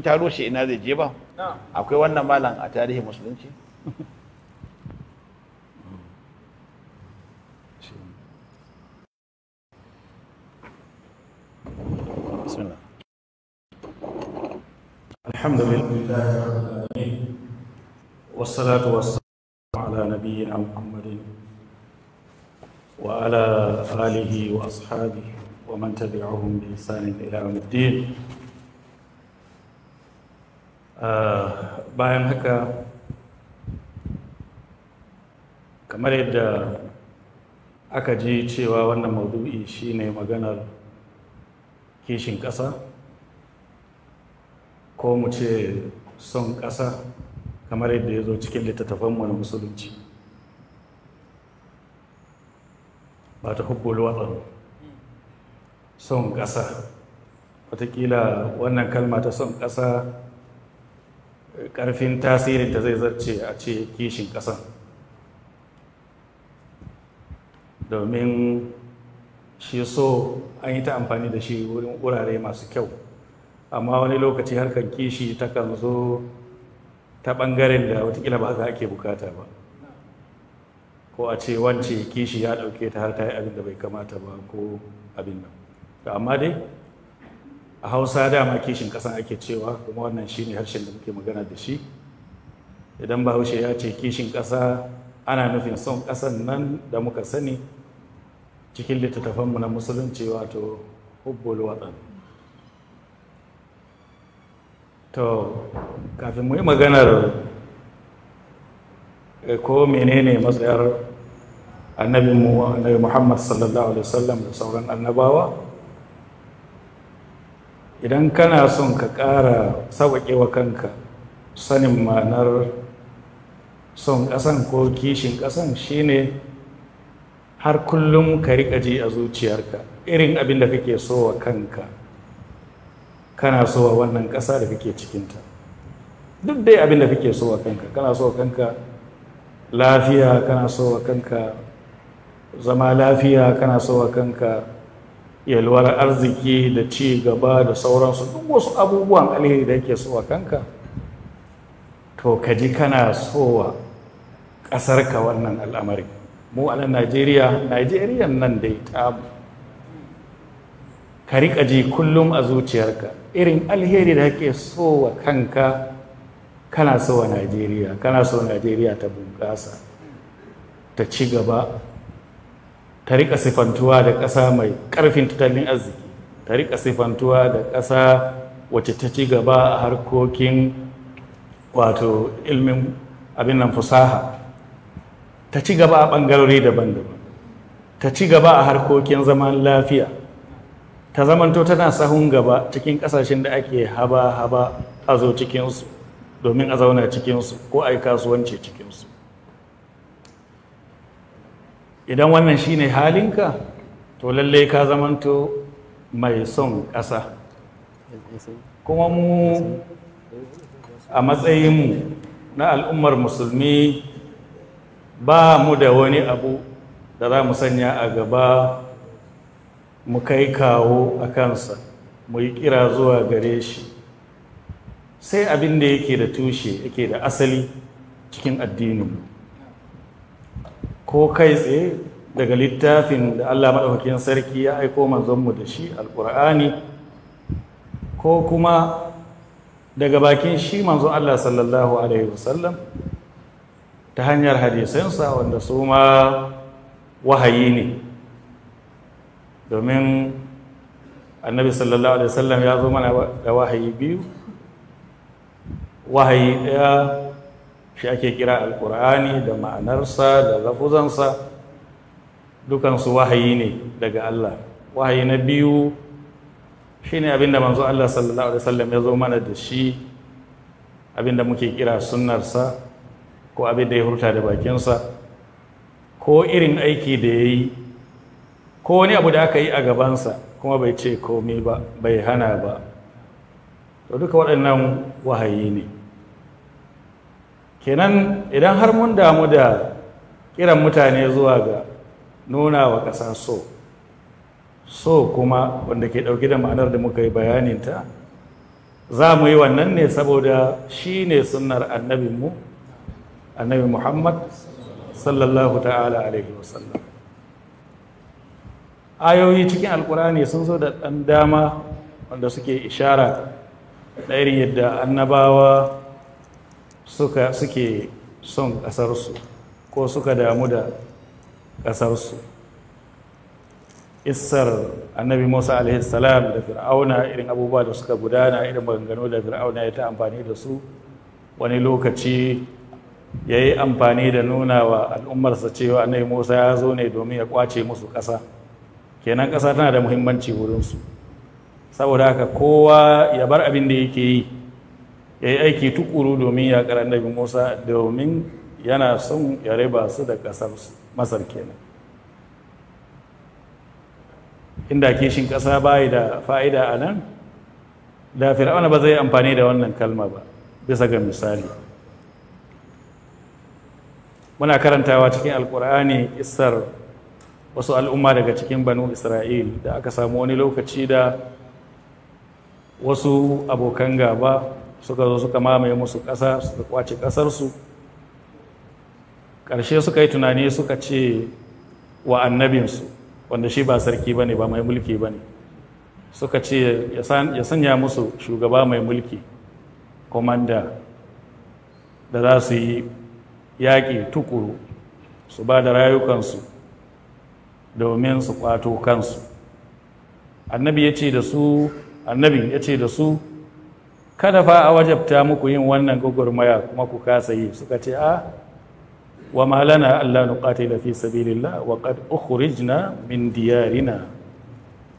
in ta rushe ina zai je ba akwai wannan malam a tarihin musulunci الحمد لله رب العالمين والصلاة والسلام على نبينا محمد وعلى آله وأصحابه ومن تبعهم بإحسان إلى يوم الدين Ah, bayan haka kamar yadda aka ji cewa wannan maudu'i shine maganar kishin ƙasa ko mu ce son ƙasa kamar yadda ya zo cikin littattafanmu na musulunci ba ta hubbul son ƙasa watakila wannan kalma ta son ƙasa ƙarfin tasirin ta zai zarce a ce kishin ƙasan domin shi so an yi ta amfani da shi wurin wurare masu kyau amma wani lokaci harkar kishi takan zo ta ɓangaren da watakila ba haka ake bukata ba ko a ce wance kishi ya ɗauke ta har ta yi abin da bai kamata ba ko abin nan amma dai a hausa dama kishin kasan ake cewa kuma wannan shi ne harshen da muke magana da shi idan bahaushe ya ce kishin kasa ana nufin son kasan nan da muka sani cikin littattafanmu na musulunci wato hubbul watan to kafin mu yi maganar eh, ko menene matsayar annabi muhammad sallallahu alaihi wasallam da sauran annabawa idan kana son ka ƙara sauƙaƙe wa kanka sanin ma'anar son ƙasan ko kishin ƙasan shine har kullum ka riƙa ji a zuciyarka irin abin da kake so wa kanka kana so wa wannan ƙasa da kake cikinta duk dai abin da kake so wa kanka kana so wa kanka lafiya kana so wa kanka zama lafiya kana so wa kanka yalwar arziki da ci gaba da sauransu duk wasu abubuwan alheri da yake so a kanka to ka ji kana sowa ƙasarka wannan al'amari mu a nan najeriya najeriyan nan dai tamu ka riƙa ji kullum a zuciyarka irin alheri da so sowa kanka kana sowa najeriya kana so najeriya ta bunƙasa ta ci gaba ta rika sifantuwa da ƙasa mai ƙarfin tattalin arziki ta rika sifantuwa da ƙasa wacce ta ci gaba a harkokin wato ilmin abin nan fusaha ta ci gaba a ɓangarori daban-daban ta ci gaba a harkokin zaman lafiya ta zamanto tana sahun gaba cikin ƙasashen da ake haba-haba a zo cikinsu domin a zauna cikinsu ko a yi kasuwanci cikinsu idan wannan shi ne halinka to lallai ka zamanto mai son ƙasa kuma mu a matsayinmu na al'ummar musulmi ba mu da wani abu da za mu sanya a gaba mu kai kawo a kansa mu yi kira zuwa gare shi sai abin da yake da tushe yake da asali cikin addininmu ko kai tsaye daga littafin da Allah maɗaukakin sarki ya aiko manzonmu da shi alƙur'ani ko kuma daga bakin shi manzon Allah sallallahu alaihi wasallam ta hanyar hadisansa wanda su ma wahayi ne domin annabi sallallahu alaihi wasallam ya zo mana da wahayi biyu wahayi ɗaya shi ake kira alkur'ani da ma'anarsa da lafuzansa dukansu wahayi ne daga Allah wahayi na biyu shine abinda manzo Allah sallallahu alaihi wasallam ya zo mana da shi abinda muke kira sunnarsa ko abinda ya hurta da bakinsa ko irin aiki da ya yi ko wani abu da aka yi a gabansa kuma bai ce komai ba bai hana ba to duka waɗannan wahayi ne kenan idan har mun damu da kiran mutane zuwa ga nuna wa ƙasa so so kuma wanda ke ɗauki da ma'anar da muka yi bayaninta za mu yi wannan ne saboda shi ne sunnar annabinmu annabi muhammad sallallahu ta'ala alaihi wasallam ayoyi cikin alkurani sun zo da ɗan dama wanda suke ishara da irin yadda annabawa suka suke son ƙasarsu ko suka damu da ƙasarsu isar annabi musa alaihissalam da fir'auna irin abubuwa da suka gudana irin maganganu da fir'auna ya ta amfani da su wani lokaci ya yi amfani da nuna wa al'ummarsa cewa annabi musa ya zo ne domin ya kwace musu ƙasa kenan ƙasa tana da muhimmanci wurinsu saboda haka kowa ya bar abin da yake yi ya yi aiki tukuru domin ya yaƙar annabi musa domin yana son ya raba su da ƙasar masar kenan inda kishin ƙasa bayi da fa'ida a nan da fir'auna ba zai amfani da wannan kalma ba bisa ga misali muna karantawa cikin alkur'ani isar wasu al'umma daga cikin banu isra'il da aka samu wani lokaci da wasu abokan gaba suka zo suka mamaye musu ƙasa suka kwace ƙasarsu ƙarshe suka yi tunani suka ce wa annabinsu wanda shi ba sarki ba ne ba mai mulki ba ne suka ce ya sanya musu shugaba mai mulki komanda da za su yi yaƙi tukuru su ba da rayukansu domin su kwato kansu annabi ya annabi ya ce da su kada fa a wajabta muku yin wannan gugurmaya kuma ku kasa yi suka ce a wa malana Allah nuqatila fi sabilillah wa qad ukhrijna min diyarina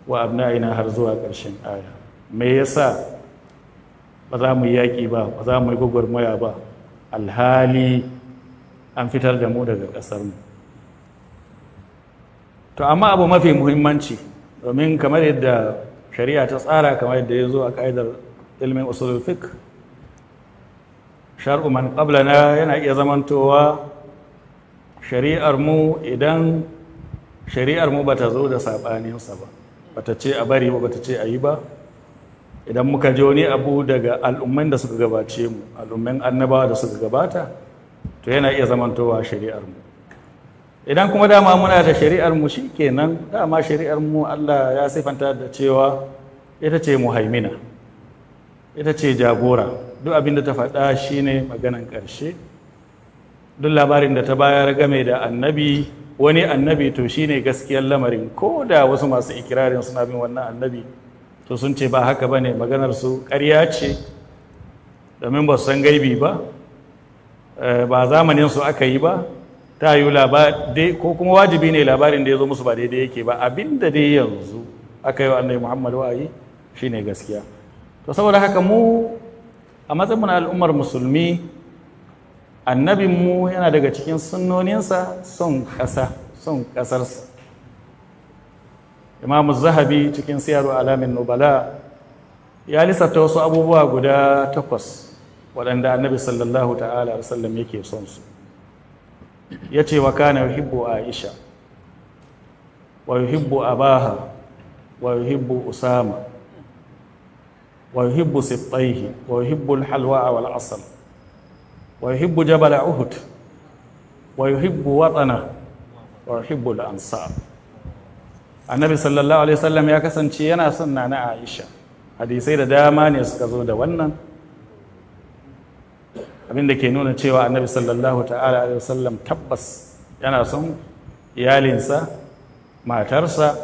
wa abna'ina har zuwa ƙarshen aya me yasa ba za mu yaƙi ba ba za mu yi gugurmaya ba alhali an fitar da mu daga ƙasar mu to amma abu mafi muhimmanci domin kamar yadda shari'a ta tsara kamar yadda ya zo a ƙa'idar ilmin usulul fiqh shar'u man qablana yana iya zamantowa shari'ar mu idan shari'ar mu bata zo da sa ba bata ce a bari ba bata ce a yi ba idan muka ji wani abu daga al'umman da suka gabace mu al'umman annabawa da suka gabata to yana iya zamantowa shari'ar mu idan kuma dama muna da shari'ar mu shikenan dama shari'ar mu Allah ya sifanta da cewa ita ce muhaimina ita ce jagora duk abin da ta faɗa shine maganan ƙarshe duk labarin da ta bayar game da annabi wani annabi to shine gaskiyar lamarin ko da wasu masu ikirarin suna bin wannan annabi to sun ce ba haka bane maganar su ƙarya ce domin ba su san gaibi ba eh, ba zamanin su aka yi ba ta yi labari ko kuma wajibi ne labarin da ya zo musu ba daidai yake ba abinda dai yanzu aka yi wa annabi Muhammad wa'ayi shine gaskiya to saboda haka mu a matsayin na al'ummar musulmi annabin mu yana daga cikin sunnoninsa son ƙasa son ƙasarsa imam zahabi cikin siyaru alamin nubala ya lissafta wasu abubuwa guda takwas waɗanda annabi sallallahu ta'ala wasallam yake son su ya ce wa kana yuhibbu aisha wa yuhibbu abaha wa yuhibbu usama wa yuhibbu sittaihi wa yuhibbu alhalwa wal asal wa yuhibbu jabal uhud wa yuhibbu watana wa yuhibbu al-ansar annabi sallallahu alaihi wasallam ya kasance yana son nana Aisha hadisai da dama ne suka zo da wannan abinda ke nuna cewa annabi sallallahu ta'ala alaihi wasallam tabbas yana son iyalinsa matarsa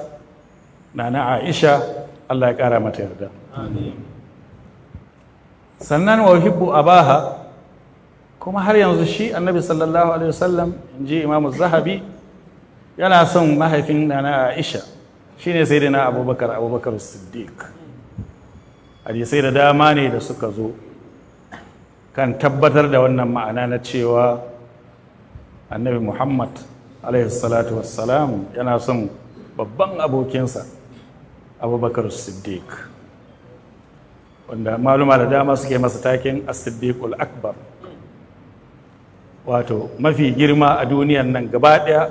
nana Aisha Allah ya kara mata yarda amin sannan wa uhibbu abaha kuma har yanzu shi annabi sallallahu alaihi wasallam inji imam zahabi yana son mahaifin nana aisha shine sayyidina abubakar abubakar siddiq hadisai da dama ne da suka zo kan tabbatar da wannan ma'ana na cewa annabi muhammad alaihi salatu wassalam yana son babban abokinsa abubakar siddiq wanda maluma da dama suke masa takin asibikul Siddikul akbar wato mafi girma a duniyan nan gaba daya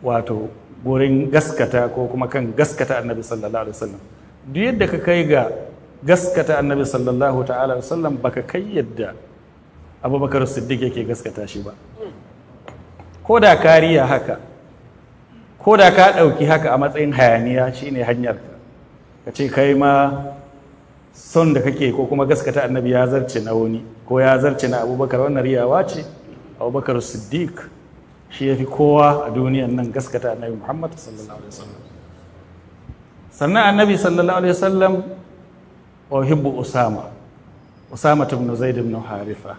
wato gurin gaskata ko kuma kan gaskata annabi sallallahu alaihi wasallam duk yadda ka kai ga gaskata annabi sallallahu ta'ala wasallam baka kai yadda abubakar siddiq yake gaskata shi ba ko da kariya haka ko da ka ɗauki haka a matsayin hayaniya shine hanyar ka ce kai ma son da kake ko kuma gaskata annabi ya zarce na wani ko ya zarce na abubakar wannan riyawa ce abubakar siddiq shi ya fi kowa a duniyan nan gaskata annabi muhammad sallallahu alaihi wasallam sannan annabi sallallahu alaihi wasallam wa hibbu usama usama ibn zaid ibn harifa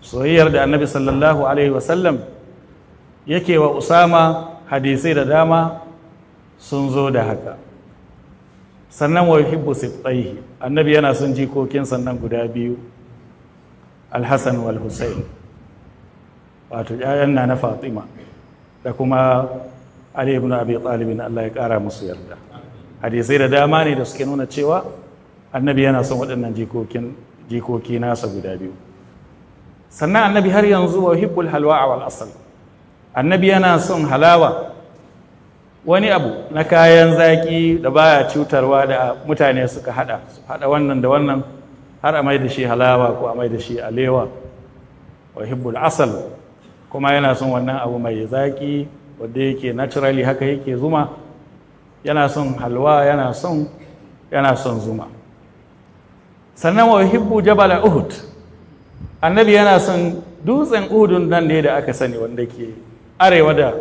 soyayyar da annabi sallallahu alaihi wasallam yake wa usama hadisai da dama sun zo da haka sannan wa yuhibbu annabi yana son jikokin sannan guda biyu alhassan wal wato ƴaƴan na na fatima da kuma ali ibn abi talib Allah ya kara musu yarda hadisai da dama ne da suke nuna cewa annabi yana son waɗannan jikokin jikoki nasa guda biyu sannan annabi har yanzu wa hibbul halwa wal asal annabi yana son halawa wani abu na kayan zaki da baya cutarwa da mutane suka hada su hada wannan da wannan har a mai da shi halawa ko a mai da shi alewa wa hibbul asal kuma yana son wannan abu mai zaki wanda yake naturally haka yake zuma yana son halwa yana son yana son zuma sannan wa hibbu jabal uhud annabi yana son dutsen uhud nan ne da aka sani wanda ke arewa da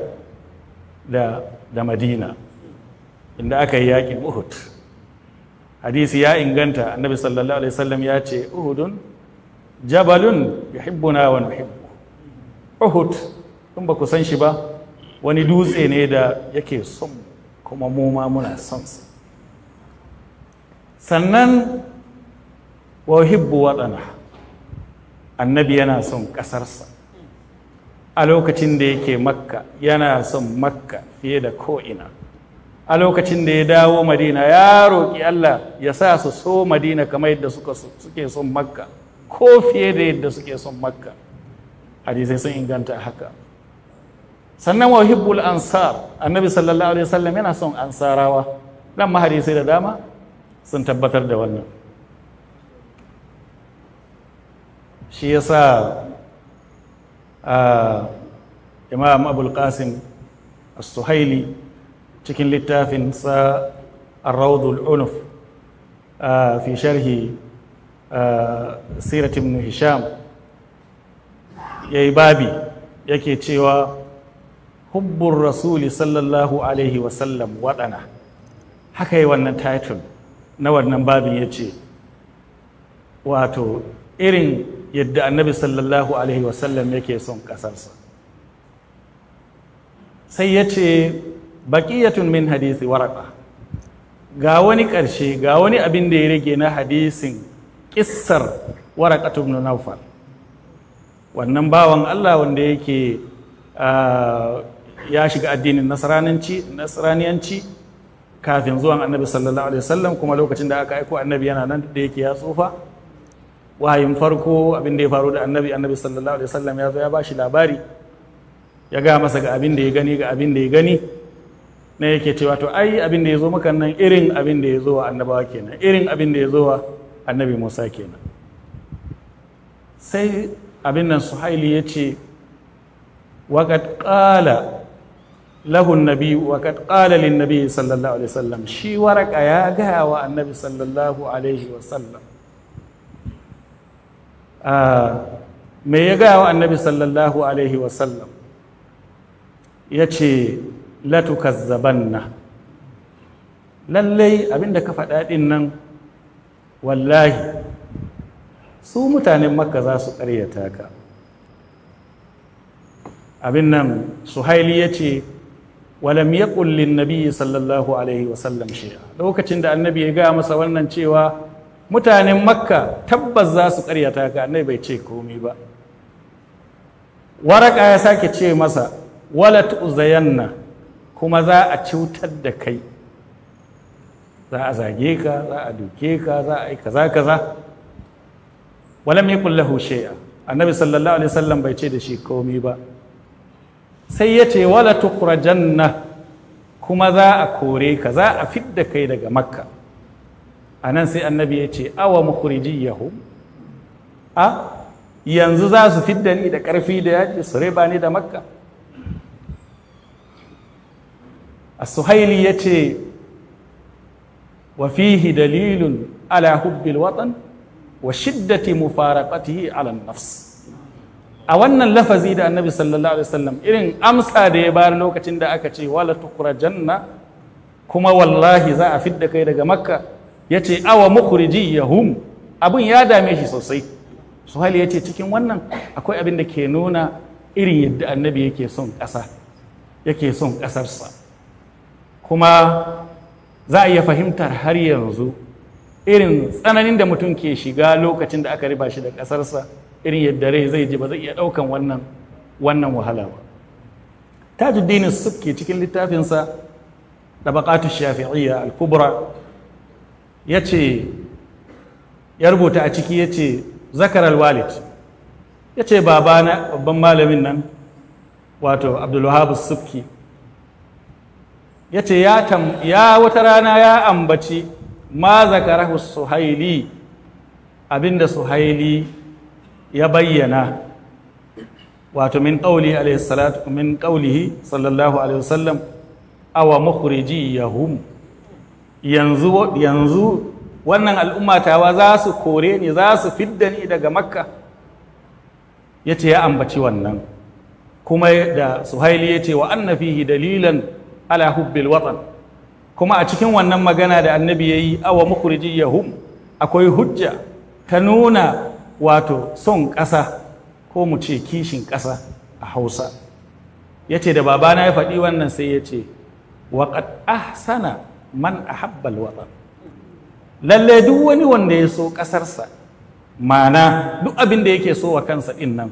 da da madina inda aka yi yaƙin uhud hadisi ya inganta annabi sallallahu alaihi wasallam ya ce uhudun jabalun hibbuna wa nuhibbu uhud in ba ku san shi ba wani dutse ne da yake son kuma mu ma muna son sa sannan wa hibbu wadana annabi yana son ƙasarsa a lokacin da yake makka yana son makka fiye da ko'ina a lokacin da ya dawo madina ya roƙi allah ya sa su so madina kamar yadda suke son makka ko fiye da yadda suke son makka hadisai sun inganta haka sannan wa hibbul ansar annabi sallallahu alaihi wasallam yana son ansarawa dan mahadisai da dama sun tabbatar da wannan shi yasa Uh, imam abul qasim as-suhaili cikin littafin sa ar-rawdul unuf uh, fi sharhi uh, sirat ibn hisham yayi babi yake cewa hubbun rasuli sallallahu alaihi wasallam waɗana haka yi wannan title na wannan babin ya ce wato irin yadda annabi sallallahu alaihi wasallam yake son ƙasarsa sai ya ce baƙiyatun min hadisi waraka ga wani ƙarshe ga wani abin da ya rage na hadisin ƙissar warakatu ibn naufar wannan bawan Allah wanda yake ya shiga addinin nasiraniyanci kafin zuwan annabi sallallahu alaihi wasallam kuma lokacin da aka aiko annabi yana nan da yake ya tsufa wayin farko abin da ya faru da annabi annabi sallallahu alaihi wasallam ya zo ya bashi labari ya ga masa ga abin da ya gani ga abin da ya gani na yake cewa to ai abin da ya zo maka nan irin abin da ya zo wa annabawa kenan irin abin da ya zo wa annabi Musa kenan sai abin nan Suhaili ya ce waqad qala lahu nabi waqad qala lin nabi sallallahu alaihi wasallam shi waraka ya ga wa annabi sallallahu alaihi wasallam mai ya gaya wa annabi sallallahu alaihi wasallam ya ce latukazzabanna lallai abinda ka faɗa ɗin nan wallahi su mutanen makka za su ƙaryata ka abin nan suhaili ya ce walam ya ƙullin nabi sallallahu alaihi wasallam a. lokacin da annabi ya gaya masa wannan cewa mutanen makka tabbas za su karyata ka annai bai ce komi ba waraka ya sake ce masa wala tu'zayanna kuma za a cutar da kai za a zage ka za a duke ka za a yi kaza kaza mai yakul lahu shay'a annabi sallallahu alaihi wasallam bai ce da shi komi ba sai ya ce wala tukhrajanna kuma za a kore ka za a fidda kai daga makka a nan sai annabi ya ce awa mukuriji yahu a yanzu za su fidda ni da ƙarfi da yaƙi su reba ni da makka a suhaili ya ce wa fihi dalilun ala hubbil watan wa shiddati mufaraqatihi ala nafs a wannan lafazi da annabi sallallahu alaihi wasallam irin amsa da ya bari lokacin da aka ce wala tukrajanna kuma wallahi za a fidda kai daga makka ya ce awa mukhriji yahum abin ya dame shi sosai suhail ya ce cikin wannan akwai abin da ke nuna irin yadda annabi yake son ƙasa yake son ƙasarsa kuma za a iya fahimtar har yanzu irin tsananin da mutum ke shiga lokacin da aka riba shi da kasarsa irin yadda rai zai ji ba zai iya ɗaukan wannan wannan wahala ba tajuddin suke cikin littafinsa da baƙatu shafi'iyya al-kubra ya ce ya rubuta a ciki ya ce zakarar walid ya ce baba na babban malamin nan wato abdullahi sufki ya ce ya wata rana ya ambaci ma zakarahu suhaili abinda suhaili ya bayyana wato min ƙauli alaihi salatu min ƙaulihi sallallahu alaihi wasallam awa makhrijiyahum yanzu yanzu wannan al'umma tawa za su kore ni za su fidda ni daga makka ya ce ya ambaci wannan kuma da suhaili ya ce wa annafihi dalilan ala hubbil watan kuma a cikin wannan magana da annabi ya yi awa mukurji yahum akwai hujja ta nuna wato son ƙasa ko mu ce kishin ƙasa a hausa ya ce da babana ya faɗi wannan sai ya ce waƙad ahsana man a ahabbal watan lalle duk wani wanda ya so ƙasarsa mana duk abin da yake so wa kansa din nan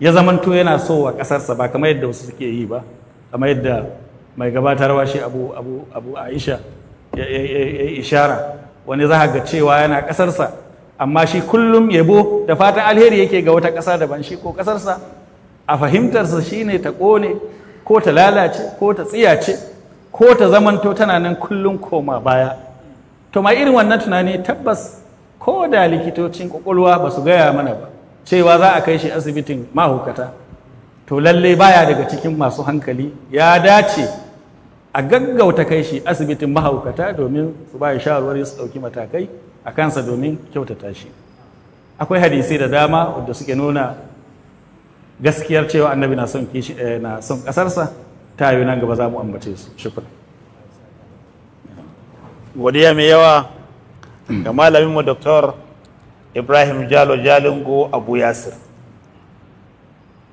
ya zamanto yana so wa ƙasarsa ba kamar yadda wasu suke yi ba kamar yadda mai gabatarwa shi abu abu aisha ya ishara wani za ga cewa yana ƙasarsa amma shi kullum yabo da fatan alheri yake ga wata ƙasa daban shi ko ƙasarsa a fahimtarsa shine ta ƙone ko ta lalace ko ta tsiyace ko ta zamanto tana nan kullum koma baya to ma irin wannan tunani tabbas ko da likitocin kwakwalwa ba su gaya mana ba cewa za a kai shi asibitin mahukata to lallai baya daga cikin masu hankali ya dace a gaggauta kai shi asibitin mahaukata domin su ba shawarwari su ɗauki matakai a kansa domin kyautata shi akwai hadisai da dama wadda suke nuna gaskiyar cewa annabi na son eh, ƙasarsa ta yi nan gaba za mu ambace su godiya mai yawa ga malamin mu doktor ibrahim jalo jalingo abu yasir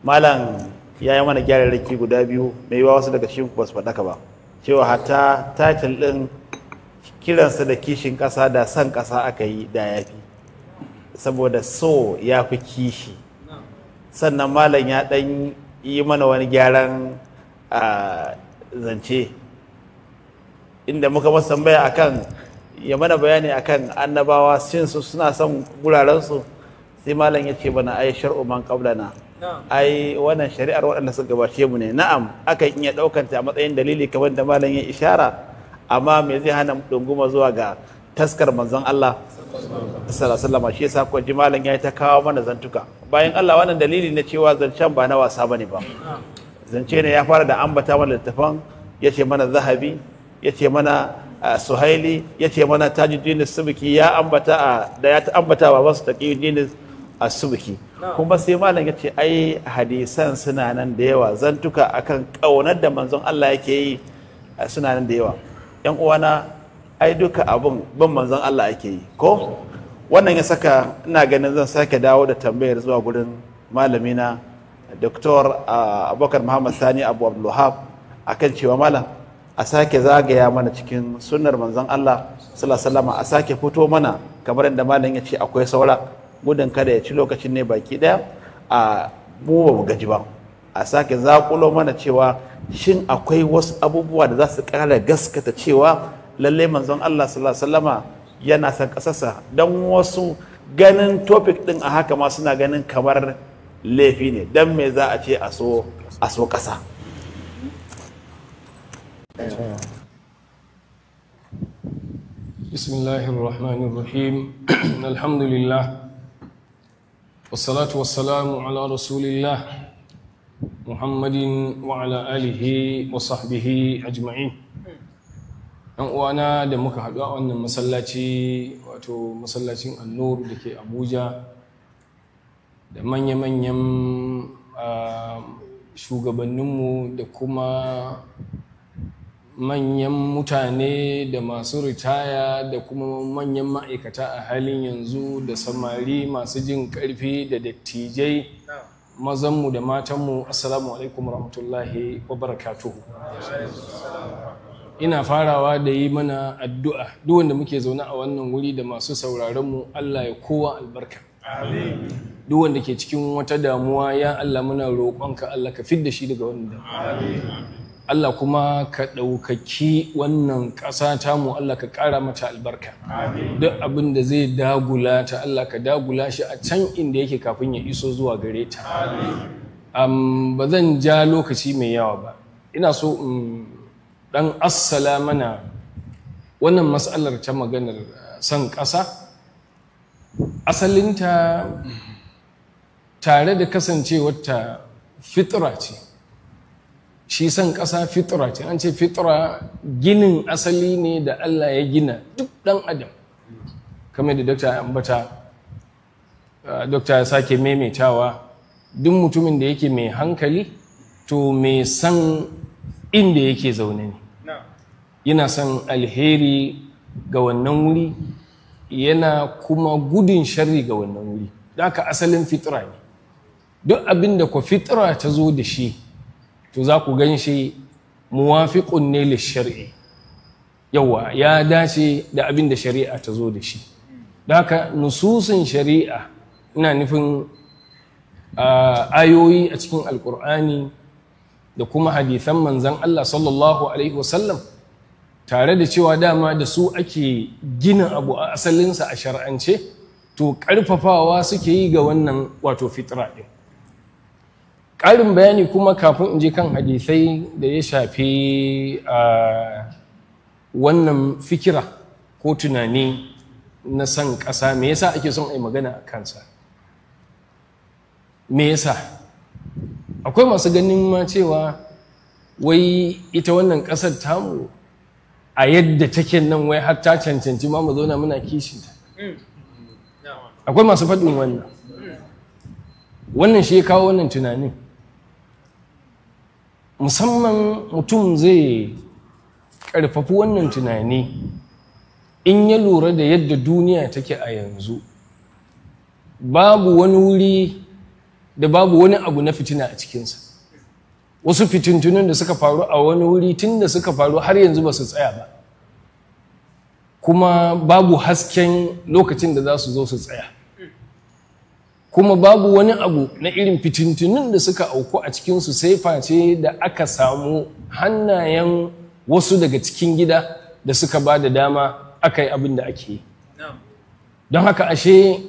malam ya yi mana riki guda biyu mai yawa wasu daga cikin basu faɗaka ba cewa hata title ɗin kiransa da kishin ƙasa da san ƙasa aka yi da ya fi. saboda so ya fi kishi sannan malam ya ɗan yi mana wani gyaran a zance inda muka masa tambaya kan ya mana bayani a kan annabawa sin su suna son gurarensu sai malam ya ce bana ai shar'u man na ai wannan shari'ar waɗanda suka gabace mu ne na'am aka iya ɗaukanta a matsayin dalili kamar da malam ya ishara amma mai zai hana dunguma zuwa ga taskar manzon Allah sallallahu shi yasa ko jimalan yayi ta kawo mana zantuka bayan Allah wannan dalili na cewa zancan ba na wasa bane ba zance ne ya fara da ambata mana littafan ya ce mana zahabi ya ce mana suhaili ya ce mana tajuddin subki ya ambata a da ya ambata wa wasu taqiyuddin subki kuma sai malam ya ce ai hadisan suna nan da yawa zantuka akan kaunar da manzon Allah yake yi suna nan da yawa yan uwana ai duka abun ban manzon Allah ake yi ko wannan ya saka ina ganin zan sake dawo da tambayar zuwa gurin malamina Dr. Ah, Abubakar Muhammad Sani Abu a kan cewa mala a sake zagaya mana cikin sunnar manzon Allah sallallahu a sake fito mana kamar yadda malam ya ce akwai saura gudun kada ya ci lokacin ne baki daya a ah, mu ba mu gaji ba a sake zaƙulo mana cewa shin akwai wasu abubuwa da za su kara gaskata cewa lallai manzon Allah sallallahu yana son kasarsa don wasu ganin topic din a haka ma suna ganin kamar laifi ne don me za a ce a so ƙasa بسم الله الرحمن الرحيم الحمد لله والصلاة والسلام على رسول الله محمد وعلى آله وصحبه أجمعين ‘yan uwana da muka haɗu a wannan masallaci wato masallacin annur da ke abuja da manya-manyan ah, shugabanninmu da kuma manyan mutane da masu ritaya da kuma manyan ma'aikata a halin yanzu da samari masu jin karfi da dattijai mazanmu da matanmu assalamu alaikum rahmatullahi wa barakatuhu ina farawa da yi mana addu'a duk wanda muke zaune a wannan wuri da masu sauraronmu allah ya kowa albarka duk wanda ke cikin wata damuwa ya Allah muna roƙonka Allah ka fidda shi daga wannan Allah kuma ka ɗaukaki wannan ƙasa ta mu Allah ka ƙara mata albarka duk abin da zai dagula ta Allah ka dagula shi a can inda yake kafin ya iso zuwa gare ta ba zan ja lokaci mai yawa ba ina so in ɗan assala mana wannan matsalar ta maganar eh, son ƙasa asalinta tare da kasancewarta fitura ce shi san ƙasa fitura ce an ce fitura ginin asali ne da Allah ya gina duk ɗan adam kamar da dokta ambata eh, dokta ya sake maimaitawa duk mutumin da yake mai hankali to mai san inda yake zaune ne yana son alheri ga wannan wuri yana kuma gudun sharri ga wannan wuri da aka asalin fitura ne duk abin da ku fitra ta zo da shi to za ku gan shi muwafiqun ne li shar'i yawa ya dace da abin da shari'a ta zo da shi haka nususin shari'a ina nufin ayoyi a cikin alkur'ani da kuma hadithan manzan Allah sallallahu alaihi wasallam tare da cewa dama da su ake gina abu a asalinsa a shar'ance to ƙarfafawa suke yi ga wannan wato fitra ɗin ƙarin bayani kuma kafin in je kan hadisai da ya shafi wannan fikira ko tunani na son ƙasa me yasa ake son a yi magana a kansa me yasa akwai masu ganin ma cewa wai ita wannan ƙasar tamu a yadda take nan wai har ta cancanci ma mu zauna muna kishinta mm. akwai masu faɗin wannan wannan shi ya kawo wannan tunanin musamman mutum zai ƙarfafi wannan tunani in ya lura da yadda duniya take a yanzu babu wani wuri da babu wani abu na fitina a cikinsa wasu fitintunan da suka faru a wani wuri tun da suka faru har yanzu ba su tsaya ba kuma babu hasken lokacin da za su zo su tsaya kuma babu wani abu na irin fitintunin da suka auku a cikinsu sai face da aka samu hannayen wasu daga cikin gida da suka ba da dama aka yi abin da ake yi don haka ashe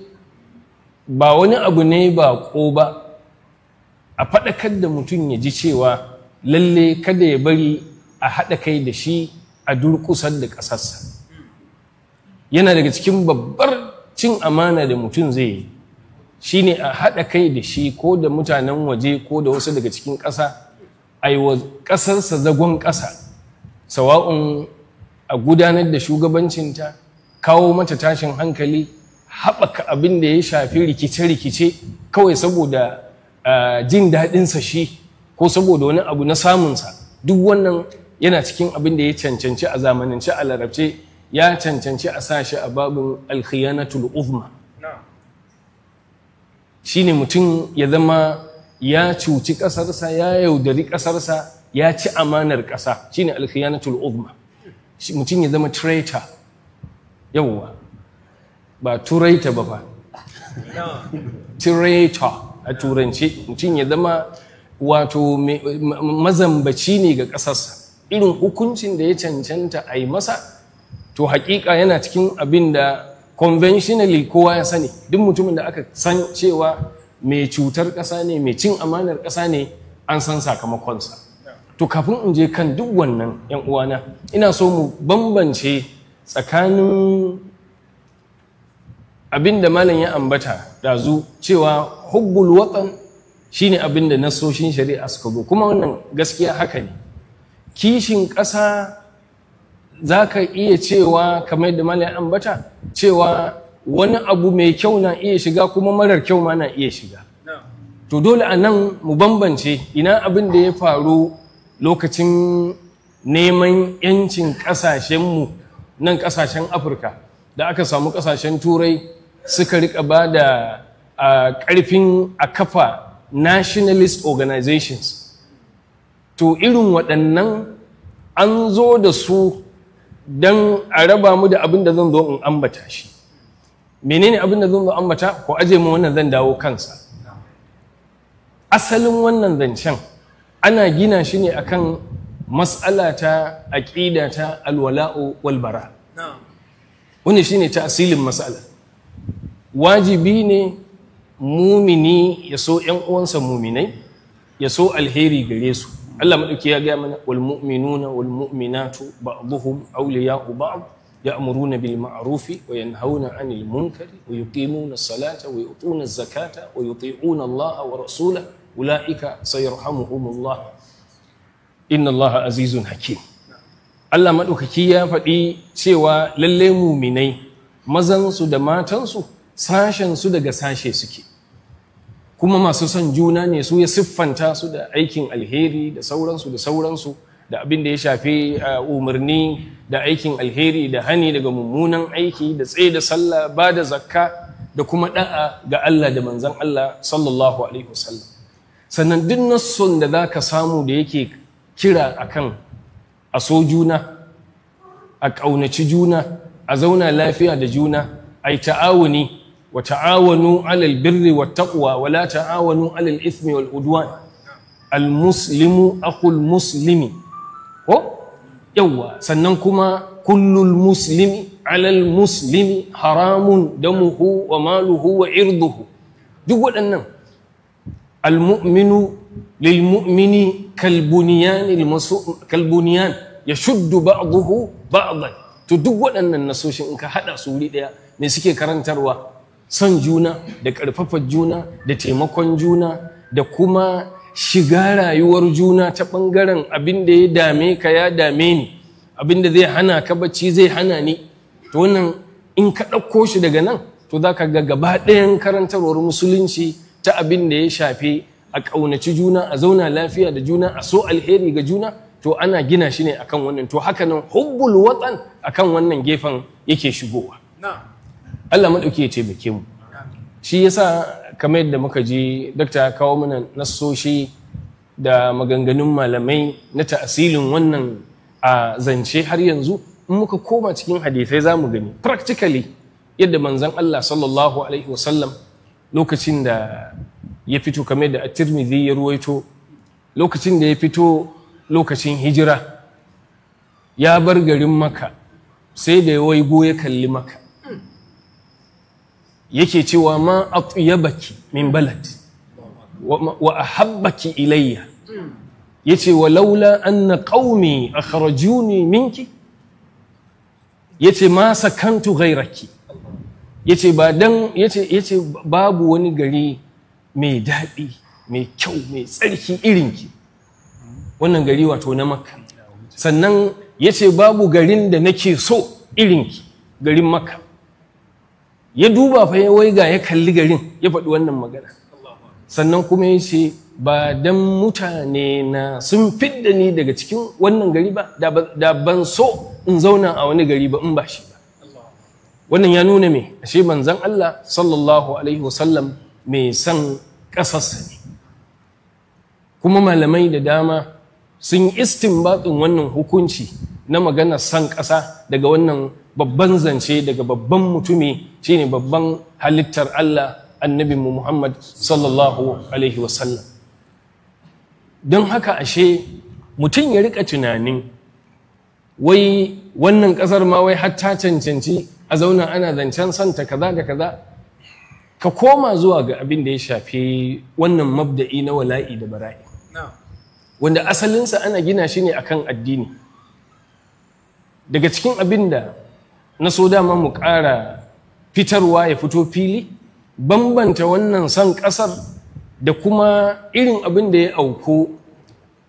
ba wani abu ne ba ko ba a faɗakar da mutum ya ji cewa lalle kada ya bari a haɗa kai da shi a durƙusar da ƙasarsa yana daga cikin babbar cin amana da mutum zai yi Shi ne a haɗa kai da shi ko da mutanen waje ko da wasu daga cikin ƙasa aiwa ƙasarsa zagon ƙasa sawa'un a gudanar da shugabancinta kawo mata tashin hankali haɓaka abin da ya shafi rikice-rikice kawai saboda jin daɗinsa shi ko saboda wani abu na samunsa duk wannan yana cikin abin da ya cancanci a zamanance a larabce ya cancanci a sashi a babin alkhiyanatul uzma shine mutum ya zama ya cuci ƙasarsa ya yaudari ƙasarsa ya ci amanar ƙasa shine alkhiyanatul uzma mutum ya zama traitor yawwa ba turaita ba ba traitor a turance. mutum ya zama wato mazambaci ne ga ƙasarsa irin hukuncin da ya cancanta a yi masa to hakika yana cikin abin da conventionally kowa ya sani duk mutumin da aka san cewa mai cutar ƙasa ne mai cin amanar ƙasa ne an san sakamakonsa to kafin in je kan duk wannan yan uwana ina so mu bambance tsakanin abin da malam ya ambata dazu cewa hubbul watan shine abin da nasoshin shari'a suka zo kuma wannan gaskiya haka ne kishin ƙasa za ka iya cewa kamar da malam ambata cewa wani abu mai kyau na iya shiga kuma marar kyau ma na iya shiga to dole a nan mu bambance ina abin da ya faru lokacin neman yancin ƙasashenmu nan ƙasashen afirka da aka samu ƙasashen turai suka rika ba da ƙarfin a kafa nationalist organizations to irin waɗannan an zo da su don a raba mu da abin da zan zo in ambata shi menene abin da zan zo ambata ko aje mu wannan zan dawo kansa asalin wannan zancen ana gina shi ne akan mas'ala ta aqida ta alwala'u wal bara wani shine asilin mas'ala wajibi ne mumini ya so 'yan uwansa muminai ya so alheri gare su Allah maɗauki ya gaya mana wal mu'minuna wal mu'minatu ba'dhum awliya'u ba'd ya'muruna bil ma'rufi wa yanhauna 'anil munkari wa yuqimuna salata wa yu'tuna na zakata wa yuti'una Allah wa rasulahu ulaika sayarhamuhumullah inna Allah azizun hakim Allah maɗaukaki ya faɗi cewa lallai muminai mazansu da matansu sashensu daga sashe suke kuma masu son juna ne su ya siffanta su da aikin alheri da sauransu da sauransu da abin da ya shafi umarni da aikin alheri da hani daga mummunan aiki da tsaye da sallah ba da zakka da kuma da'a ga Allah da manzan Allah sallallahu alaihi wasallam sannan duk nasson da za ka samu da yake kira akan a so juna a ƙaunaci juna a zauna lafiya da juna a yi ta'awuni wa ta'awanu 'alal birri wat taqwa wa la ta'awanu 'alal ithmi wal udwan al muslimu akhul muslimi ko yawa sannan kuma kullul muslimi 'alal muslimi haramun damuhu wa maluhu wa irduhu duk waɗannan al mu'minu lil mu'mini kalbuniyan ya shuddu bunyan yashuddu to duk waɗannan nasoshin in ka haɗa su wuri daya me suke karantarwa son juna da ƙarfafa juna da taimakon juna da kuma shiga rayuwar juna ta ɓangaren abin da ya dame ka ya dame ni abin da zai hana ka bacci zai hana ni to wannan in ka ɗauko shi daga nan to za ka ga gaba ɗayan karantarwar musulunci ta abin da ya shafe a ƙaunaci juna a zauna lafiya da juna a so alheri ga juna to ana gina shi ne akan wannan to haka nan hubbul watan akan wannan gefen yake shigowa Allah maɗauki ya taimake mu shi yasa kamar yadda muka je dakta kawo mana nasoshi, da maganganun malamai na ta'asilin wannan a zance har yanzu in muka koma cikin hadisai za mu gani practically yadda manzon Allah sallallahu alaihi wasallam lokacin da ya fito kamar da at-Tirmidhi ya ruwaito lokacin da ya fito lokacin hijira ya bar garin maka sai da ya waigo ya kalli maka yake cewa ma atyabaki min balad wa a habbaki ilayya yace wa laula a kharaju ne minki yace ma sakantu ghairaki yace ba yace babu wani gari mai daɗi mai kyau mai tsarki irinki wannan gari wato na maka sannan yace babu garin da nake so irinki garin maka. ya duba fa ya waiga ya kalli garin ya faɗi wannan magana sannan kuma ya ce ba dan mutane na sun fidda ni daga cikin wannan gari ba da ban so in zauna a wani gari ba in ba shi ba wannan ya nuna me ashe manzon Allah sallallahu alaihi wasallam mai san ƙasarsa ne kuma malamai da dama sun yi istinbatsin wannan hukunci na magana san ƙasa daga wannan babban zance daga babban mutumi shine babban halittar Allah Annabi Muhammad sallallahu alaihi wasallam don haka ashe mutum ya rika tunanin wai wannan kasar ma wai hatta cancanci a zauna ana zancen santa kaza da kaza ka koma zuwa ga abin da ya shafi wannan mabda'i na wala'i da bara'i wanda asalinsa ana gina shi ne akan addini daga cikin abin da na so dama mu ƙara fitarwa ya fito fili bambanta wannan son ƙasar da kuma irin abin da ya auku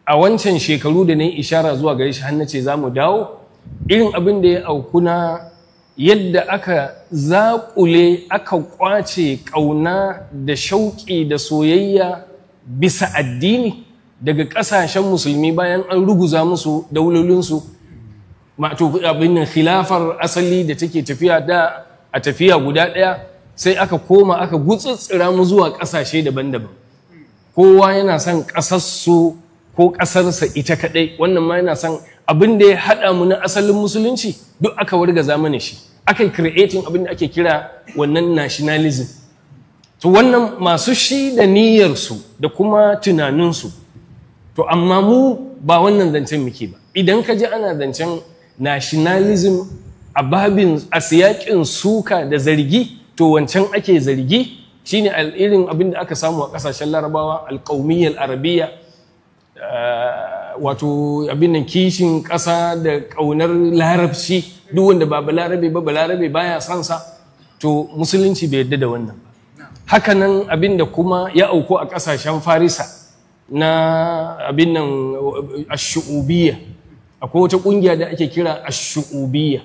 a wancan shekaru da na yi ishara zuwa gare shi hannace za mu dawo irin abin da ya auku na yadda aka zaƙule aka ƙwace ƙauna da shauƙi da soyayya bisa addini daga ƙasashen musulmi bayan an ruguza musu daulolinsu ma'atu abin nan khilafar asali da take tafiya da a tafiya guda ɗaya sai aka koma aka gutsutsura mu zuwa ƙasashe daban-daban kowa yana son ƙasarsu ko ƙasarsa ita kaɗai wannan ma yana son abin da ya haɗa mu na asalin musulunci duk aka warga zamanin shi aka yi creating abin da ake kira wannan nationalism to wannan masu shi da niyyarsu da kuma tunaninsu to amma mu ba wannan zancen muke ba idan ka ji ana zancen nationalism a babin a siyakin suka da zargi to wancan ake zargi shine irin abin da aka samu a kasashen larabawa alƙaumiyyar arabiya eh, wato abin nan kishin ƙasa da ƙaunar larabci duk wanda ba balarabe ba balarabe baya son sa to musulunci bai yadda da wannan hakanan abin da kuma ya auku a ƙasashen farisa na abin nan eh, ashu'ubiyya akwai wata ƙungiya da ake kira ashu'ubiyya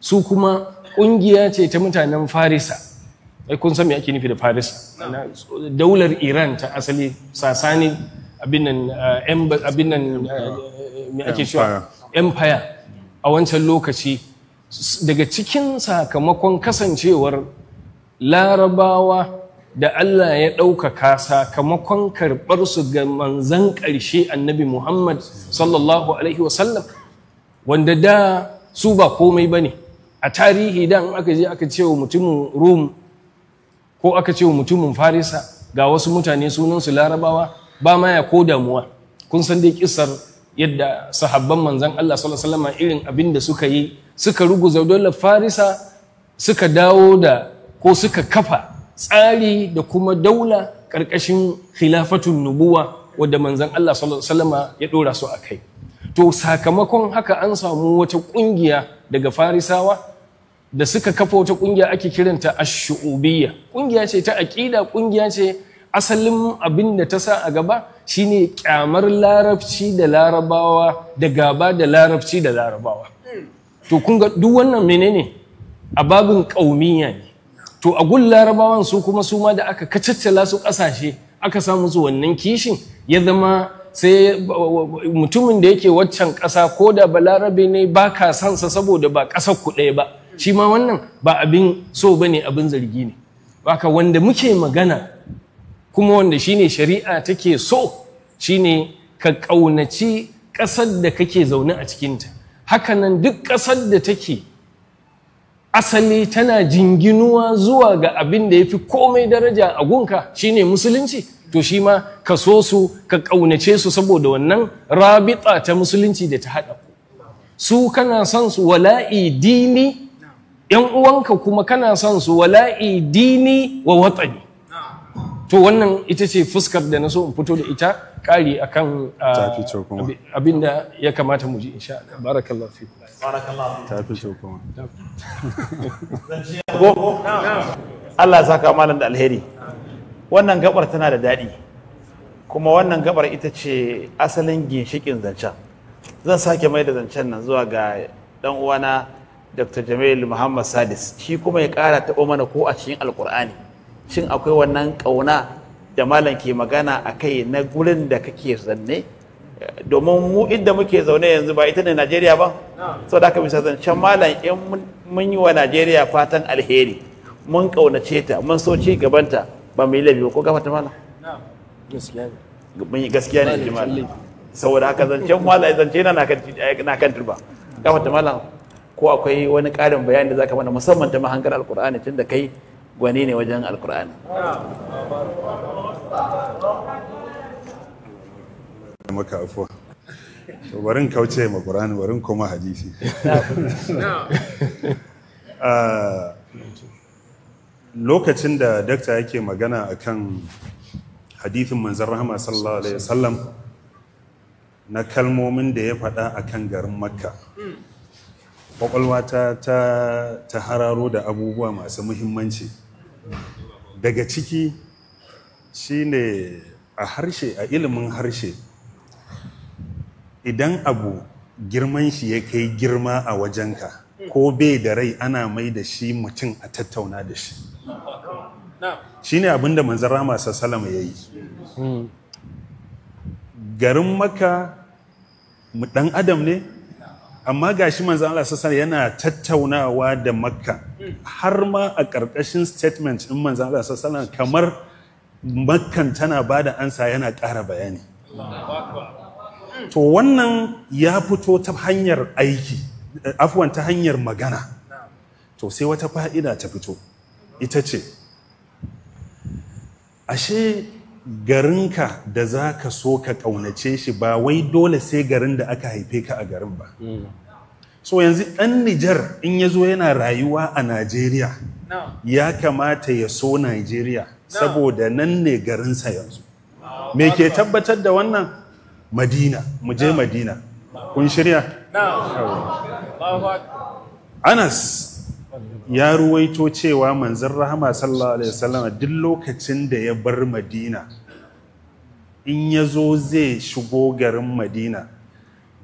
su kuma ƙungiya ce ta mutanen farisa ai kun san me ake nufi da farisa daular iran ta asali sasani abin nan eh, eh, me ake cewa empire a wancan lokaci daga cikin sakamakon kasancewar larabawa da Allah ya ɗaukaka sakamakon karɓarsu ga manzan ƙarshe annabi Muhammad sallallahu Alaihi wasallam wanda da su ba komai ba ne a tarihi da in aka je aka ce wa mutumin Rum ko aka ce wa mutumin Farisa ga wasu mutane sunansu larabawa ba ma ya ko damuwa kun san dai kisar yadda sahabban manzan Allah sallallahu alaihi wasallam irin abin da suka yi suka ruguza dole Farisa suka dawo da ko suka kafa tsari da kuma daula ƙarƙashin khilafatun nubuwa wadda manzan Allah sallama ya ɗora su a kai to sakamakon haka an samu wata ƙungiya daga farisawa da suka kafa wata ƙungiya ake kiranta ash-shu'ubiyya ƙungiya ce ta aƙida ƙungiya ce asalin abin da ta sa a gaba shine ƙyamar larabci da larabawa da gaba da larabci da larabawa hmm. to kunga duk wannan menene a babin ƙaumiyya ne to a gun larabawan su kuma su ma da aka kacaccala su ƙasashe aka samu su wannan kishin ya zama sai mutumin da yake waccan ƙasa ko da balarabe ne ba ka sansa saboda ba ƙasar ku ɗaya ba shi ma wannan ba abin so ba ne abin zargi ne baka wanda muke magana kuma wanda shine shari'a take so shine ka ƙaunaci ƙasar da kake zaune a cikinta hakanan duk ƙasar da take asali tana jinginuwa zuwa ga abin da ya fi komai daraja a gunka shine musulunci to shi ma ka so su ka ƙaunace su saboda wannan rabita ta musulunci da ta haɗa ku su kana son su wala'i dini yan uwanka kuma kana son su wala'i dini wa watsani to wannan ita ce fuskar da na so in fito da ita ƙari akan ah, abin da ya kamata mu ji insha Allah barakallahu Allah ya saka malam da alheri wannan gabar tana da daɗi kuma wannan gabar ita ce asalin ginshikin zancen zan sake mai da zancen nan zuwa ga dan uwana Dr. Jamil Muhammad Sadis shi kuma ya ƙara taɓa mana ko a cikin Alƙur'ani shin akwai wannan ƙauna da malam ke magana a kai na gurin da kake zanne domin mu inda muke zaune yanzu ba ita ne najeriya ba sau da aka bisa can malam in mun yi wa najeriya fatan alheri mun kaunace ta mun so ci gabanta ba mu yi laifi ko gafata malam mun yi gaskiya ne ji malam saboda haka zancen malam zance na kan turba gafata malam ko akwai wani ƙarin bayani da zaka mana musamman ta mahangar alkur'ani tun da kai gwani ne wajen alkur'ani maka afuwa kauce ma qur'ani barin kuma hadisi ah, lokacin da dakta yake magana akan hadithin manzon rahama sallallahu alaihi wasallam na kalmomin da ya faɗa akan garin makka kwakwalwata ta, ta hararo da abubuwa masu muhimmanci daga ciki shine a harshe a ilimin harshe idan abu girman shi ya kai girma a wajenka ko bai da rai ana mai da shi mutum a tattauna da shi Shi ne abinda manzara rama salama ya yi hmm. garin maka dan adam ne amma gashi manzon Allah salama yana tattaunawa da makka har ma a ƙarƙashin statement in manzon Allah salama kamar makkan tana ba da ansa yana ƙara bayani to wannan ya fito ta hanyar aiki eh, afuwan ta hanyar magana to sai wata fa'ida ta fito ita ce ashe garinka da za ka so ka ƙaunace shi ba wai dole sai garin da aka haife ka a garin ba so yanzu ɗan nijar in ya zo yana rayuwa a najeriya ya kamata ya so najeriya saboda nan ne garinsa yanzu me ke tabbatar da wannan madina mu je madina kun shirya anas ya ruwaito cewa manzan rahama sallallahu alaihi wasallama duk lokacin da ya bar madina in ya zo zai shigo garin madina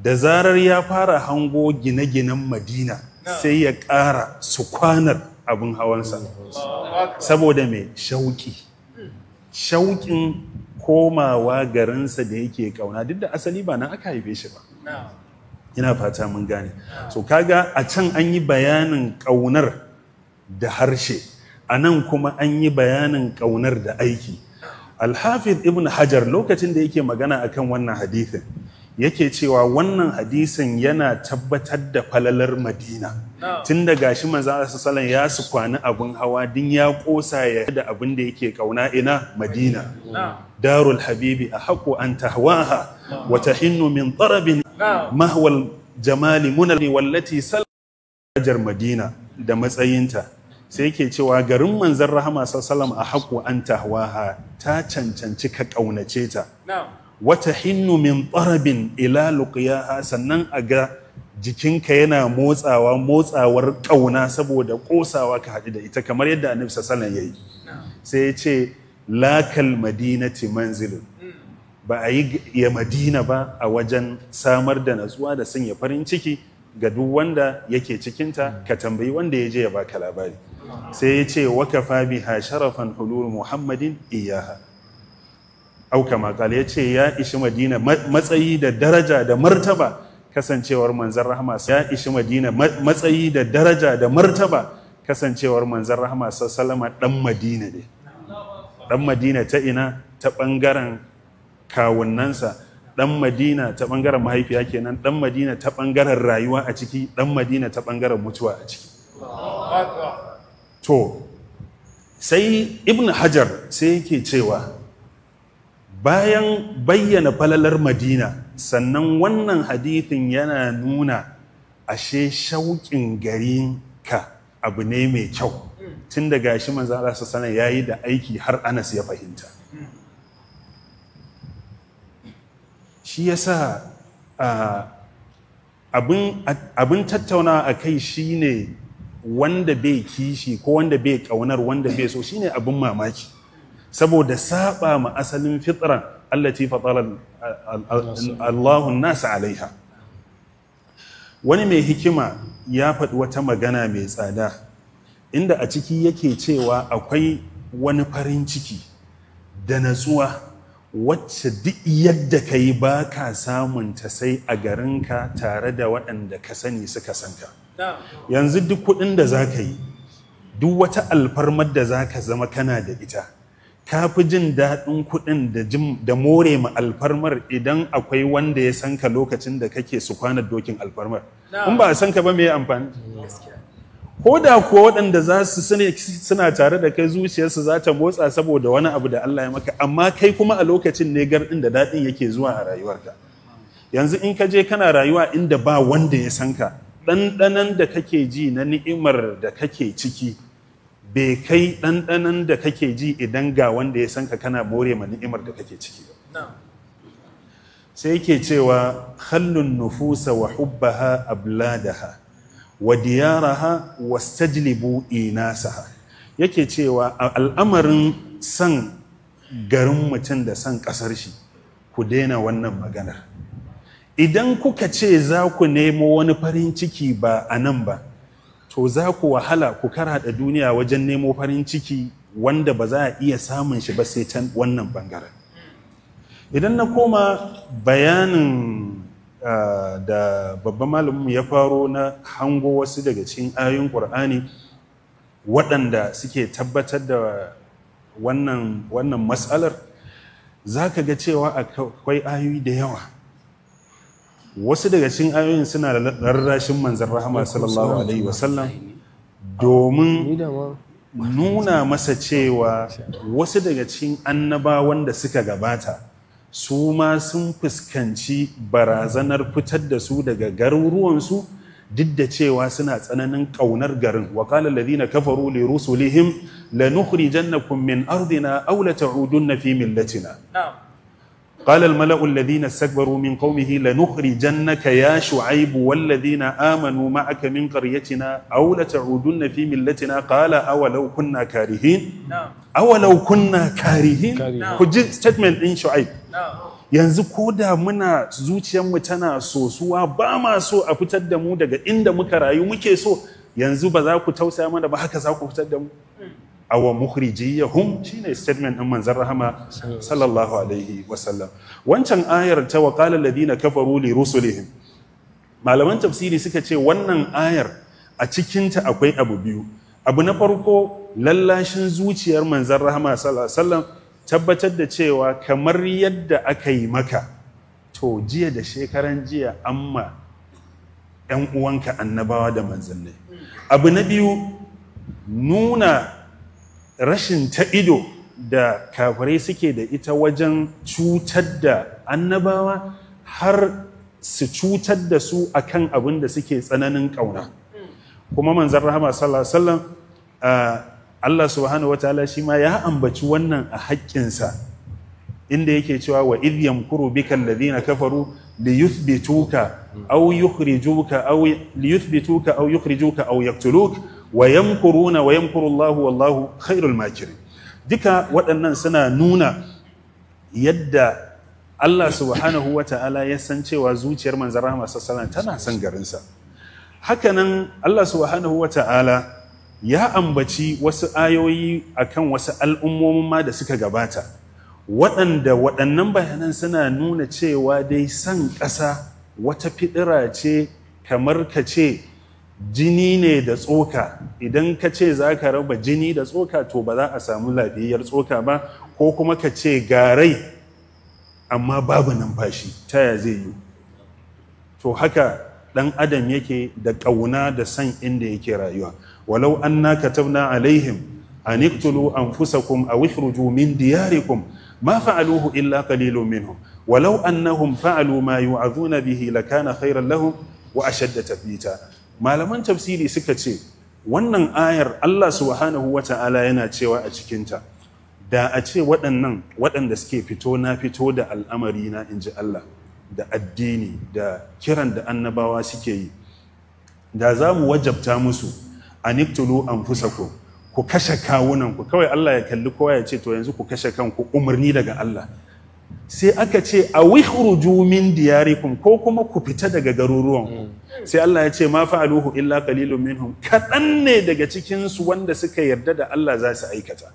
da zarar ya fara hango gine-ginen madina sai ya ƙara su kwanar abin hawansa saboda mai shauƙi shauƙin komawa garinsa da yake kauna duk da asali ba nan aka haife shi ba ina fata mun gane so kaga a can an yi bayanin kaunar da harshe a nan kuma an yi bayanin kaunar da aiki alhafiz ibn hajar lokacin da yake magana akan wannan hadithin yake cewa wannan hadisin yana tabbatar da falalar madina tun da gashi a sassalan ya su kwani abin hawa din ya kosa ya da abin da yake kauna ina madina darul habibi a haƙo an tahwaha wata hinnu min tsarabin mahwal jamali munali wallati salajar madina da matsayinta sai yake cewa garin manzan rahama sassalam a haƙo an tahwaha ta cancanci ka ƙaunace ta wata hinnu min tsarabin ila luqiyaha sannan a ga jikinka yana motsawa motsawar ƙauna saboda ƙosawa ka haɗu da ita kamar yadda annabi sallallahu ya yi sai ya ce lakal madinati manzilin ba a yi ya madina ba a wajen samar da natsuwa da sanya farin ciki ga duk wanda yake cikinta ka tambayi wanda ya je ya baka labari sai ya ce Fabi biha sharafan hulul muhammadin iyaha auka makal ya ce ya ishi madina matsayi da daraja da martaba kasancewar manzan rahama ya ishi madina matsayi da daraja da martaba kasancewar manzan rahama salama dan madina ne dan madina ta ina ta bangaren kawunnansa dan madina ta bangaren mahaifiya kenan dan madina ta bangaren rayuwa a ciki dan madina ta bangaren mutuwa a ciki to sai ibn hajar sai yake cewa bayan bayyana falalar madina sannan wannan hadithin yana nuna ashe shauƙin garin ka abu ne mai kyau tun da gashi manzan Allah sana ya yi da aiki har Anas ya fahimta shi ya sa abin tattauna a kai shi ne wanda bai kishi ko wanda bai kaunar wanda bai so shi ne abin mamaki saboda saba ma asalin fitran allati fatala Allahun nasa alaiha wani mai hikima ya faɗi wata magana mai tsada inda a ciki yake cewa akwai wani farin ciki da natsuwa wacce duk yadda ka yi ba ka samun ta sai a garin ka tare da waɗanda ka sani suka san ka. yanzu duk kuɗin da za ka yi duk wata alfarmar da za ka zama kana da ita ka fi jin daɗin kuɗin da more ma alfarmar idan akwai wanda ya san ka lokacin da kake su kwanar dokin alfarmar in ba a san ba mai amfani ko da kuwa waɗanda za su suna tare da kai zuciyarsu za ta motsa saboda wani abu da Allah ya maka amma kai kuma a lokacin ne garɗin da daɗin yake zuwa a rayuwarka yanzu in ka je kana rayuwa inda ba wanda ya san ka ɗanɗanan da kake ji na ni'imar da kake ciki bai kai ɗanɗanan da kake ji idan ga wanda ya san ka kana more ma ni'imar da kake ciki ba sai yake cewa hallun nufusa wa hubbaha abladaha wa diyaraha wastajlibu inasaha yake cewa a al'amarin san garin mutum da san ƙasar shi ku daina wannan maganar idan kuka ce za ku nemo wani farin ciki ba a nan ba to za ku wahala ku karaɗa duniya wajen nemo farin ciki wanda ba za a iya samun shi ba sai ta wannan bangaren idan na koma bayanin ah, da babban malamin ya faro na hango wasu daga cikin ayoyin ƙur'ani waɗanda suke tabbatar da wannan matsalar za ka ga cewa akwai ayoyi da yawa wasu daga cikin ayoyin suna da rarrashin manzan rahama sallallahu alaihi wasallam domin nuna masa cewa wasu daga cikin annabawan da suka gabata su ma sun fuskanci barazanar fitar da su daga garuruwansu duk da cewa suna tsananin ƙaunar garin Wakala qala kafaru li rusulihim lanukhrijannakum min ardina aw la ta'udunna fi millatina na'am قال الملأ الذين استكبروا من قومه لنخرجنك يا شعيب والذين آمنوا معك من قريتنا أو لتعودن في ملتنا قال أولو كنا كارهين أولو كنا كارهين كجي ستمنت إن شعيب yanzu ko da muna zuciyarmu tana sosuwa ba ma so a fitar da mu daga inda muka rayu muke so yanzu ba za ku tausaya mana ba haka za ku fitar da mu awa shi shine statement din manzon rahama sallallahu alaihi wasallam wancan ayar ta wa qala alladhina kafaru li rusulihim malaman tafsiri suka ce wannan ayar a cikinta akwai abu biyu abu na farko lallashin zuciyar manzon rahama sallallahu alaihi wasallam tabbatar da cewa kamar yadda aka yi maka to jiya da shekaran jiya amma ‘yan uwanka annabawa da manzannai abu na biyu nuna rashin ta ido da kafirai suke da ita wajen cutar da annabawa har su cutar da su akan abin da suke tsananin ƙauna kuma manzan rahama sallallahu Allah subhanahu wataala shi ma ya ambaci wannan a haƙƙinsa inda yake cewa wa kuro Bikan da zina kafaru liyuthbituka aw yukhrijuka yukhrijuka wa yamkuruna wa yamkurullahu wallahu khairul makirin duka waɗannan suna nuna yadda Allah subhanahu wa ta'ala ya san cewa zuciyar manzan masu sassalan tana son garinsa hakanan Allah subhanahu wa ta'ala ya ambaci wasu ayoyi akan wasu al'ummomin ma da suka gabata waɗanda waɗannan bayanan suna nuna cewa dai san ƙasa wata fiɗira ce kamar ka ce jini ne da tsoka idan ka ce za ka raba jini da tsoka to ba za a samu lafiyar tsoka ba ko kuma ka ce garai amma babu numfashi taya zai yi to haka ɗan adam yake da ƙauna da san inda yake rayuwa walau anna katabna alaihim an fusakun anfusakum aw ikhruju min diyarikum ma fa'aluhu illa qalilun minhum walau annahum fa'alu ma yu'adhuna bihi lakana khairan lahum wa ashadda tathbita malaman tafsiri suka ce wannan ayar Allah subhanahu wa ta'ala yana cewa a cikinta da a ce waɗannan waɗanda suke fito na fito da al'amari na in ji Allah da addini da kiran da annabawa suke yi da za mu wajabta musu a niktulu an fusako ku kashe kawunanku kawai Allah ya kalli kowa ya ce to yanzu ku kashe kanku umarni daga Allah sai aka ce a wihruju min diyarikum ko kuma ku fita daga garuruwan. sai Allah ya ce ma fa'aluhu illa qalilun minhum kaɗan ne daga cikin su wanda suka yarda da Allah za su aikata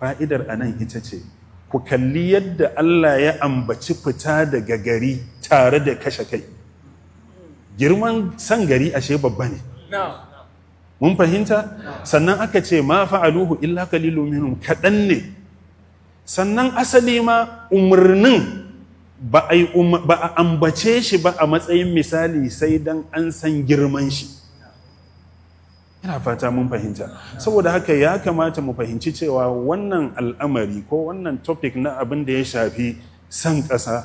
fa'idar anan ita ce ku kalli yadda Allah ya ambaci fita daga gari tare da kashe kai girman san gari ashe babba ne mun fahimta sannan aka ce ma fa'aluhu illa qalilun minhum kaɗan ne sannan asali ma umarnin ba a ambace shi ba a matsayin misali sai don an san girman shi Yana fata mun fahimta saboda haka ya kamata mu fahimci cewa wannan al'amari ko wannan topic na abin da ya shafi san ƙasa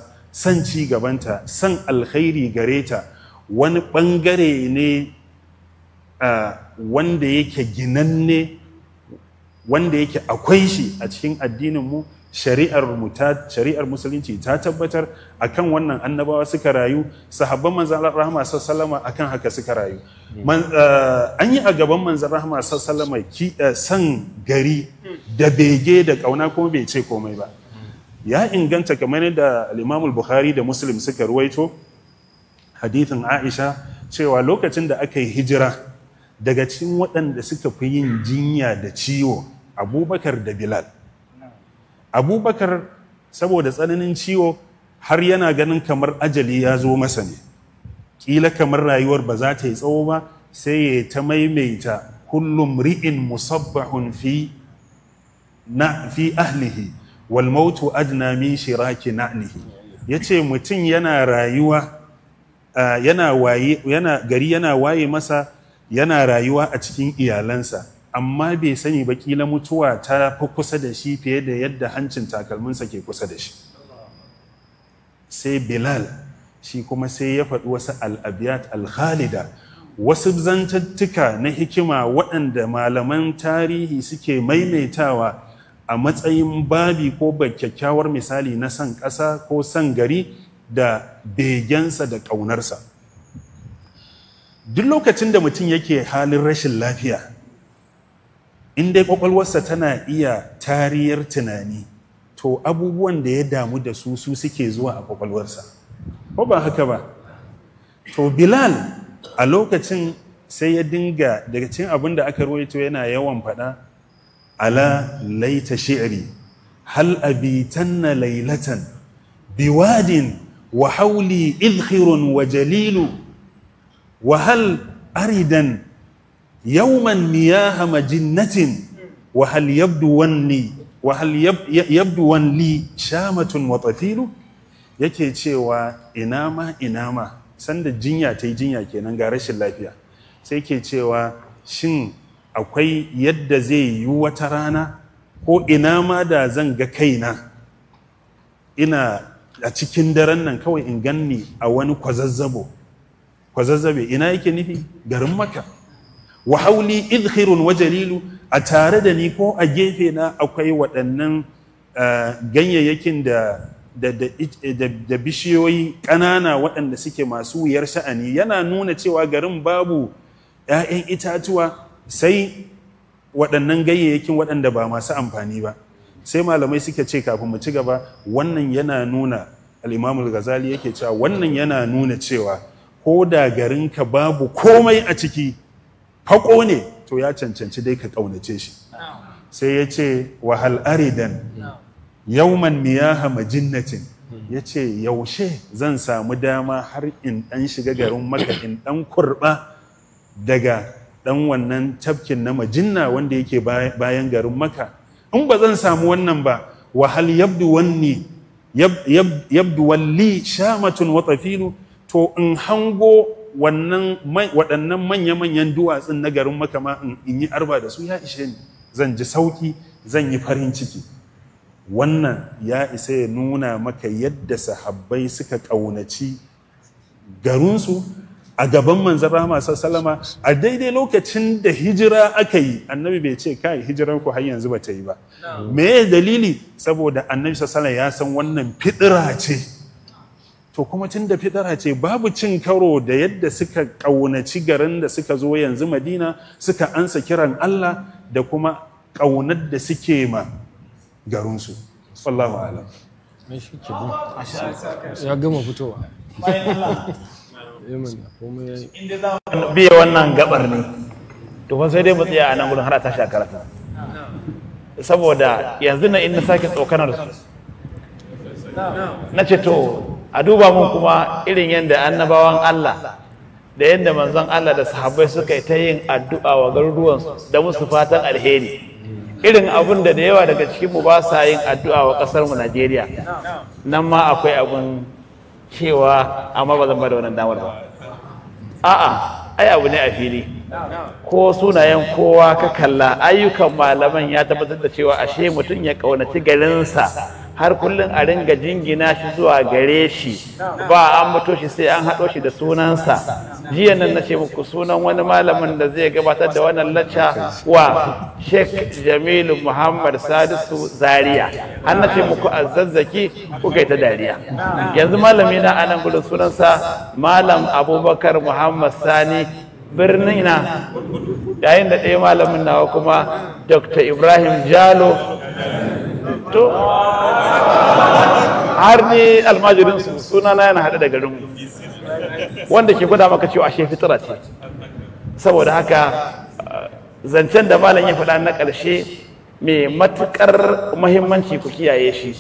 san ci gabanta san alkhairi gare ta wani ɓangare ne wanda yake ginanne wanda yake akwai shi a cikin addinin mu shari'ar musulunci ta tabbatar a kan wannan annabawa suka rayu sahabban manzan rahama sallama kan haka suka rayu eh, an yi a gaban manzan rahama sallama ki eh, san gari da bege da ƙauna kuma bai ce komai ba ya inganta kamar yadda Limamul bukhari da Muslim suka ruwaito hadithin Aisha cewa lokacin da aka yi hijira daga cikin waɗanda suka fi yin jinya da ciwo abubakar da bilal abubakar saboda tsananin ciwo har yana ganin kamar ajali ya zo masa ne ƙila kamar rayuwar ba za ta yi tsawo ba sai ya ta maimaita kullum ri'in musabbahun fi na fi ahlihi wal mautu adna min shiraki ya yace mutum yana rayuwa gari yana waye masa yana rayuwa a cikin iyalansa amma bai sani ba kila mutuwa ta fi kusa da shi fiye da yadda hancin takalminsa ke kusa da shi sai bilal shi kuma sai ya faɗi wasu al'abiyat al wasu zantattuka na hikima waɗanda malaman tarihi suke maimaitawa a matsayin babi ko ba kyakkyawar misali na san ƙasa ko san gari da begensa da ƙaunarsa duk lokacin da mutum yake halin rashin lafiya in dai kwakwalwarsa tana iya tariyar tunani to abubuwan da ya damu da su su suke zuwa a kwakwalwarsa ko ba haka ba to bilal a lokacin sai ya dinga daga cin abin da aka ruwaito yana yawan fada. ala laita shi'ri hal na lailatan biwadin wa hauli ilhirun wa jalilu wa hal aridan yawman niyaha majinnatin wa hal yabdu wanni wa hal yabdu wanni shamatun wa tafilu yake cewa ina ma sanda jinya ta yi jinya kenan ga rashin lafiya sai ke cewa shin akwai yadda zai yi wata rana ko ina ma da zan ga kaina ina a cikin daren nan kawai in ganni a wani kwazazzabo kwazazzabe ina yake nufi garin maka wa hauli idhirun wa jalilu a tare da ni ko a gefe na akwai waɗannan eh, ganyayyakin da bishiyoyi ƙanana waɗanda suke masu wuyar sha'ani yana nuna cewa garin babu 'ya'yan itatuwa sai waɗannan ganyayyakin waɗanda ba masu amfani ba sai malamai suke ce kafin mu ci gaba wannan yana nuna al'imamul ghazali yake cewa wannan yana nuna cewa ko da garinka babu komai a ciki fako ne to ya cancanci dai ka ƙaunace shi sai ya ce wahal aridan yauman miyaha majinnatin ya ce yaushe zan samu dama har in ɗan shiga garin maka in ɗan kurɓa daga ɗan wannan tafkin na majinna wanda yake bayan garin maka in ba zan samu wannan ba wahal yabdu wanni yabdu walli shamatun wa tafilu to in hango waɗannan manya-manyan duwatsun na garin makama in yi arba da su ya ishe ni zan ji sauƙi zan yi farin ciki wannan ya isa ya nuna maka yadda sahabbai suka ƙaunaci garinsu a gaban manzan rama a daidai lokacin da hijira aka yi annabi bai ce kai hijirar ku har yanzu ba ta yi ba me dalili saboda annabi sallama ya san wannan fiɗira ce to kuma tun da fitara ce babu cin karo da yadda suka ƙaunaci garin da suka zo yanzu madina suka ansa kiran allah da kuma ƙaunar da suke ma garinsu wallahu alam ya gama fitowa biya wannan gabar ne to fa sai dai mu tsaya a nan gudun har a tashi a karatu saboda yanzu na inda sake tsokanar su na ce to a duba mun kuma irin yadda annabawan Allah da yadda manzon Allah da sahabbai suka yi ta yin addu'a wa garuruwansu da musu fatan alheri irin abun da da yawa daga cikin mu ba sa yin addu'a wa kasar mu Najeriya nan ma akwai abun cewa amma ba zan ba da wannan damar ba a'a ai abu ne a fili ko sunayen kowa ka kalla ayyukan malaman ya tabbatar da cewa ashe mutum ya ƙaunaci garinsa har kullum a ringa jingina shi zuwa gare shi ba an mutu shi sai an haɗo shi da sunansa jiya nan na ce muku sunan wani malamin da zai gabatar da wannan lacca wa sheikh jamilu muhammad sadisu zaria an na ce muku a kuka yi ta dariya yanzu malami na anan gudun sunansa malam abubakar muhammad sani birnin na yayin da ɗaya malamin nawa kuma dr ibrahim jalo to har ni almajirin su na yana hada da garin wanda ke gwada maka cewa ashe fitira ce saboda haka uh, zancen da malam ya faɗa na ƙarshe mai matuƙar muhimmanci ku kiyaye shi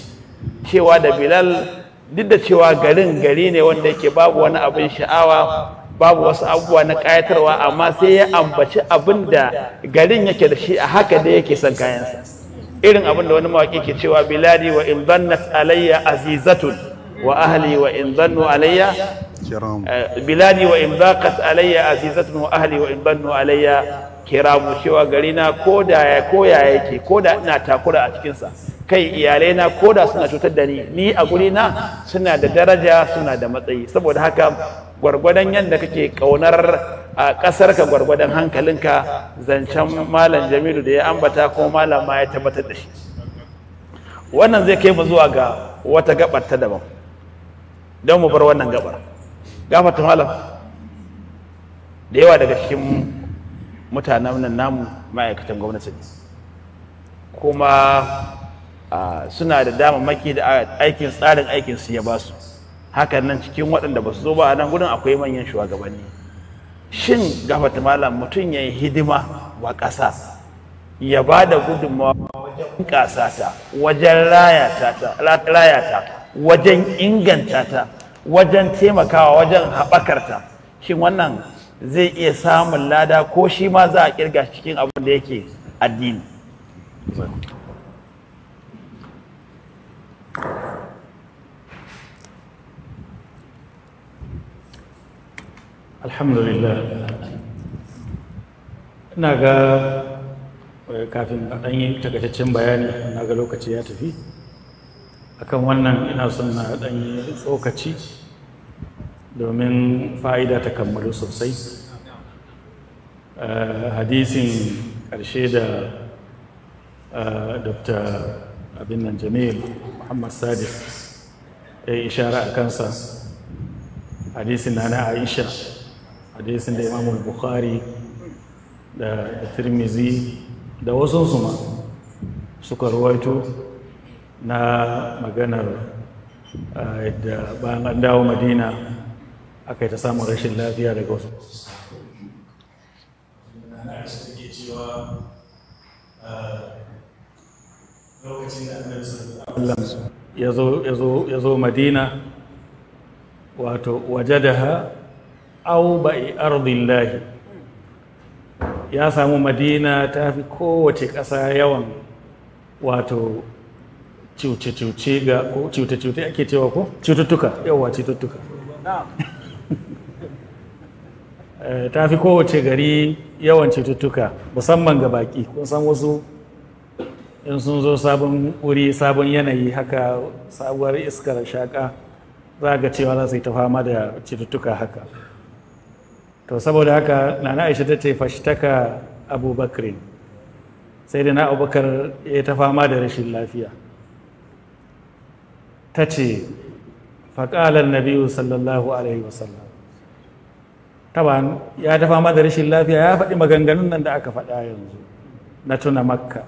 cewa da bilal duk da cewa garin gari ne wanda yake babu wani abin sha'awa babu wasu abubuwa na ƙayatarwa amma sai ya ambaci abin da garin yake da shi a haka da yake son kayansa irin abin da wani mawaƙi ke cewa biladi wa in dannat alayya azizatun wa ahli wa in dannu alayya kiram eh, biladi wa in daqat alayya azizatun wa ahli wa in dannu alayya kiramu cewa garina ko da ya koya yake ko da ina takura a cikin sa kai iyalai na koda suna cutar da ni ni a guri na suna da daraja suna da matsayi saboda haka gwargwadon yadda kake kaunar a ƙasarka ka gwargwadon hankalinka zancen malam Jamilu da ya ambata ko malam ma ya tabbatar da shi wannan zai kai mu zuwa ga wata gabar ta daban don mu bar wannan gabar gafata malam da yawa daga cikin mutanen nan namu ma'aikatan gwamnati kuma suna da damammaki da aikin tsarin aikin su ya ba su hakan nan cikin waɗanda ba su zo ba a nan gudun akwai manyan shugabanni shin ga malam mutum ya yi hidima wa ƙasa ya ba da gudunmawa wajen ƙasa ta wajen raya ta wajen inganta ta wajen taimakawa wajen haɓakar ta shin wannan zai iya samun lada ko shi ma za a ƙirga cikin abin da yake addini alhamdulillah ina ga eh, kafin a ɗan yi takaitaccen bayani na ga lokaci ya tafi akan wannan ina son na ɗan yi tsokaci domin fa'ida ta kammalu sosai eh, hadisin ƙarshe da eh, dr abin nan jamil muhammad Sadiq ya yi ishara a kansa hadisin na na aisha hadisin da imam bukhari da tirmizi da wasu suma suka ruwaito na maganar ah, da bayan an dawo madina aka yi ta samun rashin lafiya daga wasu cewa ah, ya zo madina wato wajadaha au ba'i lahi ya samu madina ta fi kowace ƙasa yawan wato ciwce-ciwce ga ko cuce ake cewa ko cututtuka yawa cututtuka eh, ta fi kowace gari yawan cututtuka musamman ga baki kun san wasu in sun zo sabon wuri sabon yanayi haka sabuwar iskar shaka za ga cewa za su yi ta fama da cututtuka haka to saboda haka nana aisha ta ce fashtaka abubakar sai da na abubakar ya ta fama da rashin lafiya ta ce faƙalar nabiyu sallallahu alaihi wasallam taban ya ta fama da rashin lafiya ya faɗi maganganun nan da aka faɗa yanzu na tuna makka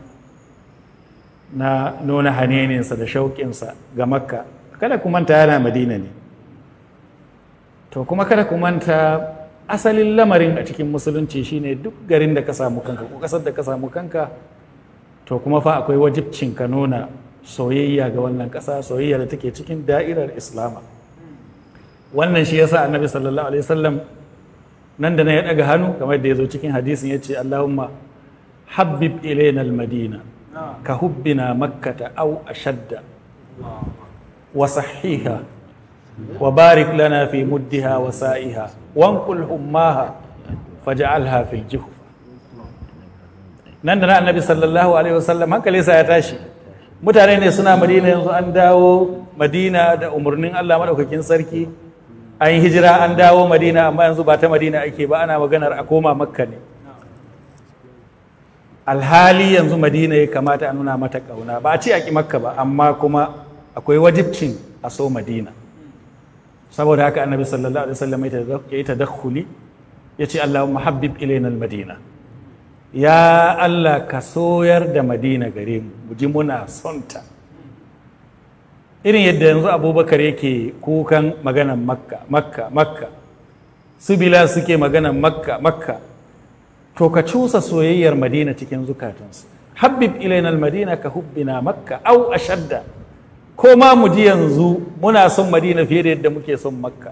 na nuna haneninsa da shauƙinsa ga makka kada ku manta yana madina ne to kuma kada ku manta asalin lamarin a cikin musulunci shine duk garin da ka samu kanka ko ƙasar da ka samu kanka to kuma fa akwai wajibcin ka nuna soyayya ga wannan ƙasa soyayya da take cikin da'irar islama wannan shi yasa annabi sallallahu alaihi wasallam nan da na ya ɗaga hannu kamar da ya zo cikin hadisin ya ce allahumma habib ilayna al-madina ka hubbina makkata au ashadda wa sahiha wa barik lana fi muddiha wa sa'iha wankul hummaha faj'alha fil juhuf nan da na annabi sallallahu alaihi wasallam hankali sa ya tashi mutane ne suna madina yanzu an dawo madina da umarnin Allah madaukakin sarki an hijira an dawo madina amma yanzu ba ta madina ake ba ana maganar a koma makka ne alhali yanzu madina ya kamata a nuna mata ƙauna ba a ce a ƙi makka ba amma kuma akwai wajibcin a so madina saboda haka annabi sallallahu alaihi wasallam ya yi tadakhuli ya ce allahumma muhabbib ilaina madina ya allah ka soyar da madina gare mu mu ji muna sonta. irin yadda yanzu abubakar yake kukan maganan makka makka makka su bila suke maganan makka makka to ka cusa soyayyar madina cikin zukatansu habib ilaina madina ka na makka au ashadda ko ma mu ji yanzu muna son madina fiye da yadda muke son makka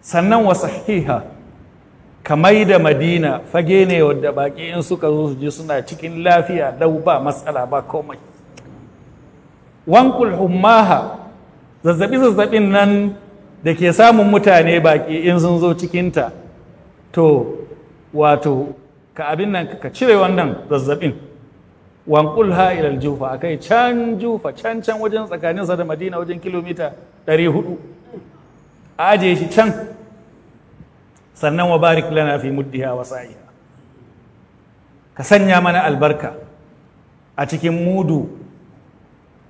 sannan wa sahiha ka mai da madina fage ne wadda baki in suka zo su ji suna cikin lafiya dau ba matsala ba komai wankul hummaha zazzabi zazzabin nan da ke samun mutane baƙi in sun zo cikinta to wato ka abin nan ka cire wannan zazzabin wankul ha ilal jufa kai can jufa can can wajen tsakaninsa da madina wajen kilomita 400 a ajiye shi can sannan wa barik lana fi muddiha wa sa'iha ka sanya mana albarka a cikin mudu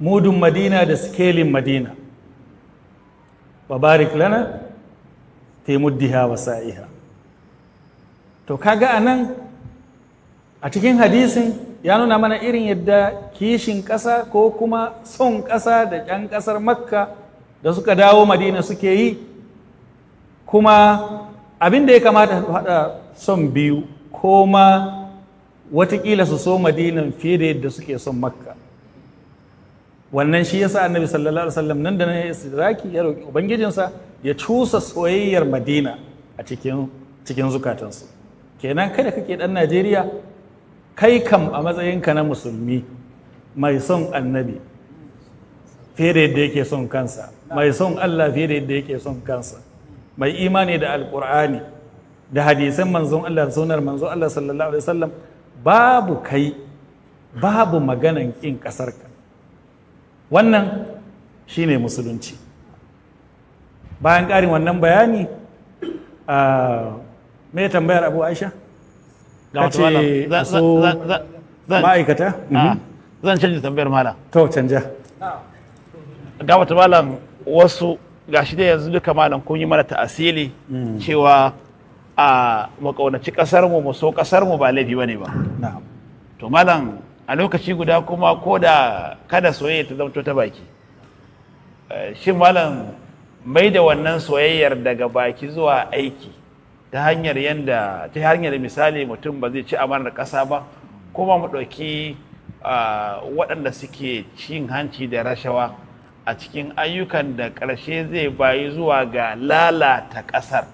mudun madina da sikelin madina wa barik lana fi muddiha wa sa'iha to kaga a nan a cikin hadisin ya nuna mana irin yadda kishin ƙasa ko kuma son ƙasa da 'yan ƙasar makka da suka dawo madina suke yi kuma abin da ya kamata haɗa son biyu ko ma watakila su so madina fiye da yadda suke son makka wannan shi yasa annabi sallallahu alaihi wasallam nan da nan ya istidraki ya roki ubangijinsa ya cusa soyayyar madina a cikin cikin zukatansu kenan kada kake dan najeriya kai kam a matsayinka na musulmi mai son annabi fiye da yadda yake son kansa mai son allah fiye da yadda yake son kansa mai imani da alkur'ani da hadisan manzon allah da sunar manzon allah sallallahu alaihi wasallam babu kai babu maganan ƙin ƙasarka wannan shine musulunci bayan ƙarin wannan bayani ah, me tambayar abu aisha ga wata malam ma'aikata ah, mhm. zan canji tambayar malam to canja ga wata malam wasu gashi da yanzu duka malam kun yi mana ta'asili mm. cewa a makaunaci kasar mu mu so kasar mu ba laifi bane ba to malam a lokaci guda kuma ko da kada soyayya ta zamto ta baki eh, shin malam mai da wannan soyayyar daga baki zuwa aiki ta hanyar yadda ta hanyar misali mutum ba zai ci amanar ƙasa ba kuma mu ɗauki waɗanda suke cin hanci da rashawa a cikin ayyukan da ƙarshe zai bayi zuwa ga lalata ƙasar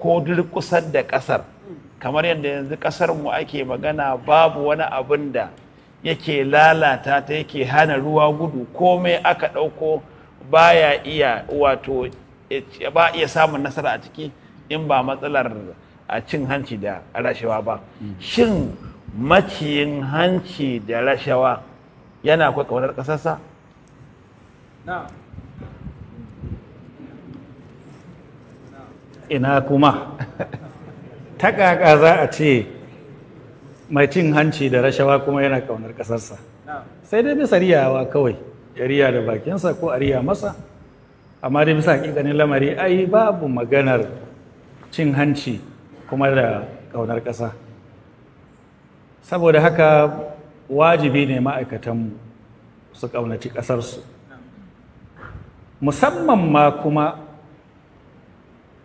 ko durƙusar da ƙasar kamar yadda yanzu ƙasar mu ake magana babu wani abin da yake lalata ta yake hana ruwa gudu komai aka ɗauko baya iya wato ba iya samun nasara a ciki in ba matsalar a cin hanci da rashawa ba shin maciyin hanci da rashawa yana kwa ƙaunar ƙasarsa? ina kuma ta za a ce mai cin hanci da rashawa kuma yana ƙaunar ƙasarsa sai dai bisa riyawa kawai ya riya da bakinsa ko a riya masa amma dai bisa ƙiƙanin lamari ai babu maganar cin hanci kuma da ƙaunar ƙasa saboda haka wajibi ne ma'aikatanmu su ƙaunaci ƙasarsu musamman ma kuma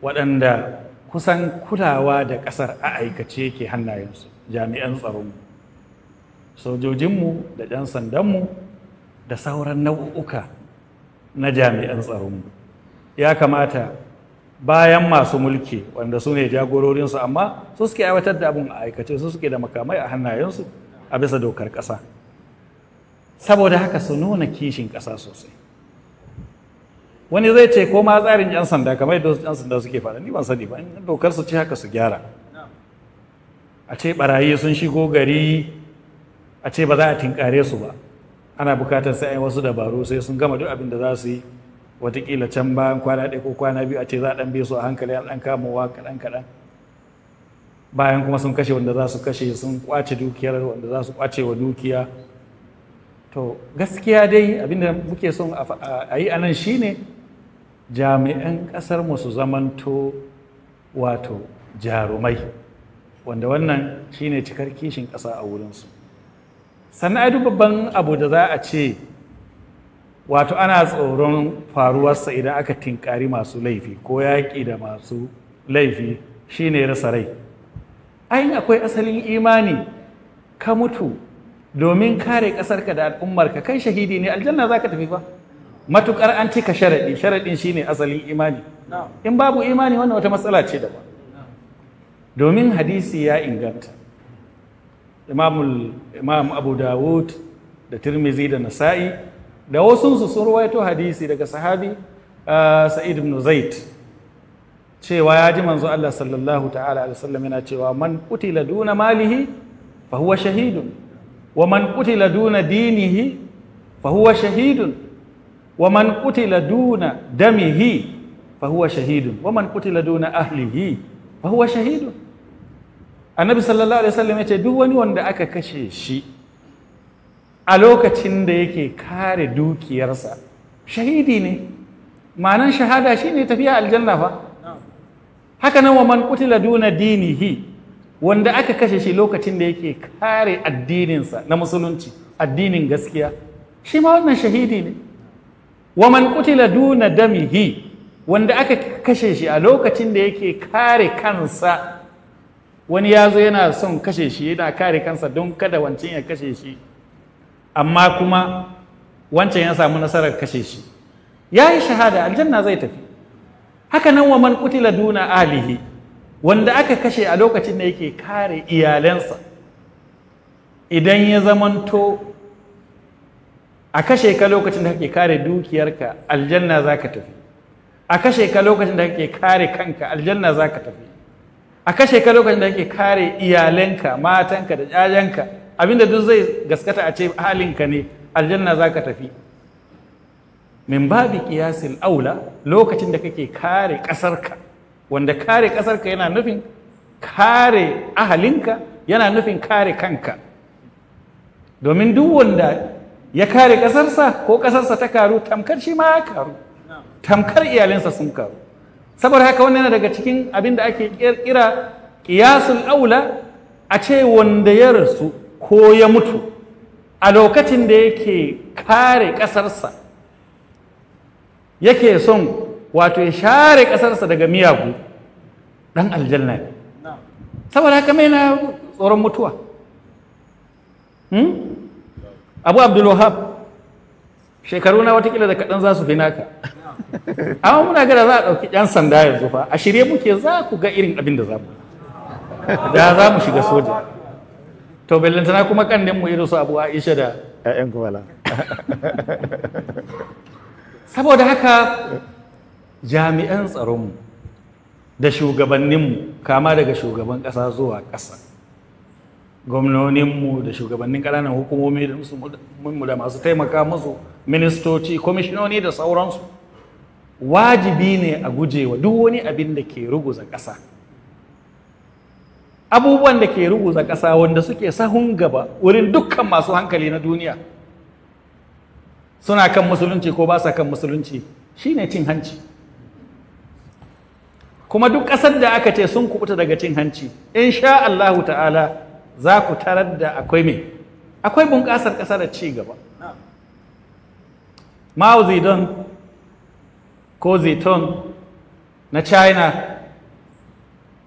waɗanda kusan kulawa da ƙasar a aikace ke hannayensu jami'an tsaronmu sojojinmu da ɗan sandanmu da sauran nau'uka na jami'an tsaronmu ya kamata bayan masu mulki wanda su ne jagororinsu amma su suke aiwatar da abin a aikace su suke da makamai a hannayensu a bisa dokar kasa. saboda haka su nuna kishin kasa sosai wani zai ce ko ma tsarin 'yan sanda kamar yadda 'yan sanda suke faɗa ni ban sani ba in dokar su ce haka su gyara a ce barayi sun shigo gari a ce ba za a tinkare su ba ana bukatar sai wasu dabaru sai sun gama duk abin da za su yi watakila can bayan kwana ɗaya ko kwana biyu a ce za a ɗan su a hankali an ɗan kamowa kaɗan kaɗan bayan kuma sun kashe wanda za su kashe sun kwace dukiyar wanda za su kwace wa dukiya to gaskiya dai abinda muke son a yi anan shine jami'an ƙasar mu su zamanto wato jarumai wanda wannan shine cikar kishin ƙasa a wurinsu sannan ai duk babban abu da za a ce wato ana tsoron faruwarsa idan aka tinkari masu laifi ko yaƙi da masu laifi shine rasa rai ayin akwai asalin imani ka mutu domin kare ƙasarka da al'ummarka kai shahidi ne aljanna za ka tafi ba matukar an cika sharaɗi sharaɗin shine asalin imani in babu imani wannan wata matsala ce daban domin hadisi ya inganta imam abu dawud da tirmizi da nasa'i da wasunsu sun ruwaito hadisi daga sahabi ah, sa'id ibn zaid cewa ya ji manzo Allah sallallahu ta'ala alaihi wasallam yana cewa man qutila duna malihi fa huwa shahidun wa man qutila duna dinihi fa huwa shahidun wa man qutila duna damihi fa huwa shahidun wa man qutila duna ahlihi fa huwa shahidun annabi sallallahu alaihi wasallam ya ce duk wani wanda aka kashe shi a lokacin da yake kare dukiyarsa shahidi ne ma'anan shahada shi ne tafiya aljanna fa haka nan wa man kutila duna dinihi wanda aka kashe shi lokacin da yake kare addininsa na musulunci addinin gaskiya shi ma wannan shahidi ne wa man kutila duna damihi wanda aka kashe shi a lokacin da yake kare kansa wani ya zo yana son kashe shi yana kare kansa don kada wancan ya kashe shi amma kuma wancan ya samu nasarar kashe shi ya yi shahada aljanna zai tafi haka nan wa man kutila duna alihi wanda aka kashe a lokacin da yake kare iyalansa idan ya zamanto a kashe ka lokacin da kake kare dukiyarka aljanna za ka tafi a kashe ka lokacin da kake kare kanka aljanna za ka tafi a kashe ka lokacin da kake kare iyalanka matanka da jajanka. abinda duk zai gaskata a ce halinka ne aljanna za ka tafi min babi kiyasil aula lokacin da kake kare ƙasarka wanda kare ƙasarka yana nufin kare ahalinka yana nufin kare kanka domin duk wanda ya kare ƙasarsa ko ƙasarsa ta karu tamkar shi ma ya karu tamkar iyalinsa sun karu saboda haka wannan yana daga cikin abin da ake kira kiyasul aula a ce wanda ya rasu ko ya mutu a lokacin da yake kare ƙasarsa yake son wato ya share ƙasarsa daga miyagu ɗan aljanna ne saboda haka mai na tsoron mutuwa hmm? abu abdulwahab shekaru na watakila da kaɗan za su fi naka amma muna gada za a ɗauki ƴan sanda yanzu fa a shirye muke za ku ga irin abin da za mu da za mu shiga soja to bellantana kuma kannin mu da su abu aisha da ƴaƴan kumala saboda haka jami'an tsaron da shugabanninmu kama daga shugaban ƙasa zuwa ƙasa gwamnoninmu da shugabannin ƙananan hukumomi da musu masu taimaka musu ministoci kwamishinoni da sauransu wajibi ne a gujewa duk wani abin da ke ruguza ƙasa abubuwan da ke ruguza ƙasa wanda suke sahun gaba wurin dukkan masu hankali na duniya suna kan musulunci ko ba sa kan musulunci shine cin hanci kuma duk ƙasar da aka ce sun kubuta daga cin hanci in sha Allahu ta'ala za ku tarar da akwai me akwai bunƙasar ƙasa da ci gaba Mao Zedong ko Zedong na China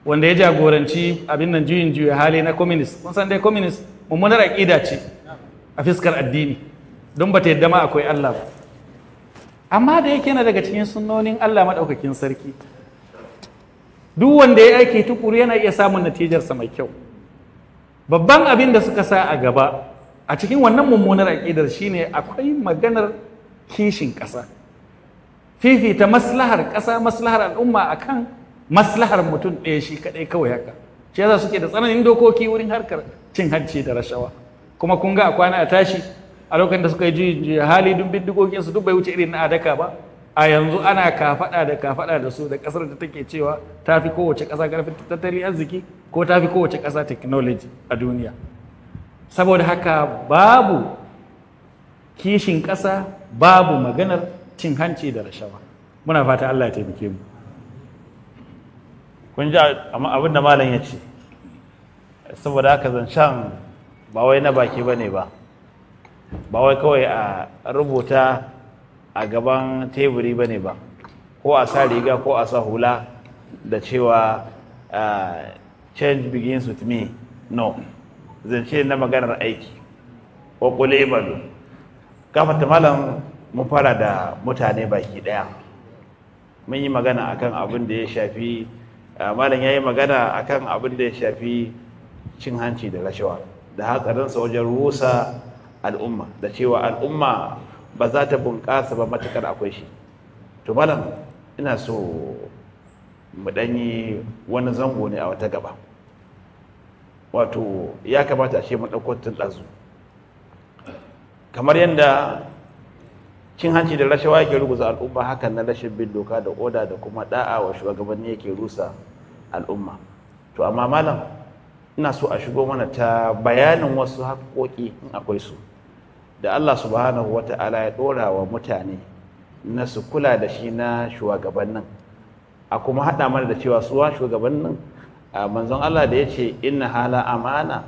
wanda ya jagoranci abin nan juyin juya hali na communist kun san dai communist mummunar aƙida ce a fiskar addini don ba ta yadda ma akwai Allah ba amma da yake na daga cikin sunnonin Allah maɗaukakin sarki duk wanda ya aiki tukuru yana iya samun natijarsa mai kyau babban abin da suka sa a gaba a cikin wannan mummunar aƙidar shine akwai maganar kishin ƙasa fifita maslahar ƙasa maslahar al'umma akan maslahar mutum ɗaya shi kaɗai kawai haka shi yasa suke da tsananin dokoki wurin harkar cin hanci da rashawa kuma kun ga a kwana a tashi a lokacin da suka yi hali dun bindigoginsu duk bai wuce irin na adaka ba a yanzu ana kafaɗa da kafaɗa da su da ƙasar da take cewa ta fi kowace ƙasa ƙarfin tattalin arziki ko ta fi kowace ƙasa technology a duniya saboda haka babu kishin ƙasa babu maganar cin hanci da rashawa muna fata Allah ya taimake mu kun ji abin malam ya ce saboda haka zancen bawai na baki ba ne ba bawai kawai a rubuta a gaban teburi ba ne ba ko a sa riga ko a sa hula da cewa ah, change begins with me no zance na maganar aiki ko kule ibadu kamata malam mun fara da mutane baki daya mun yi magana akan abin da ya shafi Eh, malam ya yi magana a kan abin da ya shafi cin hanci da rashawa da sa wajen rusa al'umma da cewa al'umma ba za ta bunƙasa ba matuƙar akwai shi to malam ina so mu ɗanyi wani zango ne a wata gaba wato ya kamata a ce mu ɗauko tun ɗazu kamar yadda cin hanci da rashawa yake ruguza al'umma hakan na rashin bin doka da oda da kuma da'a wa shugabanni yake rusa al'umma to amma malam ina so a shigo mana ta bayanin wasu haƙoƙi in akwai su da Allah subhanahu wata'ala ya ɗora wa mutane na su kula da shi na shugabannin a kuma haɗa mana da cewa suwa shugabannin a manzon Allah da ya ce inna hala amana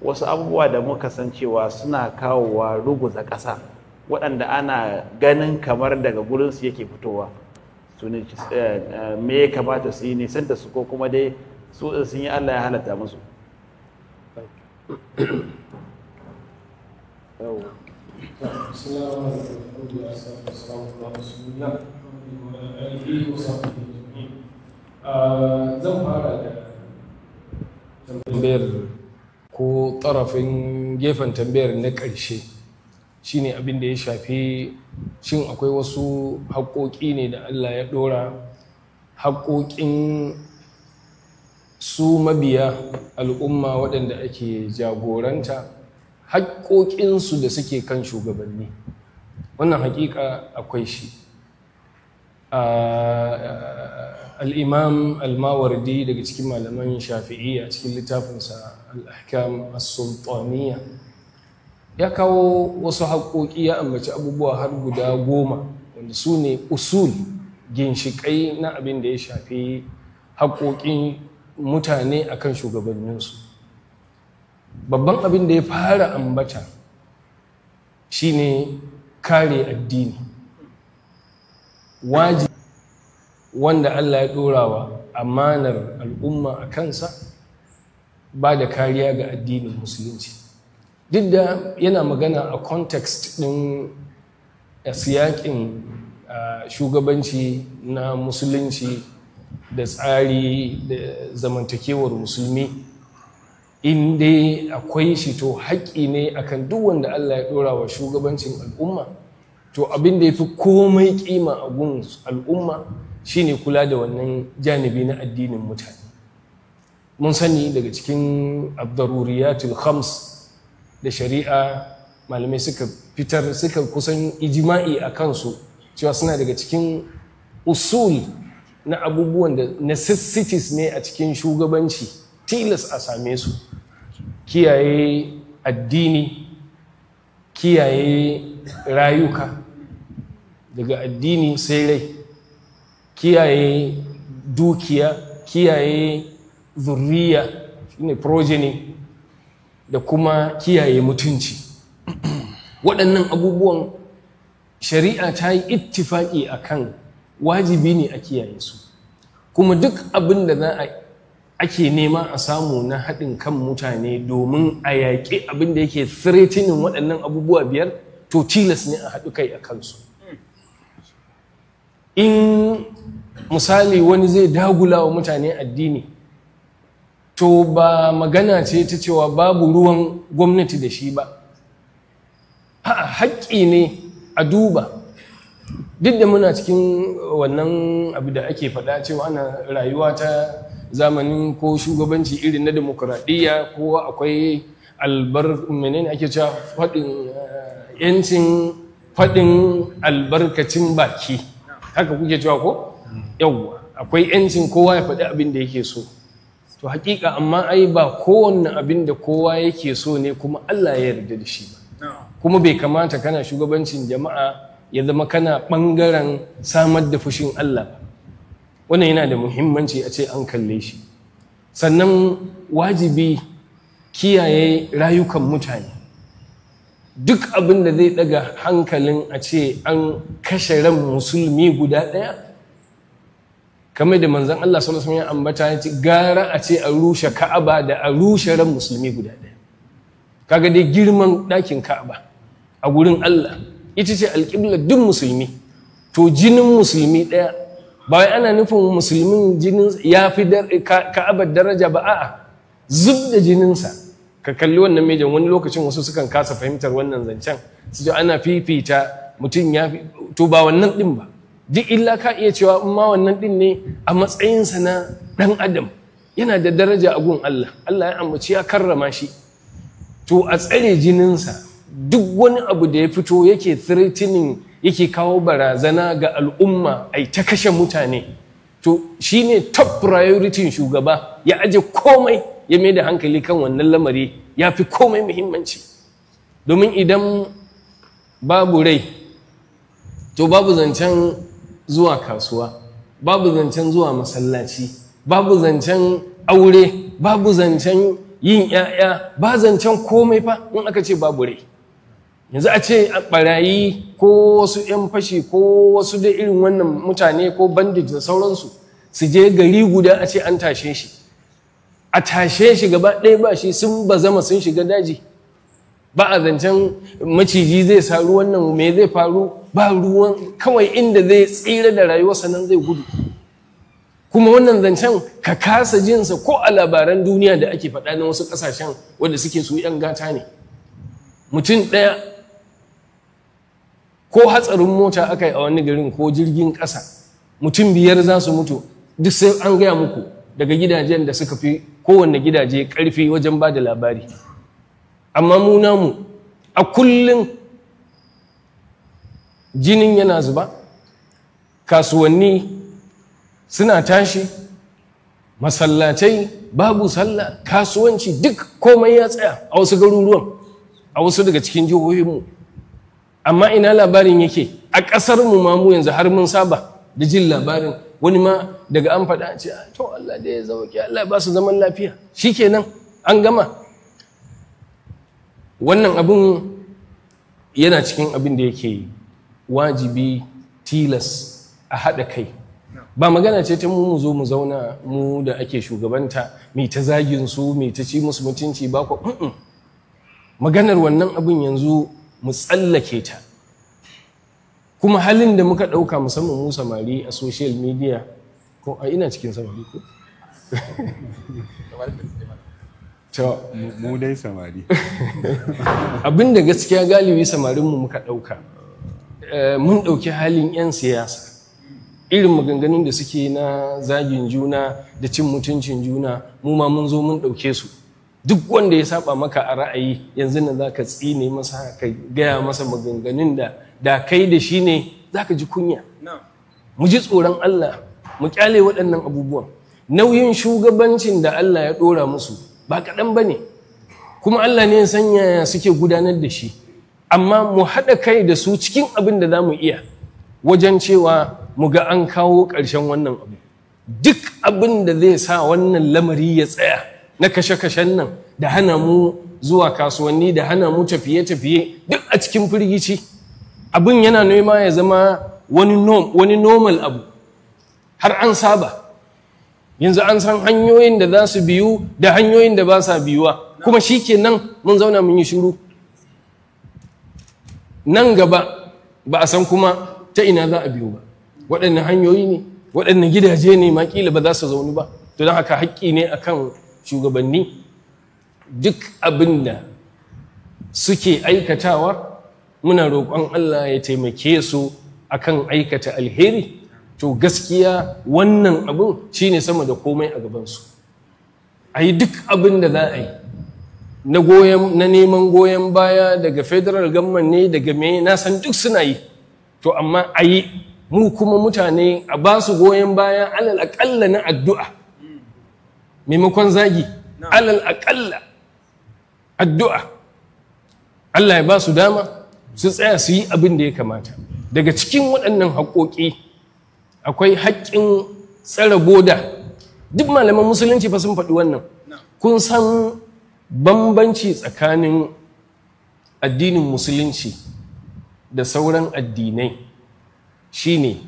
wasu abubuwa da muka san cewa suna kawowa ruguza ƙasa waɗanda ana ganin kamar daga gurinsu yake fitowa su ne eh, me ya kamata su yi nisan da su ko kuma dai su sun yi Allah ya halatta musu zan fara da tambayar ko tarafin gefen tambayar na ƙarshe shine abin da ya shafi shin akwai wasu haƙoƙi ne da Allah ya ɗora haƙoƙin su mabiya al'umma waɗanda ake jagoranta haƙoƙinsu da suke kan shugabanni wannan haƙiƙa akwai shi ah, al'imam al-mawardi daga cikin malaman shafi'i a cikin littafinsa al sultaniya ya kawo wasu haƙoƙi ya ambaci abubuwa har guda goma wanda su ne usul ginshiƙai na abin da ya shafi haƙoƙin mutane a kan shugabanninsu babban abin da ya fara ambata shine kare addini waji wanda allah ya ɗorawa amanar al'umma a kansa ba da kariya ga addinin musulunci duk da yana magana a context ɗin eh, siyaƙin ah, shugabanci na musulunci da tsari da zamantakewar musulmi in dai akwai shi to haƙƙi ne akan duk wanda Allah ya ɗora wa shugabancin al'umma to abin da ya fi komai ƙima a gun al'umma shine kula da wannan janibi na addinin mutane mun sani daga cikin abdaruriyatul khams da shari'a malamai suka fitar suka kusan ijima'i a kansu cewa suna daga cikin usul na abubuwan da necessities ne a cikin shugabanci tilas a same su kiyaye addini kiyaye rayuka daga addini sai rai kiyaye dukiya kiyaye zurriya shine progeny da kuma kiyaye mutunci waɗannan abubuwan shari'a ta yi ittifaƙi a kan wajibi ne a kiyaye su kuma duk abin da za a ake nema a samu na haɗin kan mutane domin a yaƙi abin da yake tsiretinin waɗannan abubuwa biyar to tilas ne a haɗu kai a kansu in misali wani zai dagula wa mutane addini to ba magana ce ta cewa babu ruwan gwamnati da shi ba haƙƙi ne a duba duk da muna cikin wannan abu da ake faɗa cewa ana rayuwa ta zamanin ko shugabanci irin na demokuraɗiyya ko akwai albar menene ake cewa faɗin eh, yancin faɗin albarkacin baki haka kuke cewa ko hmm. yauwa akwai yancin kowa ya faɗi abin da yake so to hakika amma ai ba kowanne abin da kowa yake so ne kuma Allah ya yarda da shi ba kuma bai kamata kana shugabancin jama'a ya zama kana ɓangaren samar da fushin Allah ba wannan yana da muhimmanci a ce an kalle shi sannan wajibi kiyaye rayukan mutane duk abin da zai daga hankalin a ce an kashe ran musulmi guda ɗaya kamar da manzan Allah sallallahu alaihi wasallam ambata ya ce gara a ce a rushe Ka'aba da a rushe ran musulmi guda ɗaya kaga dai girman ɗakin Ka'aba a gurin Allah ita ce Alƙibla duk musulmi to jinin musulmi ɗaya ba wai ana nufin musulmin jinin ya fi Ka'abar daraja ba a'a zub da jininsa ka kalli wannan mejan wani lokacin wasu sukan kasa fahimtar wannan zancen su ana fifita mutum ya fi to ba wannan ɗin ba duk illa ka iya cewa in ma wannan ɗin ne a matsayinsa na ɗan adam yana da daraja a gun Allah Allah ya ambaci ya karrama shi to a tsare jininsa duk wani abu da ya fito yake threatening yake kawo barazana ga al'umma ai ta kashe mutane to ne top priority shugaba ya aje komai ya mai da hankali kan wannan lamari ya fi komai muhimmanci domin idan babu rai to babu zancen zuwa kasuwa babu zancen zuwa masallaci babu zancen aure babu zancen yin ‘ya'ya ba zancen komai fa in aka ce babu rai yanzu a ce a ɓarayi ko wasu ‘yan fashi ko wasu da irin wannan mutane ko bandit da sauransu su je gari guda a ce an tashe shi a tashe shi gaba ɗaya ba shi sun bazama sun shiga daji ba a zancen maciji zai saru wannan me zai faru ba ruwan kawai inda zai tsira da rayuwarsa nan zai gudu kuma wannan zancen ka kasa jinsa ko a labaran duniya da ake faɗa na wasu ƙasashen wanda suke su 'yan gata ne mutum ɗaya ko hatsarin mota aka yi a wani garin ko jirgin ƙasa mutum biyar za su mutu duk sai an gaya muku daga gidajen da suka fi kowanne gidaje ƙarfi wajen ba da labari amma mu namu a kullum jinin yana zuba kasuwanni suna tashi masallacai babu sallah kasuwanci duk komai ya tsaya a wasu garuruwan a wasu daga cikin jihohinmu amma ina labarin yake a ƙasarmu ma mu yanzu har mun saba da jin labarin wani ma daga an faɗa ce ah, to Allah da ya zama Allah ba su zaman lafiya shi shikenan an gama wannan abin yana cikin abin da yake yi wajibi tilas a haɗa kai ba magana ce ta mu mu zo mu zauna mu da ake shugabanta mai ta zagin su mai ta ci musu mutunci ba ku maganar wannan abin yanzu mu tsallake ta kuma halin da muka ɗauka musamman mu samari a social media ko a ina cikin samari ko mu dai samari abin da gaskiya galibi samarinmu muka ɗauka Eh, mun ɗauki halin 'yan siyasa irin maganganun da suke na zagin juna da cin mutuncin juna mu ma mun zo mun ɗauke su duk wanda ya saba maka a ra'ayi yanzu na za ka tsine masa ka gaya masa maganganun da da kai da shi ne za ka ji kunya mu ji tsoron Allah mu kyale waɗannan abubuwan nauyin shugabancin da Allah ya ɗora musu ba kaɗan ba ne kuma Allah ne ya sanya suke gudanar da shi amma mu haɗa kai da su cikin abin da za mu iya wajen cewa mu ga an kawo ƙarshen wannan abu duk abin da zai sa wannan lamari ya tsaya na kashe-kashen nan da hana mu zuwa kasuwanni da hana mu tafiye-tafiye duk a cikin firgici abin yana nema ya zama wani normal abu har an saba yanzu an san hanyoyin da za su biyu da hanyoyin da ba sa biyuwa kuma shi kenan mun zauna mun yi shiru nan gaba ba a san kuma ta ina za a biyo ba Waɗanne hanyoyi ne Waɗanne gidaje ne ma kila ba za su zaune ba to don haka haƙƙi ne akan shugabanni duk abin da suke aikatawa muna roƙon Allah ya taimake su akan aikata alheri to gaskiya wannan abin shine sama da komai a gabansu a yi duk abin da za a yi na goyon na neman goyon baya daga federal government ne daga me na san duk suna yi to amma ayi, yi mu kuma mutane a ba su goyon baya alal aƙalla na addu'a maimakon zagi alal aƙalla addu'a Allah ya ba su dama su tsaya su yi abin da ya kamata daga cikin waɗannan haƙoƙi akwai haƙƙin tsare boda duk malaman musulunci fa sun faɗi wannan kun san bambanci tsakanin addinin musulunci da sauran addinai shine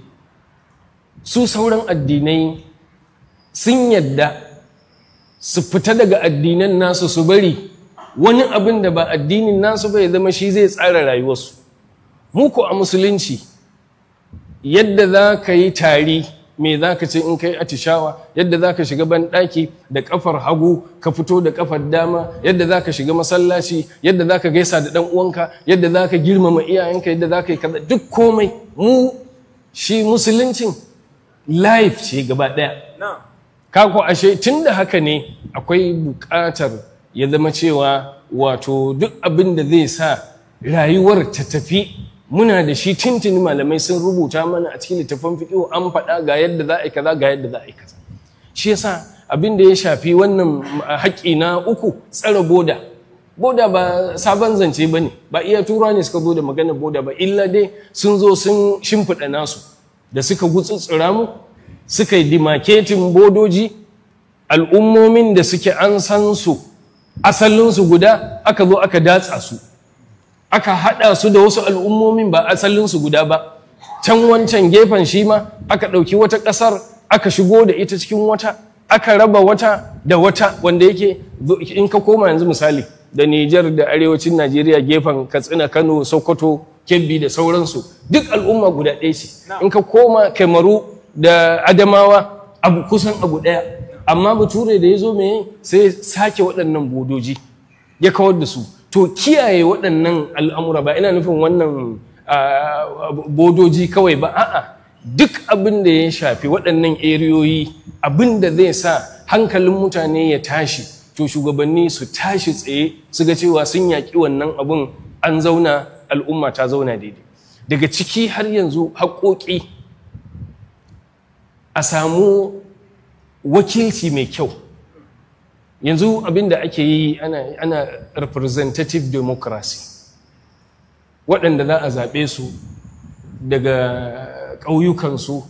su sauran addinai sun yadda su fita daga addinan nasu su bari wani abin da ba addinin nasu bai zama shi zai tsara rayuwarsu muku a musulunci yadda za ka yi tari me za ka ce in kai atishawa yadda za ka shiga banɗaki da kafar hagu ka fito da kafar dama yadda za ka shiga masallaci yadda za ka gaisa da ɗan uwanka yadda za ka girmama iyayenka yadda za ka yi kaza duk komai mu shi musuluncin life ce gaba ɗaya kako ashe tun da haka ne akwai buƙatar ya zama cewa wato duk abin da zai sa rayuwar ta tafi muna da shi tintini malamai sun rubuta mana a cikin littafin fiƙihu an faɗa ga yadda za a yi kaza ga yadda za a yi kaza shi yasa abin da ya shafi wannan haƙƙi na uku tsare boda boda ba sabon zance ba ne ba iya tura ne suka zo da magana boda ba illa dai sun zo sun shimfiɗa nasu da suka gutsutsura mu suka yi dimaketin bodoji al'ummomin da suke an san su asalinsu guda aka zo aka datsa su aka haɗa su da wasu al'ummomin ba su guda ba can wancan gefen shi ma aka ɗauki wata ƙasar aka shigo da ita cikin wata aka raba wata da wata wanda yake in ka koma yanzu misali da Nijar da arewacin Najeriya gefen Katsina Kano Sokoto Kebbi da sauransu duk al'umma guda ɗaya ce in ka koma Kamaru da Adamawa abu kusan abu ɗaya amma bature da ya zo mai sai sake waɗannan bodoji ya kawar da su to kiyaye waɗannan al'amura ba ina nufin wannan bodoji kawai ba a'a duk abin da ya shafi waɗannan eriyoyi abin da zai sa hankalin mutane ya tashi to shugabanni su tashi tsaye su ga cewa sun yaƙi wannan abin an zauna al'umma ta zauna daidai daga ciki har yanzu haƙoƙi a samu wakilci mai kyau yanzu abin da ake yi ana, representative democracy waɗanda za a zaɓe su daga ƙauyukansu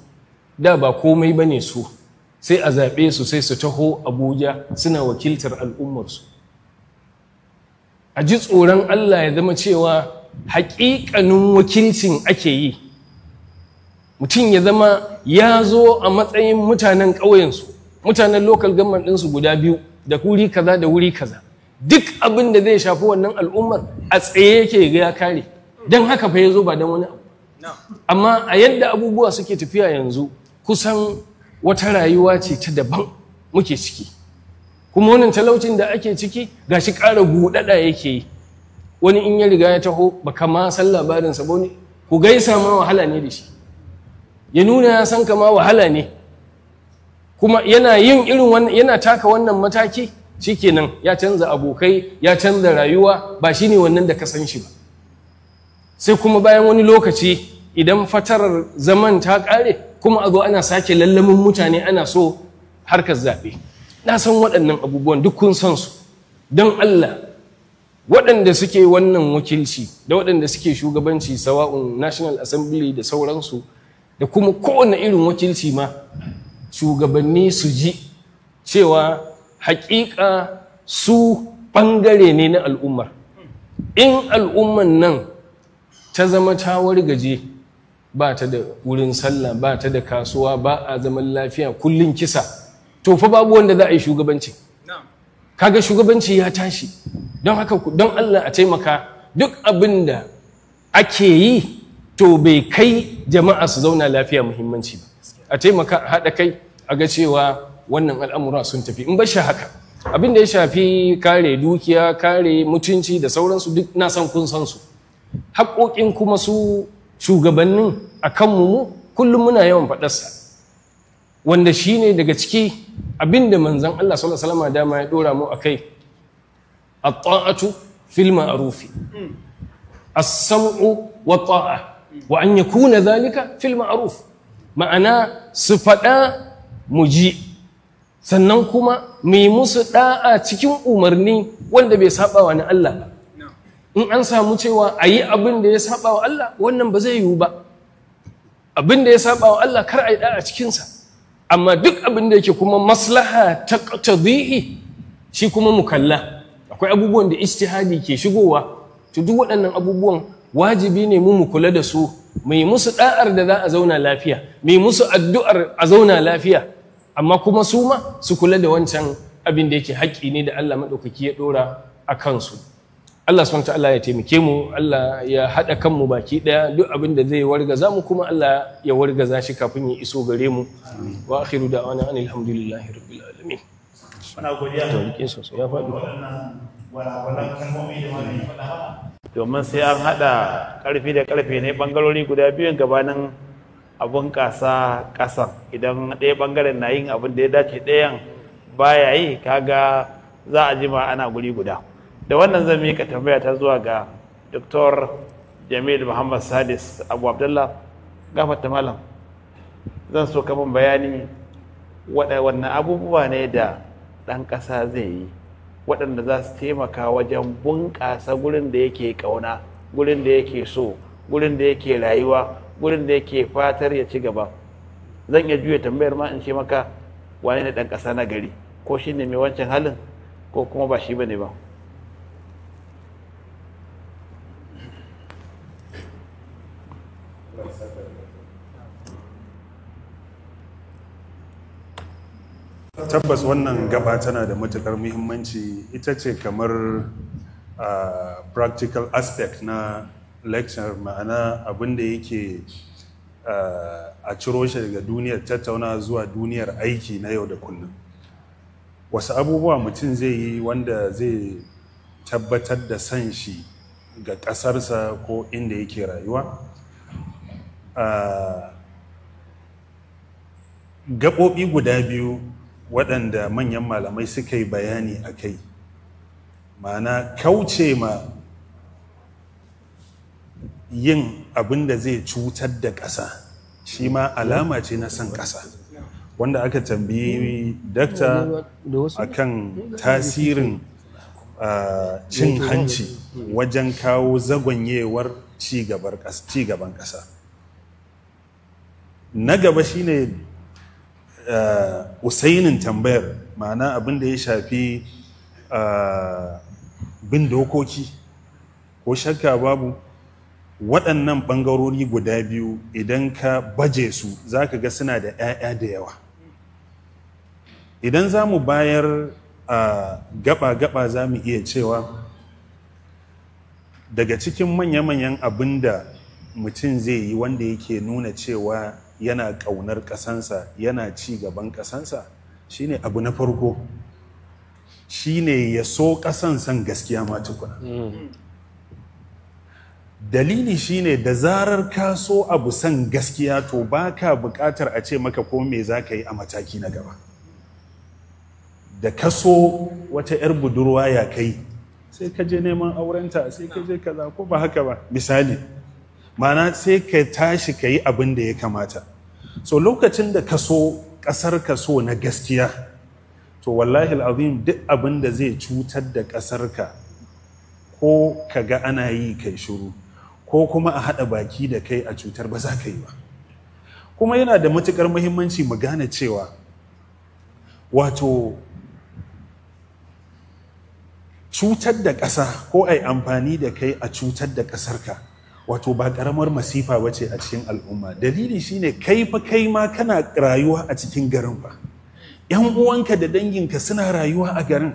da ba komai ba ne su sai a zaɓe su sai su taho abuja suna wakiltar al'ummarsu a ji tsoron allah ya zama cewa haƙiƙanin wakilcin ake yi mutum ya zama ya zo a matsayin mutanen ƙauyensu mutanen local government ɗinsu guda biyu da wuri kaza da wuri kaza duk abin da zai shafi wannan al'ummar a tsaye yake ga ya kare Dan haka fa ya zo ba don wani abu amma a yadda abubuwa suke tafiya yanzu kusan wata rayuwa ce ta daban muke ciki kuma wannan talaucin da ake ciki gashi ƙara buɗaɗa yake yi wani in ya riga ya taho ba ma san labarinsa ba ku gaisa ma wahala ne da shi ya nuna ya san kama wahala ne kuma yana yin irin yana taka wannan mataki shikenan ya canza abokai ya canza rayuwa ba shine wannan da ka san shi ba sai kuma bayan wani lokaci idan fatarar zaman ta kare kuma a zo ana sake lallamin mutane ana so harkar zaɓe na san waɗannan abubuwan duk kun san su don Allah waɗanda suke wannan wakilci da waɗanda suke shugabanci sawa'un national assembly da sauransu da kuma kowane irin wakilci ma shugabanni su ji cewa haƙiƙa su ɓangare ne na al'ummar in al'ummar nan ta zama tawar gaje ba ta da wurin sallah ba ta da kasuwa ba a zaman lafiya kullum kisa to fa babu wanda za a yi shugabanci kaga shugabanci ya tashi don haka don Allah a taimaka duk abin da ake yi to bai kai jama'a su zauna lafiya muhimmanci ba a taimaka a haɗa kai a ga cewa wannan al'amura sun tafi in bashi haka abin da ya shafi kare dukiya kare mutunci da sauransu duk na san kun san su haƙoƙin kuma su shugabannin a kanmu mu kullum muna yawan faɗarsa wanda shi ne daga ciki abin da manzan Allah sallallahu alaihi wasallam dama ya ɗora mu a kai a taatu fil ma'ruf as-sam'u wa ta'a wa an yakuna dhalika fil ma'ruf ma'ana su faɗa mu ji sannan kuma mu yi musu ɗa'a cikin umarni wanda bai saba wa ni Allah ba in an samu cewa a yi abin da ya saba wa Allah wannan ba zai yiwu ba abin da ya saba wa Allah kar a yi da'a cikinsa amma duk abin da yake kuma maslaha ta tadhihi shi kuma mu kalla akwai abubuwan da ijtihadi ke shigowa to duk waɗannan abubuwan wajibi ne mu mu kula da su mu musu da'ar da za a zauna lafiya mu musu addu'ar a zauna lafiya amma kuma su ma su kula da wancan abin da yake haƙƙi ne da Allah maɗaukaki ya ɗora a kansu Allah subhanahu ta'ala ya taimake mu Allah ya haɗa kanmu baki ɗaya duk abin da zai wargaza mu kuma Allah ya wargaza shi kafin ya iso gare mu wa akhiru da'wana alhamdulillahi rabbil alamin godiya ya faɗi domin sai an haɗa ƙarfi da ƙarfe ne ɓangarori guda biyun gabanin a bunƙasa ƙasan idan ɗaya ɓangaren na yin abin da ya dace ɗayan baya yi kaga za a jima ana guri guda da wannan zan miƙa tambaya ta zuwa ga Dr. Jamil Muhammad Sadis Abu Abdullah gafata malam zan so ka bayani waɗannan abubuwa ne da ɗan ƙasa zai yi waɗanda za su taimaka wajen bunƙasa gurin da yake ƙauna gurin da yake so gurin da yake rayuwa wurin da yake fatar ya ci gaba zan iya juya tambayar ma in ce maka wani ne dan ƙasa na gari ko shi ne mai wancan halin ko kuma ba shi ba ne ba tabbas wannan gaba tana da matukar muhimmanci ita ce kamar ah, practical aspect na lecture ma'ana abin da yake eh, a ciro shi daga duniyar tattauna zuwa duniyar aiki na yau da kullum wasu abubuwa mutum zai yi wanda zai tabbatar da san shi ga ƙasarsa ko inda yake rayuwa eh, gaɓoɓi guda biyu waɗanda manyan malamai suka yi bayani a kai ma'ana kauce ma yin abin da zai cutar da ƙasa shi ma alama ce na son ƙasa wanda aka tambayi dakta akan tasirin cin hanci wajen kawo zagonyewar cigaban ƙasa na gaba shine usainin tambayar ma'ana abin da ya shafi bin dokoki ko shakka babu waɗannan ɓangarori guda biyu idan ka baje su za ka ga suna da 'ya'ya da yawa idan za mu bayar a gaba-gaba za mu iya cewa daga cikin manya-manyan abin da mutum zai yi wanda yake nuna cewa yana ƙaunar ƙasansa yana ci gaban ƙasansa shine abu na farko shine ya so ƙasan san gaskiya ma tukuna mm. dalili shine da zarar ka so abu san gaskiya to baka buƙatar a ce maka ko me za ka yi a mataki na gaba da ka so wata 'yar budurwa ya kai sai ka je neman aurenta sai ka je kaza ko ba haka ba misali mana sai ka tashi ka yi abin da ya kamata so lokacin da ka so ƙasar ka so na gaskiya to wallahi al'azim duk abin da zai cutar da ƙasar ka ko ka ga ana yi kai shuru? ko kuma a haɗa baki da kai a cutar ba za ka yi ba kuma yana da matuƙar muhimmanci mu gane cewa wato cutar da ƙasa ko a amfani da kai a cutar da ƙasarka wato ba ƙaramar masifa ba ce a cikin al'umma dalili shine kai fa kai ma kana rayuwa a cikin garin ba yan uwanka da danginka suna rayuwa a garin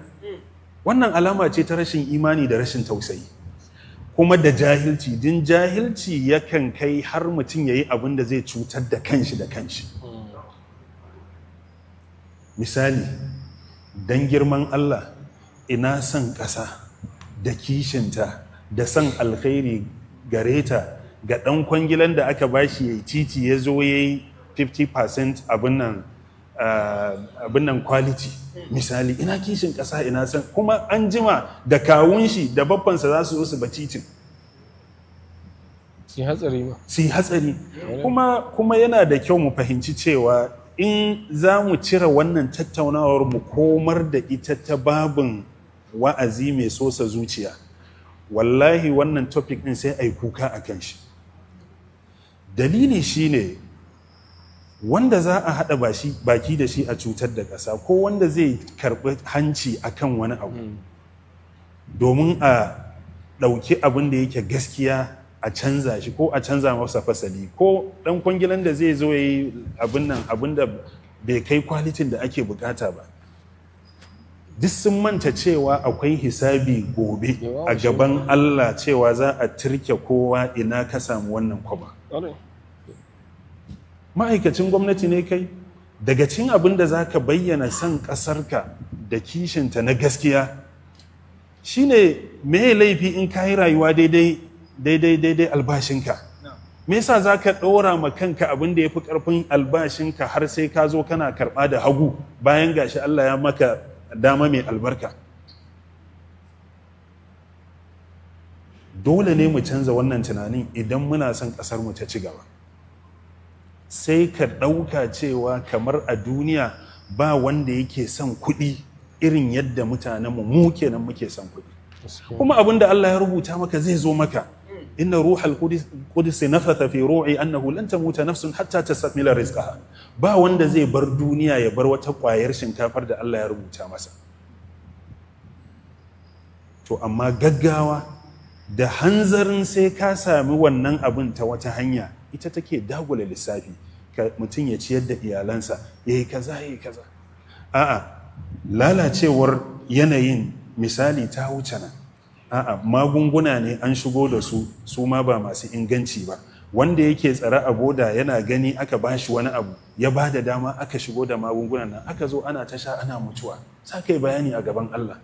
wannan alama ce ta rashin imani da rashin tausayi kuma da jahilci din jahilci yakan kai har mutum ya yi abin da zai cutar da kanshi da kanshi misali don girman Allah ina son ƙasa da kishinta da son alkhairi gare ta ga ɗan kwangilan da aka bashi ya yi titi ya zo ya yi 50% abin nan Eh, abin nan quality misali ina kishin ƙasa ina san kuma an jima da kawun shi da babbansa za su zo su si hatsari ba si hatsari kuma kuma yana da kyau mu fahimci cewa in za mu cire wannan tattaunawar mu komar da ita ta babin wa'azi mai sosa zuciya wallahi wannan topic din sai a yi kuka a kan shi dalili shine wanda za a haɗa baki da shi a cutar da ƙasa ko wanda zai karbi hanci a kan wani abu hmm. domin a ɗauki abin da yake gaskiya a canza shi ko a canza masa fasali ko ɗan kwangilan da zai zo ya yi abin nan abin da bai kai kwalitin da ake bukata ba duk sun manta cewa akwai hisabi gobe a gaban allah cewa za a turke kowa ina ka samu wannan kwaba ma'aikacin gwamnati ne kai daga cin abin da za ka bayyana son ƙasarka da kishinta na gaskiya shi ne me laifi in ka yi rayuwa daidai daidai daidai albashinka me yasa za ka ɗora ma kanka abin da ya fi ƙarfin albashinka har sai ka zo kana karɓa da hagu bayan gashi Allah ya maka dama mai albarka dole ne mu canza wannan tunanin idan muna son ƙasar mu ta ci gaba sai ka ɗauka cewa kamar a duniya ba wanda yake son kuɗi irin yadda mutanenmu mu kenan muke son kuɗi kuma abin da Allah ya rubuta maka zai zo maka inna ruhal qudus nafatha fi ru'i annahu lan tamuta nafsun hatta tastamila rizqaha ba wanda zai bar duniya ya bar wata kwayar shinkafar da Allah ya rubuta masa to amma gaggawa da hanzarin sai ka sami wannan abin ta wata hanya ita take dagula lissafi mutum ya ciyar da iyalansa ya yi kaza ya yi kaza a'a lalacewar yanayin misali ta wuce nan a'a magunguna ne an shigo da su su ma ba masu inganci ba wanda yake tsare a boda yana gani aka bashi wani abu ya ba da dama aka shigo da magungunan nan aka zo ana tasha ana mutuwa sa kai bayani a gaban Allah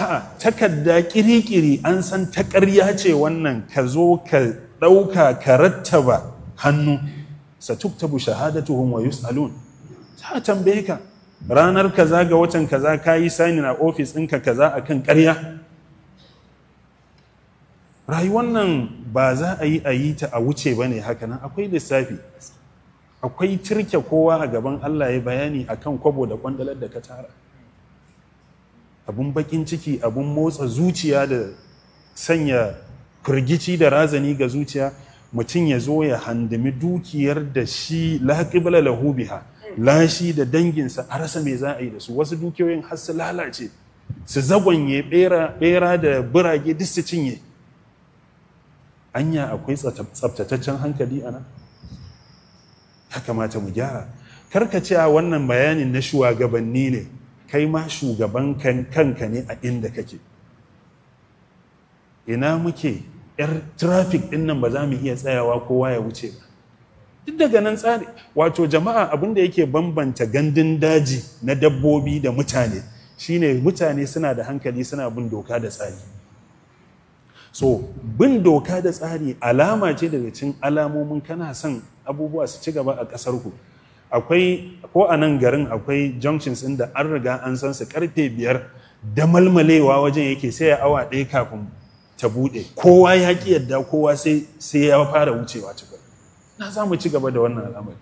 Ha'a, takarda kiri an san ta ƙarya ce wannan ka zo ka ɗauka ka rattaba hannu satuktabu shahadatuhum wa yus'alun ta tambaye ka ranar kaza ga watan kaza ka yi sani a ofis ɗinka kaza akan ƙarya rayuwar nan ba za a yi a yi ta a wuce ba ne haka nan akwai lissafi akwai turke kowa a gaban allah ya bayani akan kwabo da kwandalar da ka tara abun bakin ciki abun motsa zuciya da sanya firgici da razani ga zuciya mutum ya zo ya handami dukiyar da shi laƙibla lahu lashi da danginsa a rasa mai za a yi da su wasu dukiyoyin har su lalace su zagonye bera da birage duk su cinye anya akwai tsabtataccen hankali a nan ya kamata mu gyara karkacewa a wannan bayanin na shugabanni ne kai ma shugaban kanka ne a inda kake ina muke yar traffic din nan ba za mu iya tsayawa kowa ya wuce ba duk daga nan tsari wato jama'a abin da yake bambanta gandun daji na dabbobi da mutane shine mutane suna da hankali suna bin doka da tsari so bin doka da tsari alama ce daga cin alamomin kana son abubuwa su ci gaba a ƙasar ku akwai ko a nan garin akwai junctions inda an riga an san su karfe biyar da malmalewa wajen yake sai ya awa ɗaya kafin ta buɗe kowa ya ƙi yadda kowa sai ya fara wucewa tukun na za mu ci gaba da wannan al'amari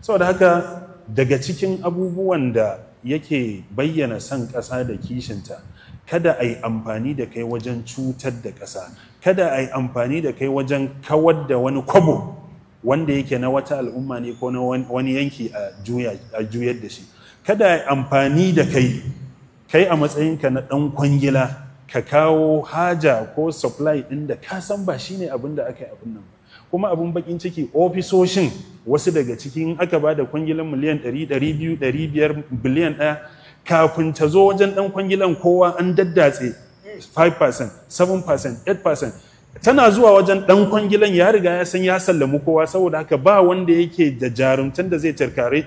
saboda haka daga cikin abubuwan da yake bayyana son ƙasa da kishinta kada a yi amfani da kai wajen cutar da ƙasa kada a yi amfani da kai wajen kawar da wani kwabo wanda yake na wata al'umma ne ko na wani yanki a juyar da shi kada amfani da kai kai a matsayinka na ɗan kwangila ka kawo haja ko supply ɗin da ka san ba shi ne abin da aka yi abin nan kuma abin bakin ciki ofisoshin wasu daga cikin aka ba da kwangilan miliyan 100 biliyan ɗaya. kafin ta zo wajen ɗan kwangilan kowa an daddatse 5% 7% 8% tana zuwa wajen ɗan kwangilan ya riga ya san ya sallamu kowa saboda haka ba wanda yake da jaruntan da zai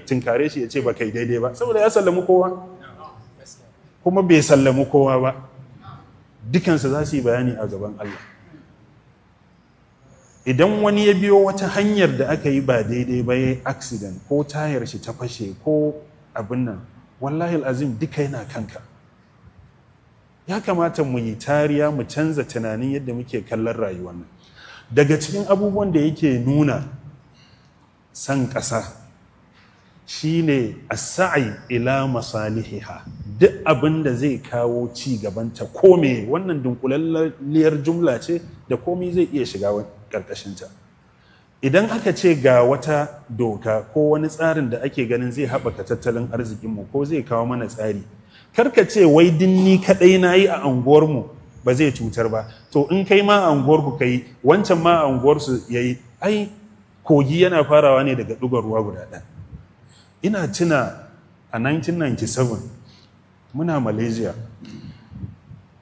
tinkare shi ya ce ba kai daidai ba saboda ya sallamu kowa kuma bai sallamu kowa ba dukansa za su yi bayani a gaban Allah idan wani ya biyo wata hanyar da aka yi ba daidai ba ya accident ko tayar shi ta fashe ko abin nan wallahi azim duka yana kanka ya kamata mu yi tariya mu canza tunanin yadda muke kallon rayuwar nan daga cikin abubuwan da yake nuna san ƙasa Shi ne a sa’ai ila masalihiha duk abin da zai kawo ci gabanta kome wannan dunkulalliyar jumla ce da komai zai iya shiga ƙarƙashinta idan aka ce ga wata doka ko wani tsarin da ake ganin zai haɓaka tattalin arzikinmu ko zai kawo mana tsari karka ce wai dinni kadai na yi a anguwarmu ba zai cutar ba to in kai ma a anguwarku ka yi wancan ma unguwarsu anguwarsu ya yi ai kogi yana farawa ne daga ɗugar ruwa guda ɗaya ina tuna a 1997 muna malaysia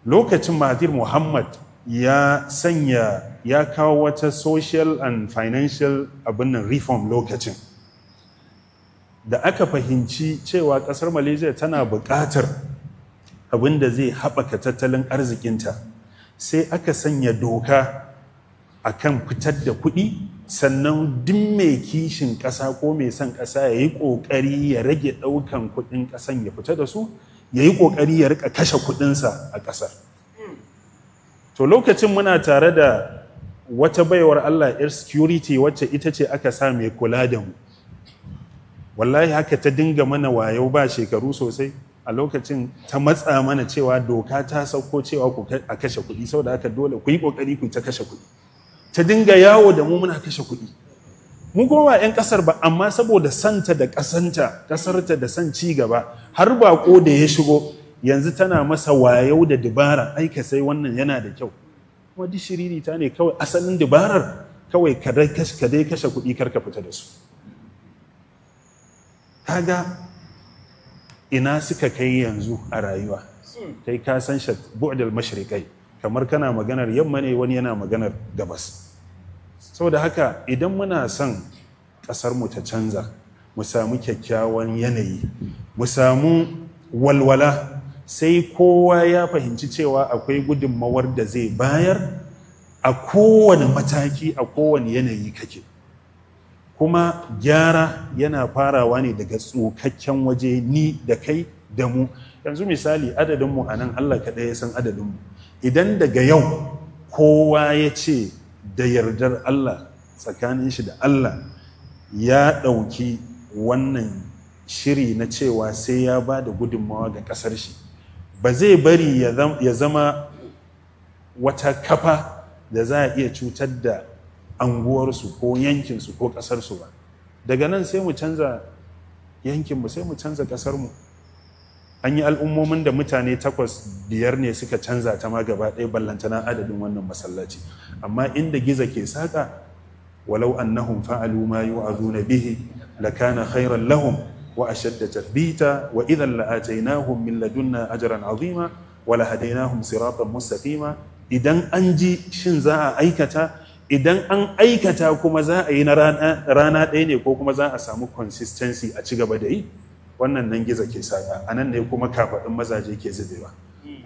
lokacin mahathir muhammad ya sanya ya kawo wata social and financial abin nan reform lokacin da aka fahimci cewa ƙasar malaysia tana buƙatar abin da zai haɓaka tattalin arzikinta sai aka sanya doka a kan fitar da kuɗi sannan duk mai kishin ƙasa ko mai son ƙasa ya yi ƙoƙari ya rage ɗaukan kuɗin ƙasan ya fita da su ya yi ƙoƙari ya rika kashe kuɗinsa a ƙasar to lokacin muna tare da wata baiwar allah air security wacce ita ce aka sa mai kula da mu wallahi haka ta dinga mana wayo ba shekaru sosai a lokacin ta matsa mana cewa doka ta sauko cewa ku a kashe kuɗi saboda haka dole ku yi ƙoƙari ku ta kashe kuɗi ta dinga yawo da mu muna kashe kuɗi mu kuma ba 'yan ƙasar ba amma saboda santa da ƙasanta ƙasarta da san ci gaba har baƙo da ya shigo yanzu tana masa wayo da dubara aika sai wannan yana da kyau kuma duk ta ne kawai asalin dubarar kawai ka dai kashe kuɗi kar ka fita da su kaga ina suka kai yanzu a rayuwa hmm. kai ka san shi bu'dal mashriqai kamar kana maganar yamma ne wani yana maganar gabas saboda haka idan muna son kasar mu ta canza mu samu kyakkyawan yanayi mu samu walwala sai kowa ya fahimci cewa akwai gudunmawar da zai bayar a kowane mataki a kowane yanayi kake kuma gyara yana farawa ne daga tsokakken waje ni da kai da mu yanzu misali adadinmu a nan Allah kaɗai ya san adadinmu idan daga yau kowa ya ce da yardar Allah tsakanin shi da Allah ya ɗauki wannan shiri na cewa sai ya ba da gudunmawa ga ƙasar shi ba zai bari ya zama wata kafa da za a iya cutar da anguwarsu ko yankinsu ko ƙasarsu ba daga nan sai mu canza yankinmu sai mu canza ƙasarmu an yi al'ummomin da mutane takwas biyar ne suka canza ta ma gaba ɗaya ballantana adadin wannan masallaci amma inda giza ke saƙa walau annahum fa'alu ma yu'azuna bihi lakana khairan lahum wa ashadda tathbita wa idhan la'atainahum min ladunna ajran azima wa lahadainahum siratan mustaqima idan an ji shin za a aikata idan an aikata kuma za a yi na rana ɗaya ne ko kuma za a samu consistency a ci gaba da yi wannan nan giza ke saka a nan ne kuma kafaɗin mazaje ke zubewa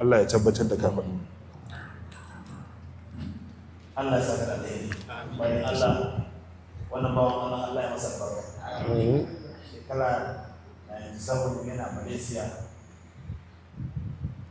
Allah ya tabbatar da kafaɗin Allah ya saka da yi bayan Allah wannan bawan Allah Allah ya masa barka shekara 97 yana Malaysia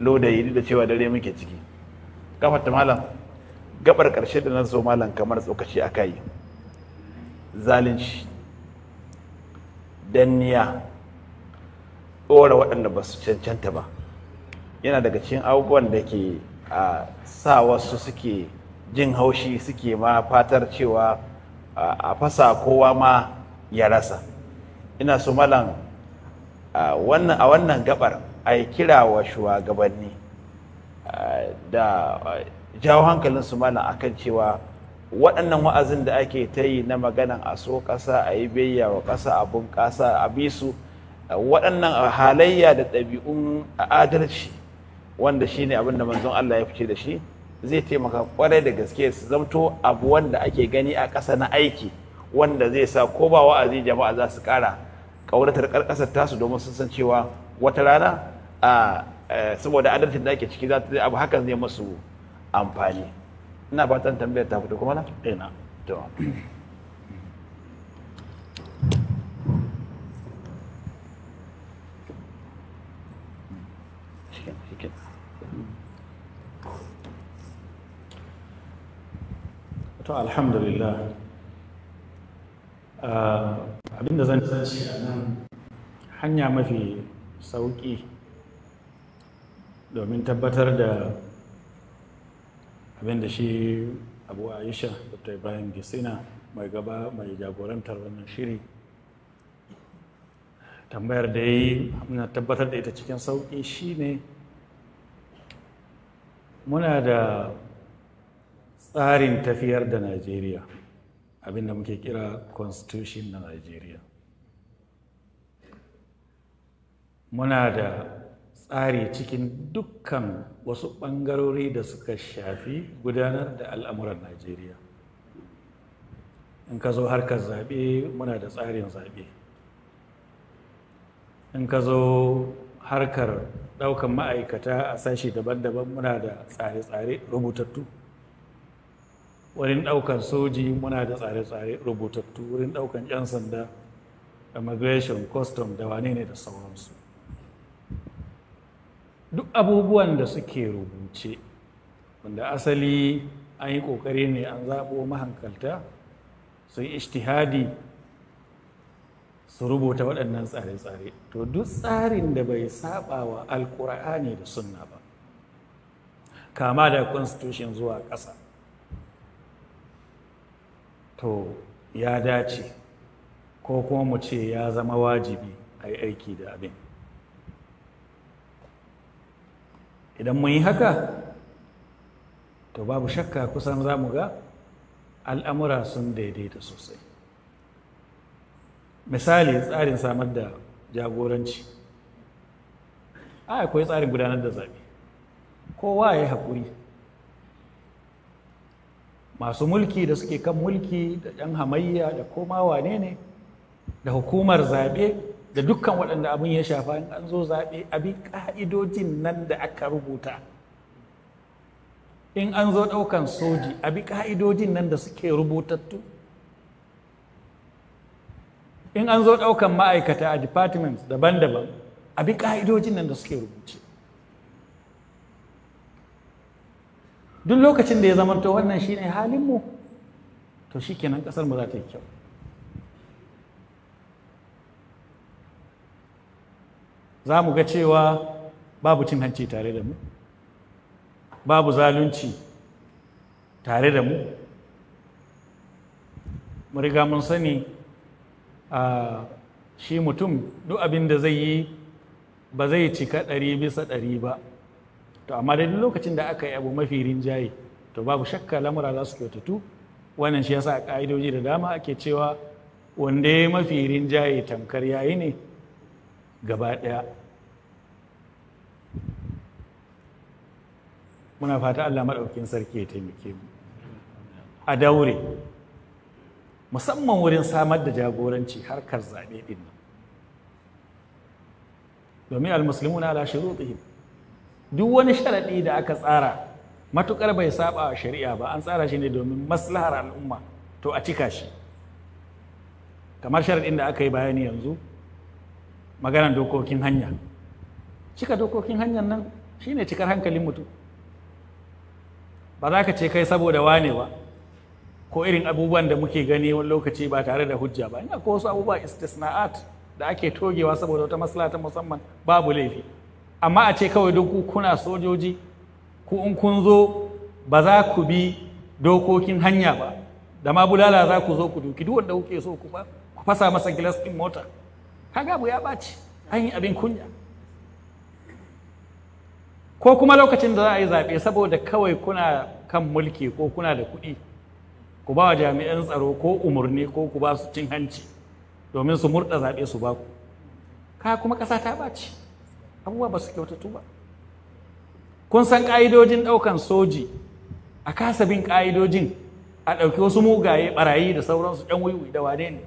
lodayi da cewa dare muke ciki kafar ta malam gabar karshe da nan zo malam kamar tsokaci aka yi zalunci danniya ɗora waɗanda ba su cancanta ba yana daga cikin abubuwan da ke a sa wasu suke jin haushi suke ma fatar cewa a fasa kowa ma ya rasa ina so malam a wannan gabar a yi kira wa shugabanni da jawo hankalin su malam kan cewa waɗannan wa'azin da ake ta yi na maganan a so ƙasa a yi biyayya wa ƙasa a ƙasa a bisu waɗannan halayya da ɗabi'un adalci wanda shi ne abin da manzon Allah ya fice da shi zai taimaka ƙwarai da gaske su zamto abu wanda ake gani a ƙasa na aiki wanda zai sa ko ba wa'azi jama'a za su ƙara ƙauratar ƙarƙasar tasu domin sun san cewa wata rana a saboda adalcin da ake ciki za ta abu hakan zai masu amfani ina fatan tambayar ta fito kuma na ina eh, to to alhamdulillah abinda zan ci a nan hanya mafi sauƙi domin tabbatar da abin da shi abu aisha dr ibrahim gisina mai gaba mai jagorantar wannan shiri tambayar da ya yi muna tabbatar da ita cikin sauƙi shine muna da tsarin tafiyar da najeriya abinda muke kira constitution na najeriya muna da tsari cikin dukkan wasu ɓangarori da suka shafi gudanar da al'amuran najeriya in ka zo harkar zaɓe muna da tsarin zaɓe in ka zo harkar ɗaukan ma'aikata a sashi daban-daban muna da tsare-tsare rubutattu wurin ɗaukan soji muna da tsare-tsare rubutattu wurin ɗaukar 'yan sanda immigration custom da wane ne da sauransu duk abubuwan da suke rubuce wanda asali an yi ƙoƙari ne an zaɓo mahankalta sun ishtihadi su rubuta waɗannan tsare-tsare to duk tsarin da bai saba wa alkur'ani da sunna ba kama da constitution zuwa ƙasa to ya dace ko kuma mu ce ya zama wajibi a yi aiki da abin idan mun yi haka to babu shakka kusan za mu ga al'amura sun daidaita sosai misali tsarin samar da jagoranci a akwai tsarin gudanar da zaɓe kowa ya haƙuri masu mulki da suke kan mulki da 'yan hamayya da koma wane ne da hukumar zaɓe da dukkan waɗanda abin ya shafa in an zo zaɓe abin ƙa'idojin nan da aka rubuta in an zo ɗaukan soji abin ƙa'idojin nan da suke rubutattu in an zo ɗaukan ma'aikata a departments daban-daban abin ƙa'idojin nan da suke rubuce duk lokacin da ya zamanto wannan shine halinmu to shikenan ƙasar mu za ta yi kyau za mu ga cewa babu cin hanci tare da mu babu zalunci tare da mu riga mun sani a shi mutum duk abin da zai yi ba zai cika ɗari bisa ɗari ba to amma da duk lokacin da aka yi abu mafi rinjaye to babu shakka lamura za su kyautatu wannan shi yasa a ƙa'idoji da dama ake cewa wanda ya mafi rinjaye tamkar yayi ne gaba ɗaya muna fata Allah maɗaukin sarki ya taimake mu a daure musamman wurin samar da jagoranci harkar zaɓe ɗin nan domin al-musulmi na lashiru duk wani sharaɗi da aka tsara matuƙar bai saba a shari'a ba an tsara shi ne domin maslahar al'umma to a cika shi kamar sharaɗin da aka yi bayani yanzu maganar dokokin hanya cika dokokin hanyar nan shine cikar hankalin mutum ba za ka ce kai saboda wane ba ko irin abubuwan da muke gani wani lokaci ba tare da hujja ba ina ko wasu abubuwa istisna'at da ake togewa saboda wata maslaha ta musamman babu laifi amma a ce kawai duk kuna sojoji ku in kun zo ba za ku bi dokokin hanya ba da ma bulala za ku zo ku duki duk wanda kuke so ku ba ku fasa masa gilas ɗin mota kaga abu ya ɓaci an yi abin kunya ko kuma lokacin da za a yi zaɓe saboda kawai kuna kan mulki ko kuna da kuɗi ku ba wa jami'an tsaro ko umarni ko ku ba su cin hanci domin su murɗa zaɓe su ba ku ka kuma ƙasa ta ɓaci abubuwa ba su kyautatu ba kun san ƙa'idojin ɗaukan soji a kasa bin ƙa'idojin a ɗauki wasu mugaye ɓarayi da sauransu ɗan wiwi da wane ne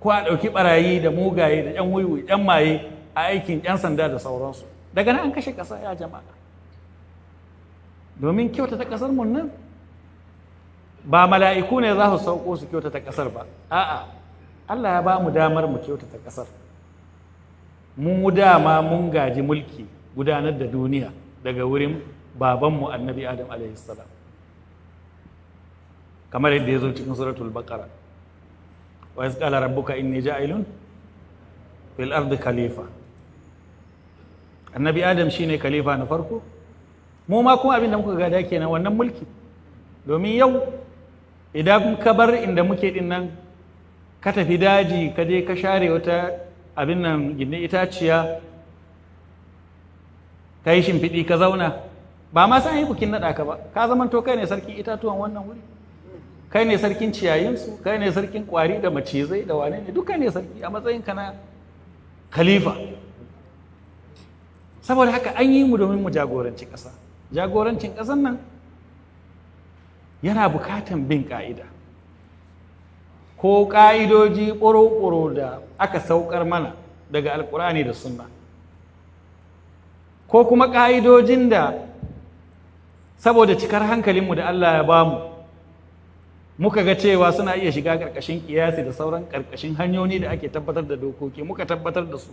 ko a ɗauki ɓarayi da mugaye da 'yan wuyu 'yan maye a aikin 'yan sanda da sauransu daga nan an kashe ƙasa ya jama'a domin kyauta ta ƙasar mun nan ba mala'iku ne za su sauko su kyauta ta ƙasar ba a'a Allah ya ba mu damar mu kyauta ta ƙasar mu dama mun gaji mulki gudanar da duniya daga wurin babanmu annabi adam alaihi salam kamar yadda ya zo cikin suratul baqara wa iz qala rabbuka inni ja'ilun fil ardi khalifa annabi adam shine kalifa na farko mu ma kuma abin da muka gada kenan wannan mulki domin yau idan ka bar inda muke din ka tafi daji ka je ka share wata abin nan gindin itaciya ka yi shimfiɗi ka zauna ba ma san yi bukin naɗaka ba ka zamanto kai ne sarki itatuwan wannan wuri kai ne sarkin ciyayinsu kai ne sarkin kwari da macizai da wane ne duka ne sarki a matsayin ka na khalifa saboda haka an yi mu domin mu jagoranci ƙasa jagorancin ƙasan nan yana bukatan bin ƙa'ida ko ƙa'idoji ƙoro-ƙoro da aka saukar mana daga alƙur'ani da sunna ko kuma ƙa'idojin da saboda cikar hankalinmu da Allah ya bamu muka ga cewa suna iya shiga ƙarƙashin ƙiyasi da sauran ƙarƙashin hanyoyi da ake tabbatar da dokoki muka tabbatar da su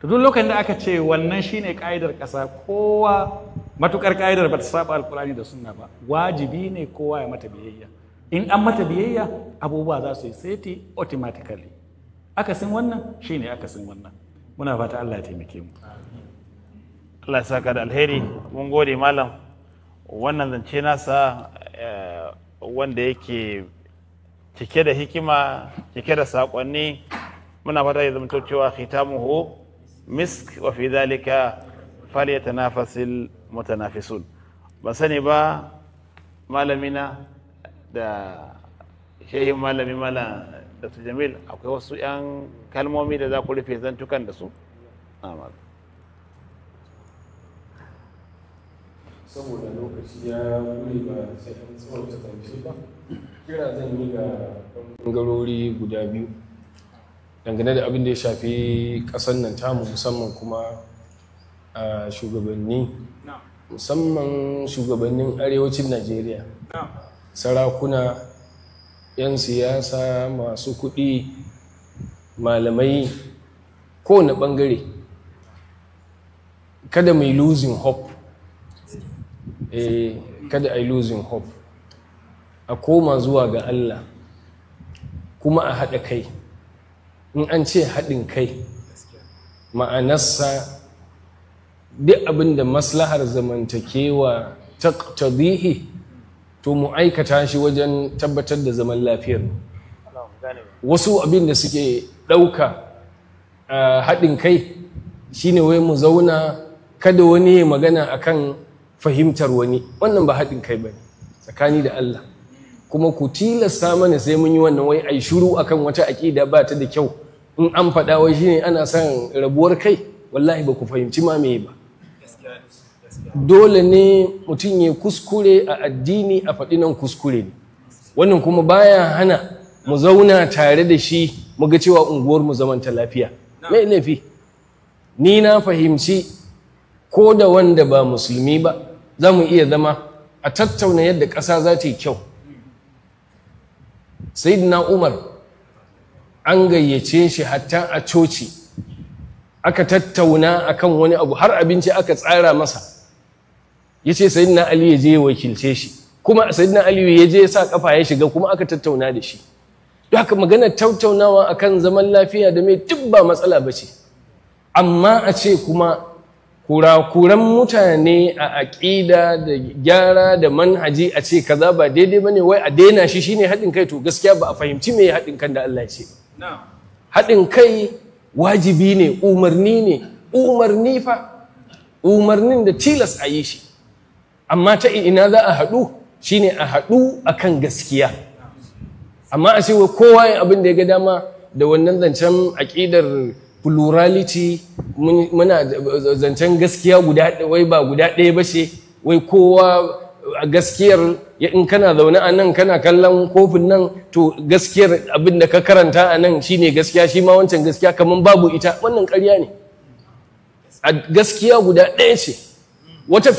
to duk lokacin da aka ce wannan shine ka'idar ƙasa kowa matukar ka'idar ba ta saba alkurani da sunna ba wajibi ne kowa ya mata biyayya in an mata biyayya abubuwa za su yi saiti automatically akasin wannan shine akasin wannan muna fata Allah ya taimake mu Allah ya saka da alheri mun gode malam wannan zance nasa eh, wanda yake cike da hikima cike da sakonni muna fata ya zamto cewa khitamuhu misk wa fi dhalika falyatanafasil mutanafisun ba sani ba malamina da shehin malami mala da jamil akwai wasu 'yan kalmomi da za ku rufe zantukan da su saboda lokaci ya wuri ba sai an tsawon ba kira zan yi ga bangarori guda biyu dangane da abin da ya shafi ƙasar nan tamu musamman kuma a shugabanni musamman shugabannin arewacin najeriya sarakuna 'yan siyasa masu kuɗi malamai kowane ɓangare kada mai losing hope eh kada a losing hope a koma zuwa ga Allah kuma a haɗa kai in an ce haɗin kai ma'anarsa duk abin da maslahar zamantakewa ta tabihi to mu aikata shi wajen tabbatar da zaman lafiyar wasu abin da suke ɗauka ah, haɗin kai shine wai mu zauna kada wani magana akan fahimtar wani wannan ba haɗin kai ba ne, tsakani da Allah kuma ku tilasta mana sai mun yi wannan wai ai shiru akan wata aƙida ba ta da kyau in an faɗa wai shine ana son rabuwar kai wallahi ba ku fahimci ma meye ba dole ne mutum ya kuskure a addini a faɗi nan kuskure ne wannan kuma baya hana mu zauna tare da shi mu ga cewa unguwar mu zamanta lafiya mai nafi ni na fahimci ko da wanda ba musulmi ba za mu iya zama a tattauna yadda ƙasa za ta yi kyau sayidina umar an gayyace shi hatta a coci aka tattauna akan wani abu har abinci aka tsara masa ya ce sayidina ali ya je wakilce shi kuma sayidina ali ya je ya sa kafa ya shiga kuma aka tattauna da shi don haka maganar tattaunawa akan zaman lafiya da mai duk ba matsala ba ce amma a ce kuma kurakuran mutane a aƙida da gyara da manhaji a ce kaza ba daidai bane wai a daina shi shine haɗin kai to gaskiya ba a fahimci me haɗin kan da Allah ce haɗin kai wajibi ne umarni ne umarni fa umarnin da tilas a yi shi amma ta ina za a haɗu shine a haɗu a kan gaskiya amma a ce kowa abin da ya ga dama da wannan zancen aƙidar plurality muna zancen gaskiya guda wai ba guda ɗaya ba ce wai kowa a gaskiyar in kana zaune a nan kana kallon kofin nan to gaskiyar abin da ka karanta a nan shine gaskiya shi ma wancan gaskiya kamar babu ita wannan ƙarya ne A gaskiya guda ɗaya ce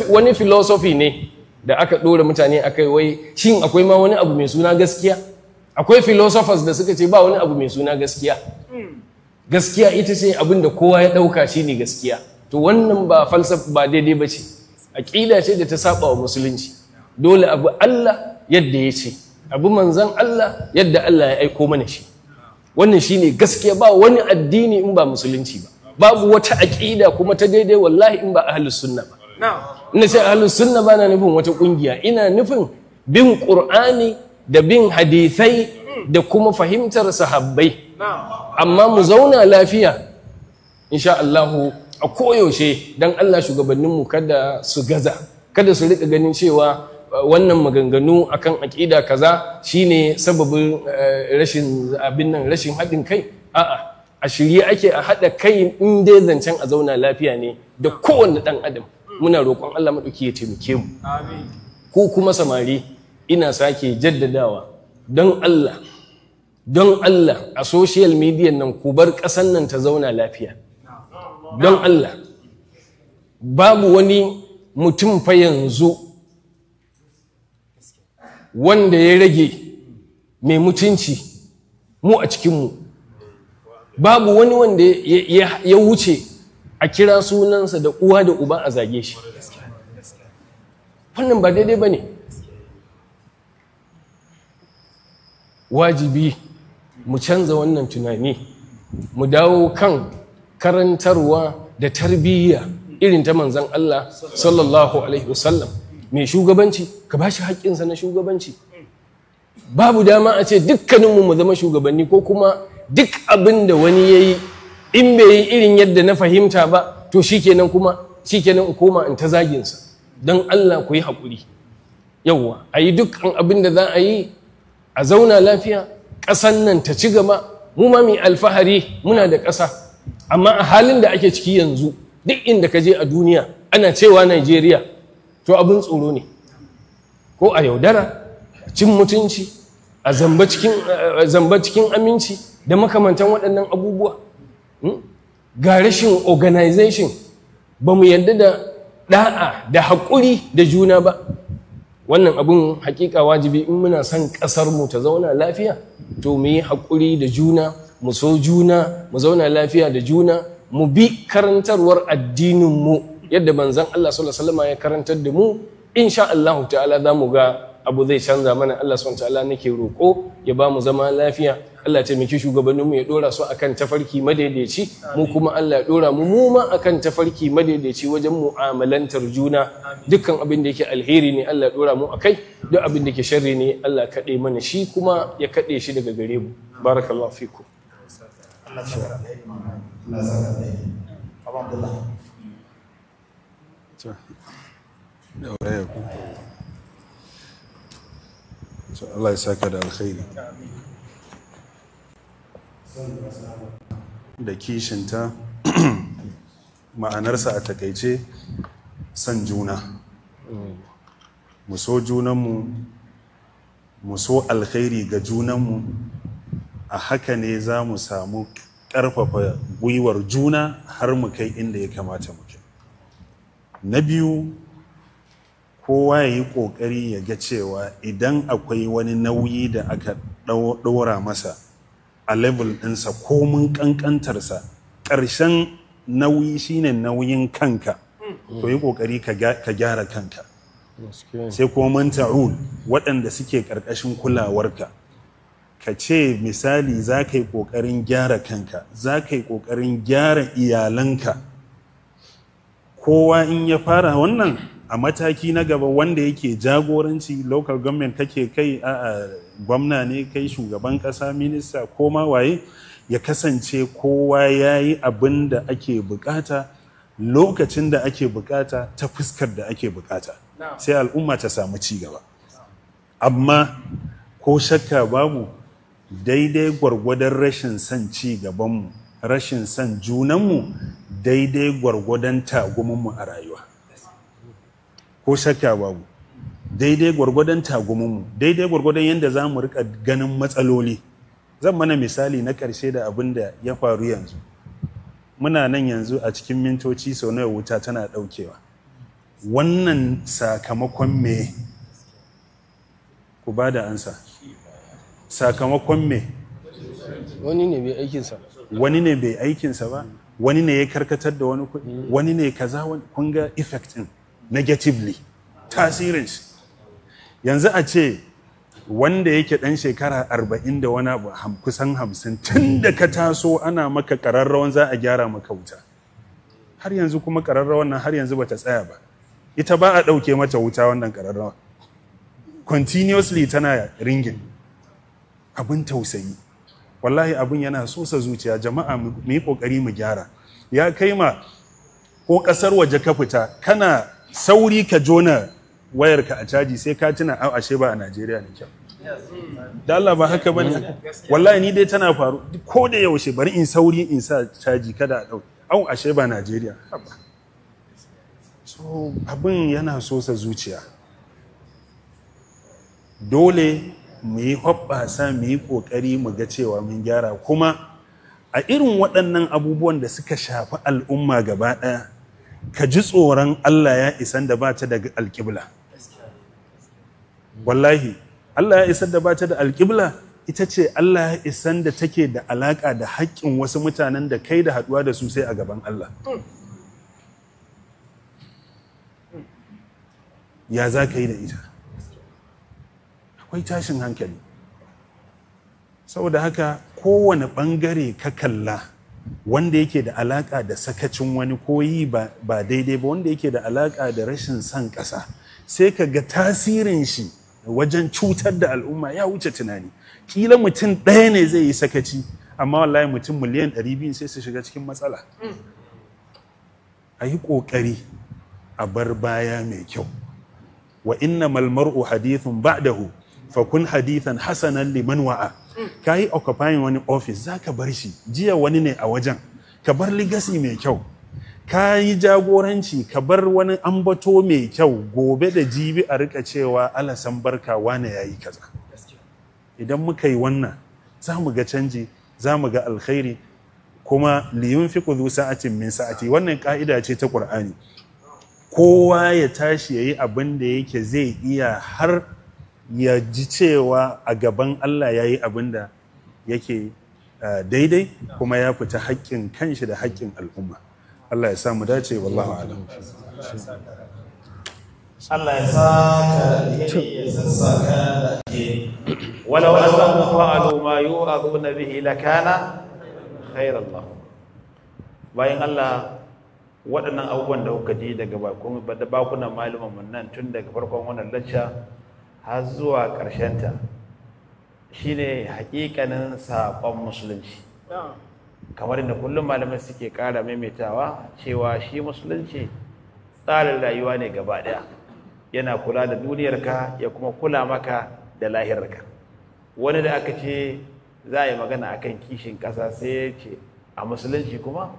wani philosophy ne da aka ɗora mutane akai wai shin akwai ma wani abu mai suna gaskiya akwai filosofas da suka ce ba wani abu mai suna gaskiya hmm. gaskiya ita ce abin da kowa ya ɗauka shi ne gaskiya to wannan ba falsafa ba daidai ba ce aƙida ce da ta saba wa musulunci dole abu Allah yadda ya ce abu manzan Allah yadda Allah ya aiko mana shi wannan shi ne gaskiya ba wani addini in ba musulunci ba babu wata aƙida kuma ta daidai wallahi in ba ahalus sunna ba ina ce ahalus sunna ba na nufin wata ƙungiya ina nufin bin ƙur'ani da bin hadisai. da kuma fahimtar sahabbai amma mu zauna lafiya insha Allah a koyaushe don Allah shugabanninmu kada su gaza kada su rika ganin cewa uh, wannan maganganu akan aƙida kaza shine sababin uh, rashin abin nan rashin haɗin kai a'a a shirye ake a haɗa kai in dai zancen a zauna lafiya ne da kowane ɗan adam muna roƙon Allah maɗauki ya taimake mu ku kuma samari ina sake jaddadawa don Allah don Allah a social media nan ku bar ƙasan nan ta zauna lafiya don Allah babu wani mutum fa yanzu wanda ya rage mai mutunci mu a cikinmu babu wani wanda ya wuce a kira sunansa da uwa da uba a zage shi wannan ba daidai ba ne wajibi mu canza wannan tunani mu dawo kan karantarwa da tarbiyya irin ta manzan Allah sallallahu alaihi wasallam mai shugabanci ka ba shi haƙƙinsa na shugabanci babu dama a ce dukkaninmu mu zama shugabanni ko kuma duk abin da wani ya yi in bai yi irin yadda na fahimta ba to shikenan kuma shikenan in koma in ta zaginsa don Allah ku yi haƙuri yawwa a yi dukkan abin da za a yi a zauna lafiya ƙasan nan ta ci gaba mu ma mai alfahari muna da ƙasa amma a halin da ake ciki yanzu duk inda ka je a duniya ana cewa Najeriya to abin tsoro ne ko a yaudara cin mutunci a zamba cikin aminci da makamantan waɗannan abubuwa hmm? ga rashin organization ba mu yadda da ɗa'a da haƙuri da juna ba wannan abun hakika wajibi in muna son ƙasar mu ta zauna lafiya to mu yi haƙuri da juna mu so juna mu zauna lafiya da juna mu bi karantarwar addininmu, mu yadda manzon Allah sallallahu alaihi wasallam ya karantar da mu insha Allah ta'ala za mu ga abu zai canza mana Allah subhanahu nake roƙo ya ba mu zama lafiya Allah taimaki shugabannin mu ya dora su akan tafarki madaidaici mu kuma Allah ya dora mu mu ma akan tafarki madaidaici wajen mu'amalantar juna dukkan abin da yake alheri ne Allah ya dora mu akai duk abin da yake sharri ne Allah kaɗe mana shi kuma ya kaɗe shi daga gare mu barakallahu fikum Allah saka Allah saka Allah ya saka da alkhairi da kishinta ma'anarsa a takaice san juna mu so junanmu mu alkhairi ga junanmu a haka ne za mu samu ƙarfafa gwiwar juna har mu kai inda ya kamata mu na biyu kowa ya yi ƙoƙari ya ga cewa idan akwai wani nauyi da aka ɗora masa a level ɗinsa komin ƙanƙantarsa ƙarshen nauyi shine nauyin kanka to yi ƙoƙari ka gyara kanka sai kuma manta'ul ta'ul waɗanda suke ƙarƙashin kulawarka ka ce misali za ka yi ƙoƙarin gyara kanka za ka yi ƙoƙarin gyara iyalanka kowa in ya fara wannan a mataki na gaba wanda yake jagoranci local government take kai a gwamna ne kai shugaban kasa minista ko ma waye ya kasance kowa ya yi abin da ake bukata lokacin da ake bukata ta fuskar da ake bukata sai al'umma ta samu cigaba amma ko shakka babu daidai gwargwadon rashin son ci gabanmu rashin son junanmu daidai gwargwadon tagumanmu a rayuwa ko shakka babu daidai gwargwadon tagumunmu daidai gwargwadon yadda za mu rika ganin matsaloli zan mana misali na ƙarshe da abin da ya faru yanzu muna nan yanzu a cikin mintoci sau nawa wuta tana daukewa wannan sakamakon me ku ba da ansa sakamakon me wani ne bai aikinsa wani ne bai aikinsa ba wani ne ya karkatar da wani kuɗi mm. wani ne kaza kun ga effect din negatively shi yanzu a ce wanda yake dan shekara arba'in da wani abu kusan hamsin tun da ka taso ana maka ƙararrawan za a gyara maka wuta har yanzu kuma ƙararrawan nan har yanzu bata tsaya ba ita ba a ɗauke mata wuta wannan ƙararrawa continuously tana ringin abin tausayi wallahi abin yana sosa zuciya jama'a mu yi ƙoƙari mu gyara ya kai ma ko ƙasar waje ka fita kana sauri ka jona wayarka a caji sai ka tuna au ashe ba a Najeriya ne kyau da Allah ba haka bane wallahi ni dai tana faru ko da yaushe bari in sauri in sa caji kada a dauke au ashe ba Najeriya so abin yana sosa zuciya dole mu yi hoɓɓasa mu yi ƙoƙari mu ga cewa mun gyara kuma a irin waɗannan abubuwan da suka shafi al'umma gaba ɗaya ka ji tsoron Allah ya isan da ba ta da alƙibla wallahi Allah ya isan da ba ta da alƙibla ita ce Allah ya isan da take da alaƙa da haƙƙin wasu mutanen da kai da haɗuwa da su sai a gaban Allah ya za ka yi da ita akwai tashin hankali saboda haka kowane ɓangare ka kalla wanda yake da alaƙa da sakacin wani koyi ba daidai ba wanda yake da alaka da rashin son ƙasa sai ka ga tasirin shi wajen cutar da al'umma ya wuce tunani kila mutum ɗaya ne zai yi sakaci amma wallahi mutum miliyan ɗari biyu sai su shiga cikin matsala a yi ƙoƙari a bar baya mai kyau wa inna malmar'u hadithun ba'dahu fa kun hadithan hasanan liman wa'a Mm. ka yi occupying wani ofis za ka bar shi jiya wani ne a wajen ka bar legacy mai kyau ka yi jagoranci ka bar wani ambato mai kyau gobe da jibi a rika cewa alasan barka wane ya yi kaza idan muka yi wannan za mu ga canji za mu ga alkhairi kuma liyun fi kudu sa'atin min sa'ati wannan ka'ida ce ta ƙur'ani kowa ya tashi ya yi abin da yake zai iya har ya ji cewa a gaban Allah ya yi abin da yake eh, daidai kuma ya fita haƙƙin kanshi da haƙƙin al'umma Allah ya samu dace wallahu alam Allah ya saka ya sassaka walau yi wa ma na bihi lakana ka na? bayan Allah waɗannan abubuwan da kuka ji daga bakunan malaman nan tun daga farkon wannan lacca har zuwa ƙarshenta shine haƙiƙanin saƙon musulunci kamar inda kullum malamai suke ƙara maimaitawa cewa shi musulunci tsarin rayuwa ne gaba ɗaya yana kula da duniyarka ya kuma kula maka da lahirarka wani da aka ce za a yi magana a kan kishin ƙasa sai ya ce a musulunci kuma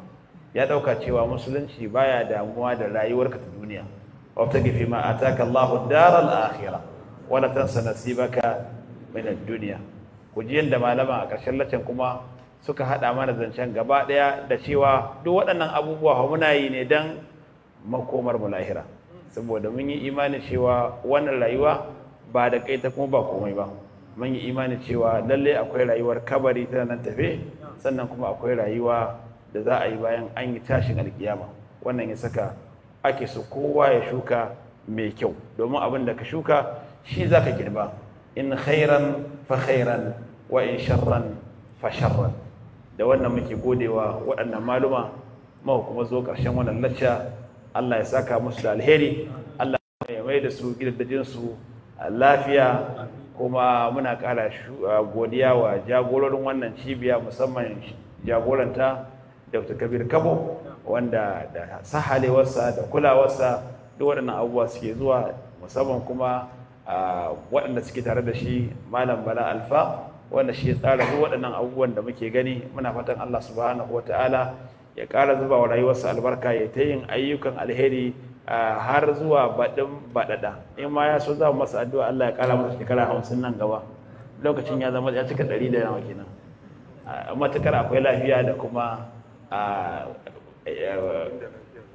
ya ɗauka cewa musulunci baya damuwa da rayuwarka ta duniya wata gifi ma ataka Allahu daral akhirah wala tansa nasibaka min ad-dunya ku ji yanda malama a ƙarshen lacen kuma suka hada mana zancen gaba daya da cewa duk waɗannan abubuwa muna yi ne dan makomar mu lahira saboda mun yi imanin cewa wannan rayuwa ba da kai ta kuma ba komai ba mun yi imanin cewa lalle akwai rayuwar kabari tana nan tafe sannan kuma akwai rayuwa da za a yi bayan an yi tashin alkiyama wannan ya saka ake su kowa ya shuka mai kyau domin abin da ka shuka shi za ka girba in khairan fa khairan wa in sharran fa sharran da wannan muke godewa waɗannan maluma ma kuma zo ƙarshen wannan lacca Allah ya saka musu da alheri Allah ya mai da su gidajensu lafiya kuma muna ƙara godiya wa jagororin wannan cibiya musamman jagoranta Dr. Kabir Kabo wanda da sahalewarsa da kulawarsa duk waɗannan abubuwa suke zuwa musamman kuma waɗanda suke tare da shi malam bala alfa wanda shi ya tsara duk waɗannan abubuwan da muke gani muna fatan Allah subhanahu wataala ya ƙara zuba wa rayuwarsa albarka ya ta yin ayyukan alheri har zuwa baɗin baɗaɗa in ma ya so za mu masa addu'a Allah ya ƙara masa shekara hamsin nan gaba lokacin ya zama ya cika ɗari da yawa kenan matukar akwai lafiya da kuma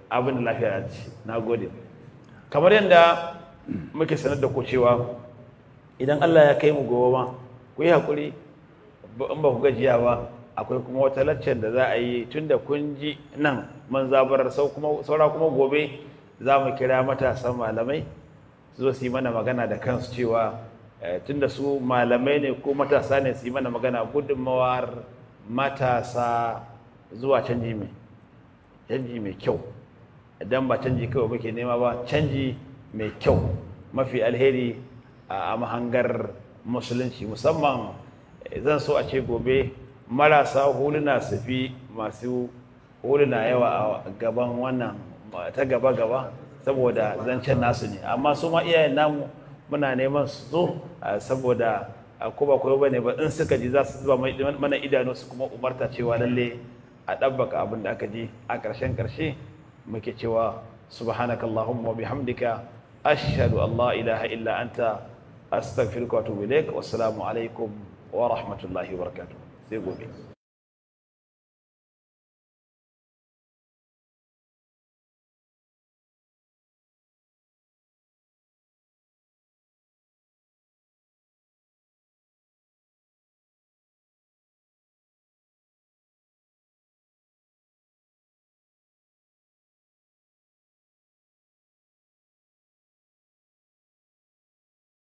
abin da lafiya na gode kamar yadda muke sanar da ku cewa idan Allah ya kai mu gobe ku yi haƙuri in ba ku gajiya ba akwai kuma wata laccar da za a yi tun da kun ji nan man zabarar saura kuma gobe za mu kira matasan malamai zuwa su yi mana magana da kansu cewa eh, tun da su malamai ne ko matasa ne su yi mana magana gudunmawar matasa zuwa canji mai canji mai kyau idan ba canji kawai muke nema ba canji mai kyau mafi alheri a mahangar musulunci musamman eh, zan so a ce gobe marasa huluna su fi masu huluna yawa a gaban wannan ta gaba-gaba saboda zancen nasu ne amma su ma iyayen namu muna neman su zo saboda ko ba koyo ba in suka ji za su zuba mana idanu su kuma umarta cewa lalle a ɗabbaka abin da aka ji a ƙarshen ƙarshe muke cewa subhanakallahumma bihamdika ashadu allah ilaha illa anta astaghfiruka wa atubu ilaik wassalamu alaikum wa rahmatullahi wa barakatuh sai gobe